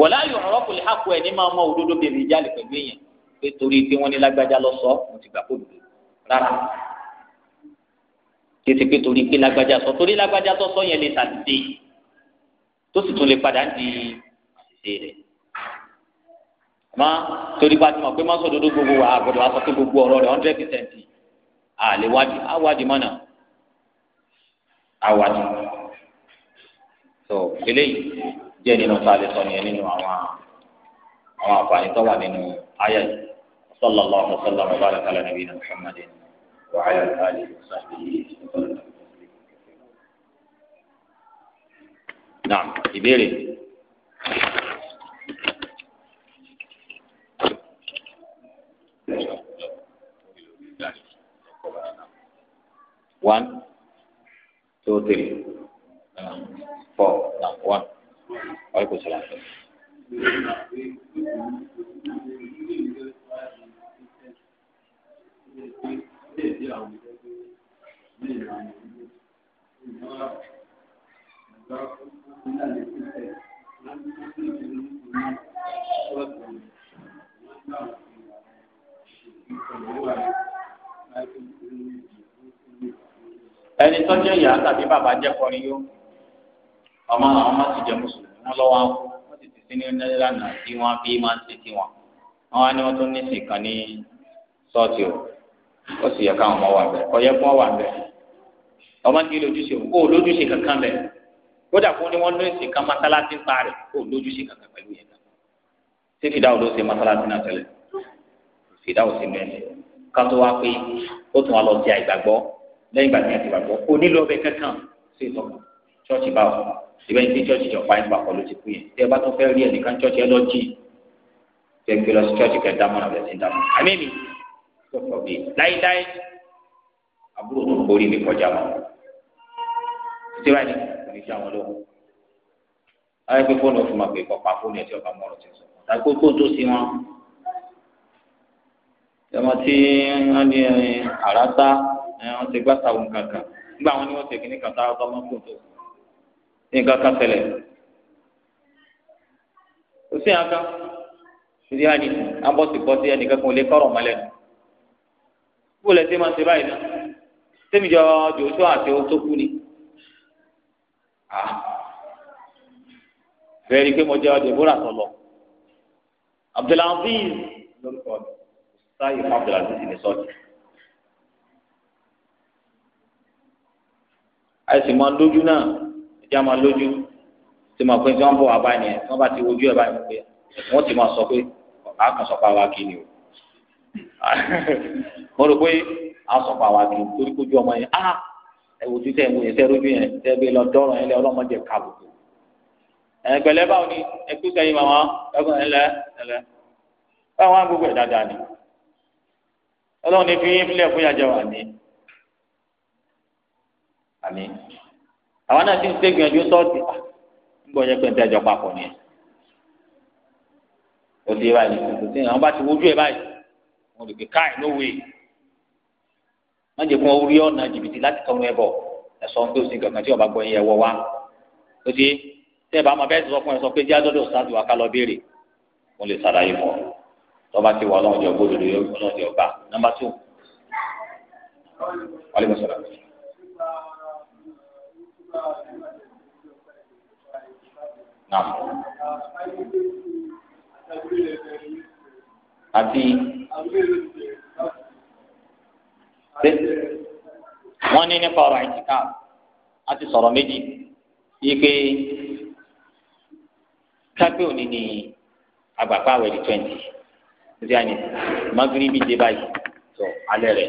wala yu'rafu al haqqu ẹ̀ ní máa mọ òdodo bil rijal pẹ̀lú èèyàn pé torí pé wọ́n ní lágbájá lọ sọ mo ti gbà kó dodo rárá kété pé torí pé lágbájá sọ torí lágbájá tó sọ yẹn lè sàdédé tó sì tún lè padà di àṣìṣe rẹ̀ má torí bá ti mọ̀ pé má sọ dodo gbogbo wa àgbọ̀dọ̀ wa sọ pé gbogbo ọ̀rọ̀ rẹ̀ hundred percent àlè wádìí àwádìí mọ́nà àwádìí tó eléyìí díẹ̀ nínú tá a lè sọ nìyẹn nínú àwọn àwọn àǹfààní tó wà nínú ayé sallallahu alaihi wa sallam wa baraka ala nabiyina muhammadin. وعلى آله وصحبه وسلم نعم إبيري One, two, three, four, now one. Waalaikumsalam. èdè àwọn ìgbẹ́gbẹ́ ní ìlànà ìlú ìjọba ìjọba ìlànà ìpínlẹ̀ láti fún ìlú ní ọ̀dọ̀ nígbà ìgbàlówà láti fún ẹni tọ́jú ìyá tàbí bàbá jẹ́ kọrin yó ọmọ àwọn má ti jẹ mùsùlùmí wọn lọ́wọ́ àwọn wọ́n ti ti sí ní nílànà tí wọ́n bí máa ń ṣe tiwọn wọ́n á ní wọ́n tún ní sìkan ní sọ́ọ̀tì o ó sì yẹ káwọn ọmọ wà bẹ ọyẹ kún ọ wà bẹ ọmọ kì í lójúṣe kó o lójúṣe kankan bẹ kódà fún ni wọn lóyún sí kan masalasi ń parí kó o lójúṣe kankan pẹ̀lú yẹn kan ṣé fìdáwò ló ṣe masalasi náà tẹ́lẹ̀ fìdáwò sí mẹ́rin kátó wá pé ó tún wá lọ sí àìgbàgbọ́ lẹ́yìn ìgbà tí a ti gbàgbọ́ kó nílò ọbẹ̀ kankan sí ìtọ́kùn chọ́ọ̀chì báwọn síbẹ̀ ní chọ́ọ̀chì ìjọba yín papọ̀ ló ti kú yẹn tẹ́ ẹ bá tún fẹ́ rí ẹnìkan chọ́ọ̀chì ẹ lọ jí tẹ́ gbé lọ sí chọ́ọ̀chì kẹ́ dámọ̀ràn rẹ̀ sí dámọ̀ràn àmì sọ̀tọ̀ bíi láíláí àbúrò tó borí ní kọjá mọ́ síra ní oníṣẹ́ àwọn olóhùn ayé pé fóònù òfin máa pè kọ́ pa fóònù ẹ̀ tí ọba mọ́rọ̀ ti sọ tàbí kó kó tó sí wọn ẹmọ tí wọ́n ní àràtà wọ́n ti gbá tàwọn kankan nígbà wọn ni wọ́n ti kíní kan táwọn tọmọ kò tó nǹkan kan tẹ́lẹ̀ ó sì hàn kan ìdí àní abọ́sibọ́sí ẹnìkan kan ò lè kọ́rọ̀ mọ́lẹ́nu kó lẹ ṣe máa ṣe báyìí náà sẹ́mi jọ jòótọ́ àti ohun tó kú ni. bẹ́ẹ̀ ni pé mo jẹ́ Deborah tó lọ Abdulaziz lórúkọ mi sáyé fún Abdulaziz ní sọ́ọ̀tì. àìsàn máa lójú náà ẹjẹ máa lójú tí máa pé tí wọ́n bọ̀ wá báyìí yẹn tí wọ́n bá ti wojú ẹ̀ báyìí pé wọ́n ti máa sọ pé ọ̀gá kan sọ pé àwa kì í ni o mo rò pé asọ̀pọ̀ àwọn àgbẹ̀ torí kojú ọmọ yẹn ah ẹ̀wò tí tẹ̀ ń wòye tẹ́ lójú yẹn tẹ́ bí lọ dọ́rọ̀ yẹn lé ọlọ́mọdé kàbùkù ẹ̀pẹ̀lẹ́ báwo ni ẹkú sẹ́yìn màmá ẹ̀kọ́ ẹ̀lẹ́ ẹ̀lẹ́ báwọn á gbogbo ẹ̀ dáadáa ni ọlọ́run ní fi yín fúnlẹ̀ fún yàjẹ́ wà ní àmì àwọn náà ti ń ṣègbìyànjú sọ́ọ̀tì pa ah, ń tẹ́jọ papọ̀ ni òtí báyìí kò sí àwọn bá ti wọn jẹ fún orí ọ̀nà jìbìtì láti tọnu ẹbọ ẹ̀sọ́ pé o sì kankan tí ọba gbọ́ yẹ wọ wá o ti tẹ́ ẹ bá máa bẹ́ẹ̀ sọ fún ẹ sọ pé jáde-ọdọ̀ sáàdù wa ká lọ béèrè mo lè ṣàlàyé fún ọ tọ́ba ti wà ọlọ́run jẹ ọgbó lòdì ọlọ́run jẹ ọba nọ́mbà tó wàlẹ́ mọ̀sálà. àti wọ́n ní nípa ọ̀rọ̀ àìsíkà a ti sọ̀rọ̀ méjì yìí pé kápẹ́ òní ni àgbàpá àwẹ̀ di twenty ṣíṣe àní magiribi dé báyìí tó alẹ́ rẹ̀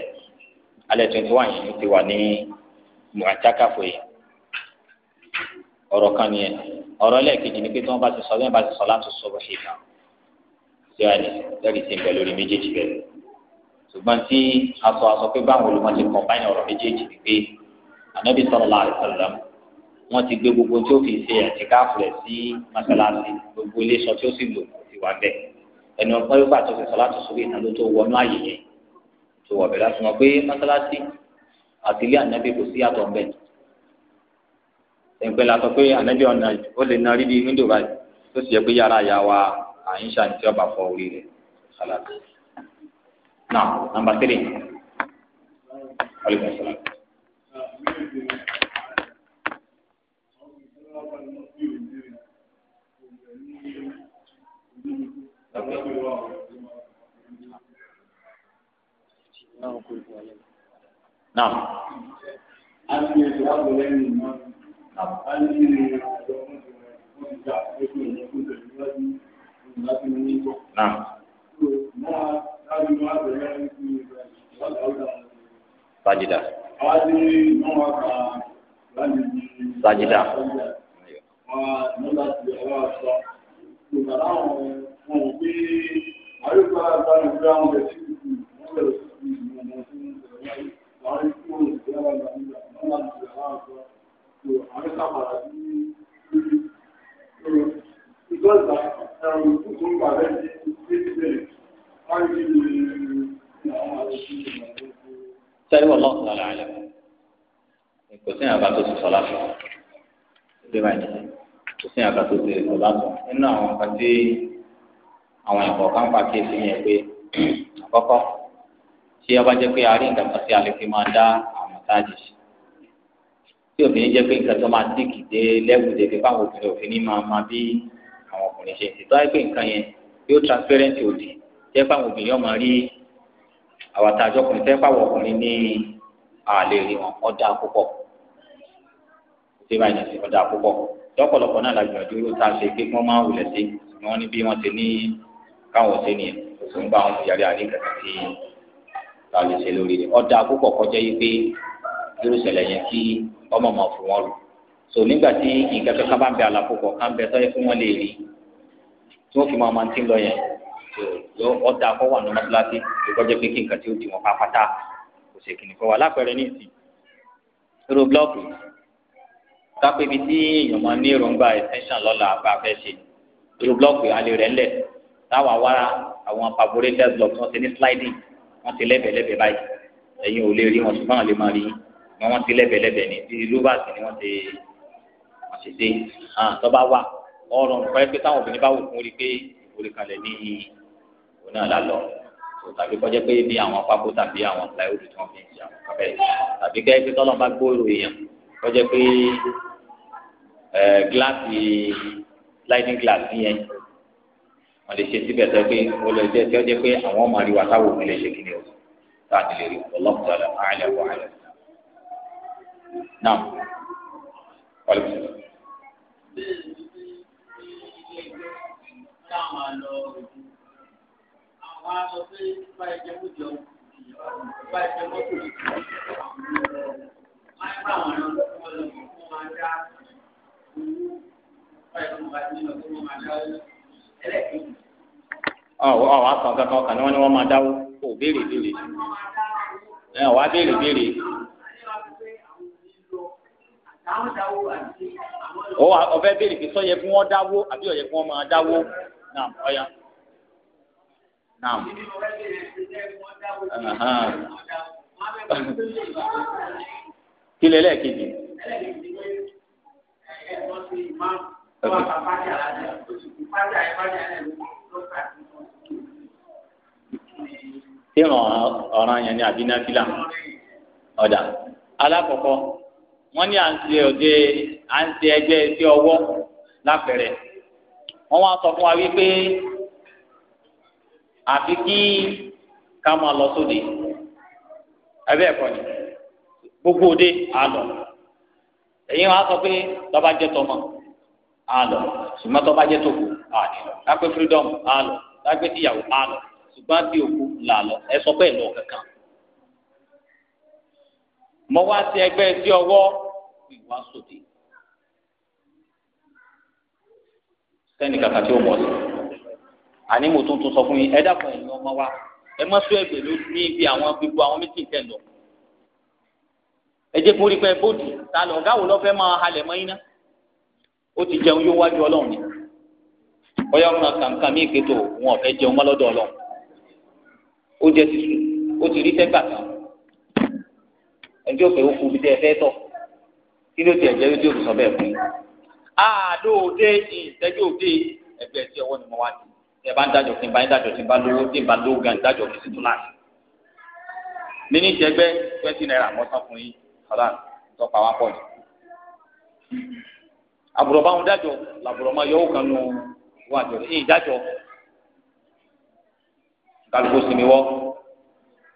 alẹ́ twenty one yìí ti wà ní mùàtsákàfò yìí ọ̀rọ̀ kan nìyẹn ọ̀rọ̀ lẹ́ẹ̀kejì ni pé tí wọ́n bá ti sọ bẹ́ẹ̀ bá ti sọ láti sọ bó ṣe kàn ṣíṣe àní lẹ́ẹ̀kì sí ń bẹ lórí méjèèjì bẹ́ẹ̀ ṣùgbọ́n tí aṣọ aṣọ pé báwọn olùmọ̀tì kọ̀ọ̀báyìn ọ̀rọ̀ méjèèjì ni pé ànábì sallallahu alaihi wasallam wọ́n ti gbé gbogbo tí ó fi ṣe ẹ̀tìkáàfù rẹ̀ sí mọ́ṣáláṣí gbogbo iléeṣọ tí ó sì lò ti wà bẹ́ẹ̀ ẹni ọ̀pọ̀ yóò bá tó fi sọ́lá tó sórí ìtàn ló tó wọnú àyè yẹn tó wọ̀ bẹ̀rẹ̀ fún wọn pé mọ́ṣáláṣí àti ilé ànábì kò sí àtọ̀ mbẹ́ ẹgbẹ́ la sọ pé ànábì ọ̀nà ó lè na rí bí wíńdò báyìí tó sì yẹ pé yàrá yà wá àyínṣà tí ọba fọ orí rẹ̀ sọ́lá tó. Now, number three. Alaikum salam. Now. Now sajida sajida Thank you because that uh, um, people who are very very can't give you sẹ́yìn wọ́n lọ́kùnrin ọ̀la àlẹ́ kò sí àgbà tó ti sọ̀lá fún un kò sí àgbà tó ti sọ̀lá fún un nínú àwọn nǹkan tí àwọn ẹ̀kọ́ kan pa kéèsì yẹn pé àkọ́kọ́ tí ọba jẹ́ pé àárín nǹkan kan sí alẹ́ máa dá àwọn táàjì sí tí obìnrin jẹ́ pé nǹkan tó máa tíkì dé lẹ́wù dé pé báwo obìnrin òfin ní máa máa bí ọkùnrin ṣe ti tọ́ ẹ pé nǹkan yẹn yóò transparent òdì jẹ́ pé àwọn obìnrin ọmọ rí àwọn àtàjọ ọkùnrin tẹ́ pàwọ̀ ọkùnrin ní àlè rí wọn ọ̀dà púpọ̀ ṣé báyìí ní ọ̀dà púpọ̀ lọ́pọ̀lọpọ̀ náà la gbìyànjú ló ta ṣe pé wọ́n máa ń wulẹ̀ sí ni wọ́n ní bí wọ́n ti ní káwọn ṣe nìyẹn kò ń bá wọn yàrá àní kàkà sí ta ṣe lórí rẹ̀ ọ̀dà púpọ̀ kọjá yìí pé irú ìṣẹ̀lẹ̀ yẹn kí ọmọ ọmọ fún wọn lò so nígbà tí nǹkan kankan bá ń bẹ àlàfo kọ̀ọ̀kan bẹ tọ́jú fún wọn lè rí tí wọ́n fi máa máa ti lọ yẹn yọ ọ̀dà kọ́ wà ní mọ́tíláṣí ìkọ́jọ́ pé kí nǹkan tí ó di wọn pápátá kò sì kìnnì kọ́ wà lápẹ̀rẹ̀ ní ìsìn irú blọọkì kápẹ́ ibi tí èèyàn máa ní èròǹgbà extension lọ́la bá fẹ́ ṣe irú blọọkì alẹ́ rẹ̀ ńlẹ̀ táwa wá àwọn favorated block tí ti ní sliding wọ́n ti lẹ́bẹ̀lẹ́bẹ̀ báyìí ẹ̀yin ò lè rí wọn ṣùgbọ́n àlè máa rí wọn wọ́n ti lẹ́bẹ̀lẹ́bẹ̀ ní ti lúbàsì ni wọ́n ti wọ́n dé ah, tó bá wà ọrùn nǹkan ẹgbẹ́ táwọn obìnrin bá wò fún rí pé orí kalẹ̀ ní òun náà lálọ́ tàbí kọjá pé bí àwọn pákó tàbí àwọn plywood tí wọ́n fi ń ṣe àwọn kábẹ́ tàbí kẹ́ pé tọ́lọ́ bá gbòòrò èèyàn kọjá pé gíláàsì sliding glass yẹn wọ́n lè ṣe síbẹ̀ tó pé olùdíje tí wọ́n jẹ́ pé àwọn ọmọ àríwá táwọn òbí lè ṣe kí ni o láti lè rí ọlọ́pàá lọ́la àìlẹ̀ wọ àìlẹ̀ náà wọ́n sí ẹgbẹ́ táwọn àlọ́ òògùn àwọn aṣọ pé bá ẹ̀jẹ̀ mú jọ bá ẹ̀jẹ̀ mọ́tò lè fi àwọn ọmọ máa ń bá àwọn ọmọ tó wọ́n lọ fún wọn máa dá owó bá Ọ̀ ọ̀ wá kàn kankan kan ni wọ́n ní wọ́n máa dáwó kò béèrè béèrè. Ẹ wá béèrè béèrè ó wà ọ̀fẹ́ béèrè pé sọ́yẹ kí wọ́n dáwó àbí ọ̀yẹ kí wọ́n máa dáwó náà ọ̀yà náà. kí lè lẹ́ẹ̀kejì. ìràn ọ̀ràn yẹn ni àbí náà fi là ọ̀dà alákọ̀ọ́kọ́. wọ́n ní à ń ṣe òde à ẹgbẹ́ ọwọ́ wọ́n wá sọ fún wa wípé àfi kí ká lọ sóde ẹbẹ́ ẹ̀kọ́ ni gbogbo òde alọ èyí wọn á sọ pé tọba jẹ́ tọmọ àlọ́ ṣùgbọ́n tọba jẹ́ tòkù tíyàwó tí òkú là mo wá sí ẹgbẹ́ sí ọwọ́ mi wá sóde. sẹ́ni kàkà tí ó mọ̀ sí àní mo tún tún sọ fún yín ẹ dákun ẹ̀yin ọmọ wa ẹ má sọ ẹgbẹ́ ló ní ibi àwọn gbogbo àwọn méjì tẹ̀ lọ. ẹ jẹ́ kó rí pé bóòdì ta lọ ọ̀gá wo lọ́ fẹ́ máa halẹ̀ mọ́ yín náà ó ti jẹun yóò wájú ọlọ́run ni ọyọ ọmọ kàǹkà mí ìkétò wọn ọ̀fẹ́ jẹun mọ́ lọ́dọ̀ ọlọ́run ó jẹ ti sùn ó ti rí sẹ́gbà kan ẹjọ́ pé ó kú bí tẹ́ ẹ fẹ́ tọ̀ kí ló ti ẹ̀jẹ̀ lójú òkùnkàn bẹ́ẹ̀ fún yín. àádóòde ìṣẹ́jú òde ẹgbẹ́ tí ọwọ́ ni mo wá ti ẹ bá ń dájọ́ tí ń bá ń dájọ́ tí ń bá lówó tí ń bá lówó gan dájọ́ kí sì tún láàyè. mi ní ìṣẹ́gbẹ́ twenty naira mọ́tàn fún yín ọ̀la tó pa wá pọ̀ jù. àbùrọ̀ bá wọn dájọ́ làbùrọ̀ máa yọ owó kan nù wọ́n àjọ ìdájọ́ kálukú sinmi wọ́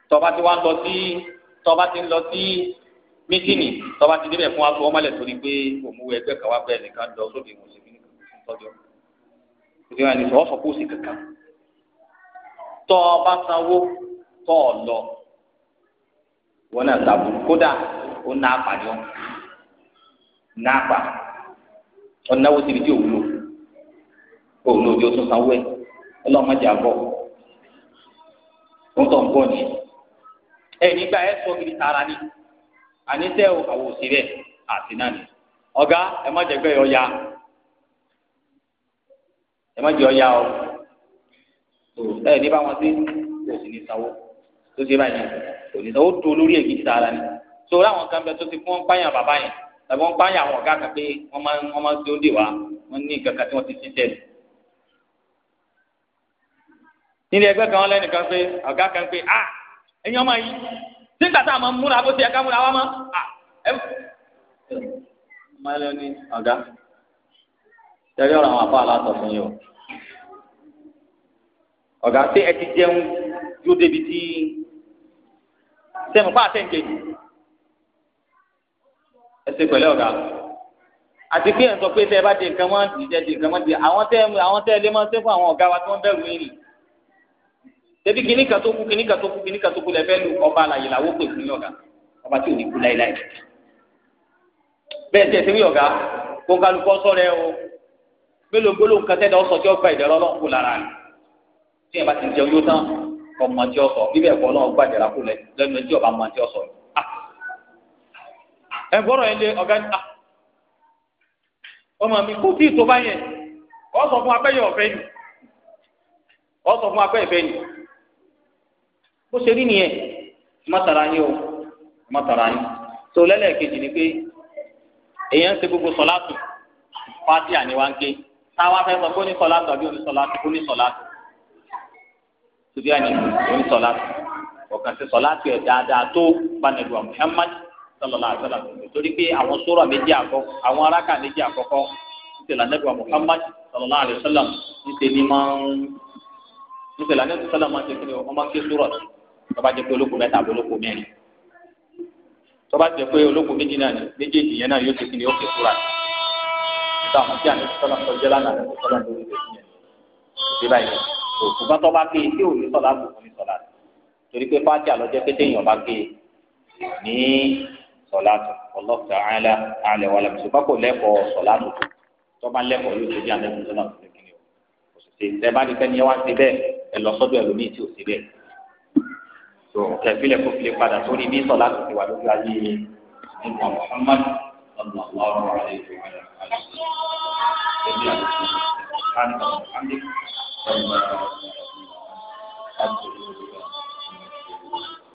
tọ́ba ti wá tọba ti ń lọ sí mítìnì tọba ti débẹ̀ fún wa fún ọmọlẹ̀ torí pé òmùwẹ̀ ẹgbẹ́ kan wá bẹ́ẹ̀ nìkan lọ sóde ìwòsàn ní tọ́jọ́ ìdí wọn ni sọ wọ́n sọ kó sì kankan tọba sanwó tọ ọ lọ wọn náà sábò kódà ó ná àpàjọ ná àpà ọ̀nàwó síbi tí òwúlò òwúlò bí ó tún sanwó ẹ̀ ọlọ́mọdé àbọ̀ ó ń tọ̀ ń bọ̀ nìyẹn ẹ nígbà ẹ sọ gidi tara ni àníṣe àwòsí rẹ àti náà ni ọ̀gá ẹ má jẹ́ gbẹ yọ ya ẹ má jẹ́ ọ ya o tó ẹ ní bá wọn sí kò sí ní sanwó tó ṣe báyìí kò ní sanwó tó lórí èyí tara ni tó láwọn kan bẹ tó ti fún wọn pààyàn bàbá yẹn tàbí wọn pààyàn àwọn ọ̀gá kan pé wọn máa wọn máa tó dè wá wọn ní nǹkan kan tí wọn ti ṣiṣẹ́ ni nílé ẹgbẹ́ kan wọn lẹ́nìkan pé ọ̀gá kan pé ah ẹ̀yin ọmọ yìí tí ń kàtà máa múra bó ti ẹ̀ka múra wá mọ́ ọmọ ẹlẹ́yìn ní ọ̀gá tẹ̀lé ọ̀rọ̀ àwọn afọ aláṣọ fún yìí o ọ̀gá tí ẹ ti jẹun yóò débi tí sẹ́mu pàṣẹ nkejì ẹsẹ̀ pẹ̀lẹ́ ọ̀gá àti pé ẹ̀ ń sọ pé tẹ́ ẹ bá di nǹkan mọ́ di nǹkan mọ́ di àwọn tẹ́ ẹ lé mọ́ sí fún àwọn ọ̀gá wa tí wọ́n bẹ̀rù yín nìyí tẹbi kìnnì kan tó kú kìnnì kan tó kú kìnnì kan tó kú lẹfẹ lu ọba àlàyé làwọn pè fún yọgà ọba tí ò ní kú láéláé bẹ́ẹ̀ tẹ sẹbi yọgà kónkálukọ o mélòó gbólóhùn kan tẹ dá ọsọ tí ó gba ìdẹrọ Ọlọ́run kú lára rẹ tí ẹ bá ti jẹun yóò tán ọmọ tí ó sọ bíbẹ ẹkọ Ọlọ́run gba ìdẹrọ kú lẹ́nu tí ọba ọmọ tí ó sọ ah! ẹ gbọrọ yẹn lé ọgá ah! ọmọ mi kú tí ìtò bá yẹn ọ sọ fún abẹ́yẹ ọ̀fẹ́ ni ọ fún abẹ́yẹ ọ̀fẹ́ ni bó ṣe rí nìyẹn mọ́tara yín o mọ́tara yín tó lẹ́lẹ́kejì ni pé èèyàn ń ṣe gbogbo sọ̀láàtù fáti àníwáńké táwa fẹ́ sọ pé ó ní sọ̀láàtù àbí onísọ̀láàtù ó ní sọ̀láàtù tóbi àní onísọ̀láàtù ọ̀kan ṣe sọ̀láàtù ẹ̀ dáadáa tó gbanẹ̀dùn Muhammad sallallahu alaihi wasallam torí pé àwọn sura méjì àkọ́ àwọn aráka méjì àkọ́kọ́ nítorí ànẹ́dùn Muhammad sallallahu alaihi wasallam nítorí máa ń nítorí ànẹ́dùn sọlá máa ń ṣe ọmọ ké sura tọ́ba jẹ́ pé olókùn mẹ́ta àbí olókùn mẹ́rin tọ́ba jẹ́ pé olókùn méjì náà ni méjèèjì yẹn náà yóò ṣe kíni ó fi kúra nígbà wọn tí àná sọlá sọ jẹ́ lánàá àná sọlá lórí ìgbésí yẹn òbí báyìí kò ṣùgbọ́n tọ́ba pé e, tí ò ní sọlá kò fún ní sọlá torí pé fájà lọ jẹ́ pé téèyàn bá pé e, ní sọlá tó ọlọ́ọ̀tà àlẹ́ àlẹ́ wàlẹ́ ṣùgbọ́n kò lẹ́kọ̀ọ́ sọlá tó tọ́ba lẹ́kọ̀ọ́ yóò ṣe bí àná sọlá tó ní kíni o kò sì ṣe ìtẹ́ bá ní fẹ́ ni ẹ wá ń ṣe bẹ́ẹ̀ ẹ lọ sọ́dọ̀ ẹlòmíì tí ò ṣe bẹ́ẹ̀ tó kẹfílẹ̀ kó file padà sórí bí sọlá tó ti wà lójú ayé nípa Muhammad sọlá lọ́wọ́ rẹ̀ ètò ìwádìí àti ìwádìí àti ìwádìí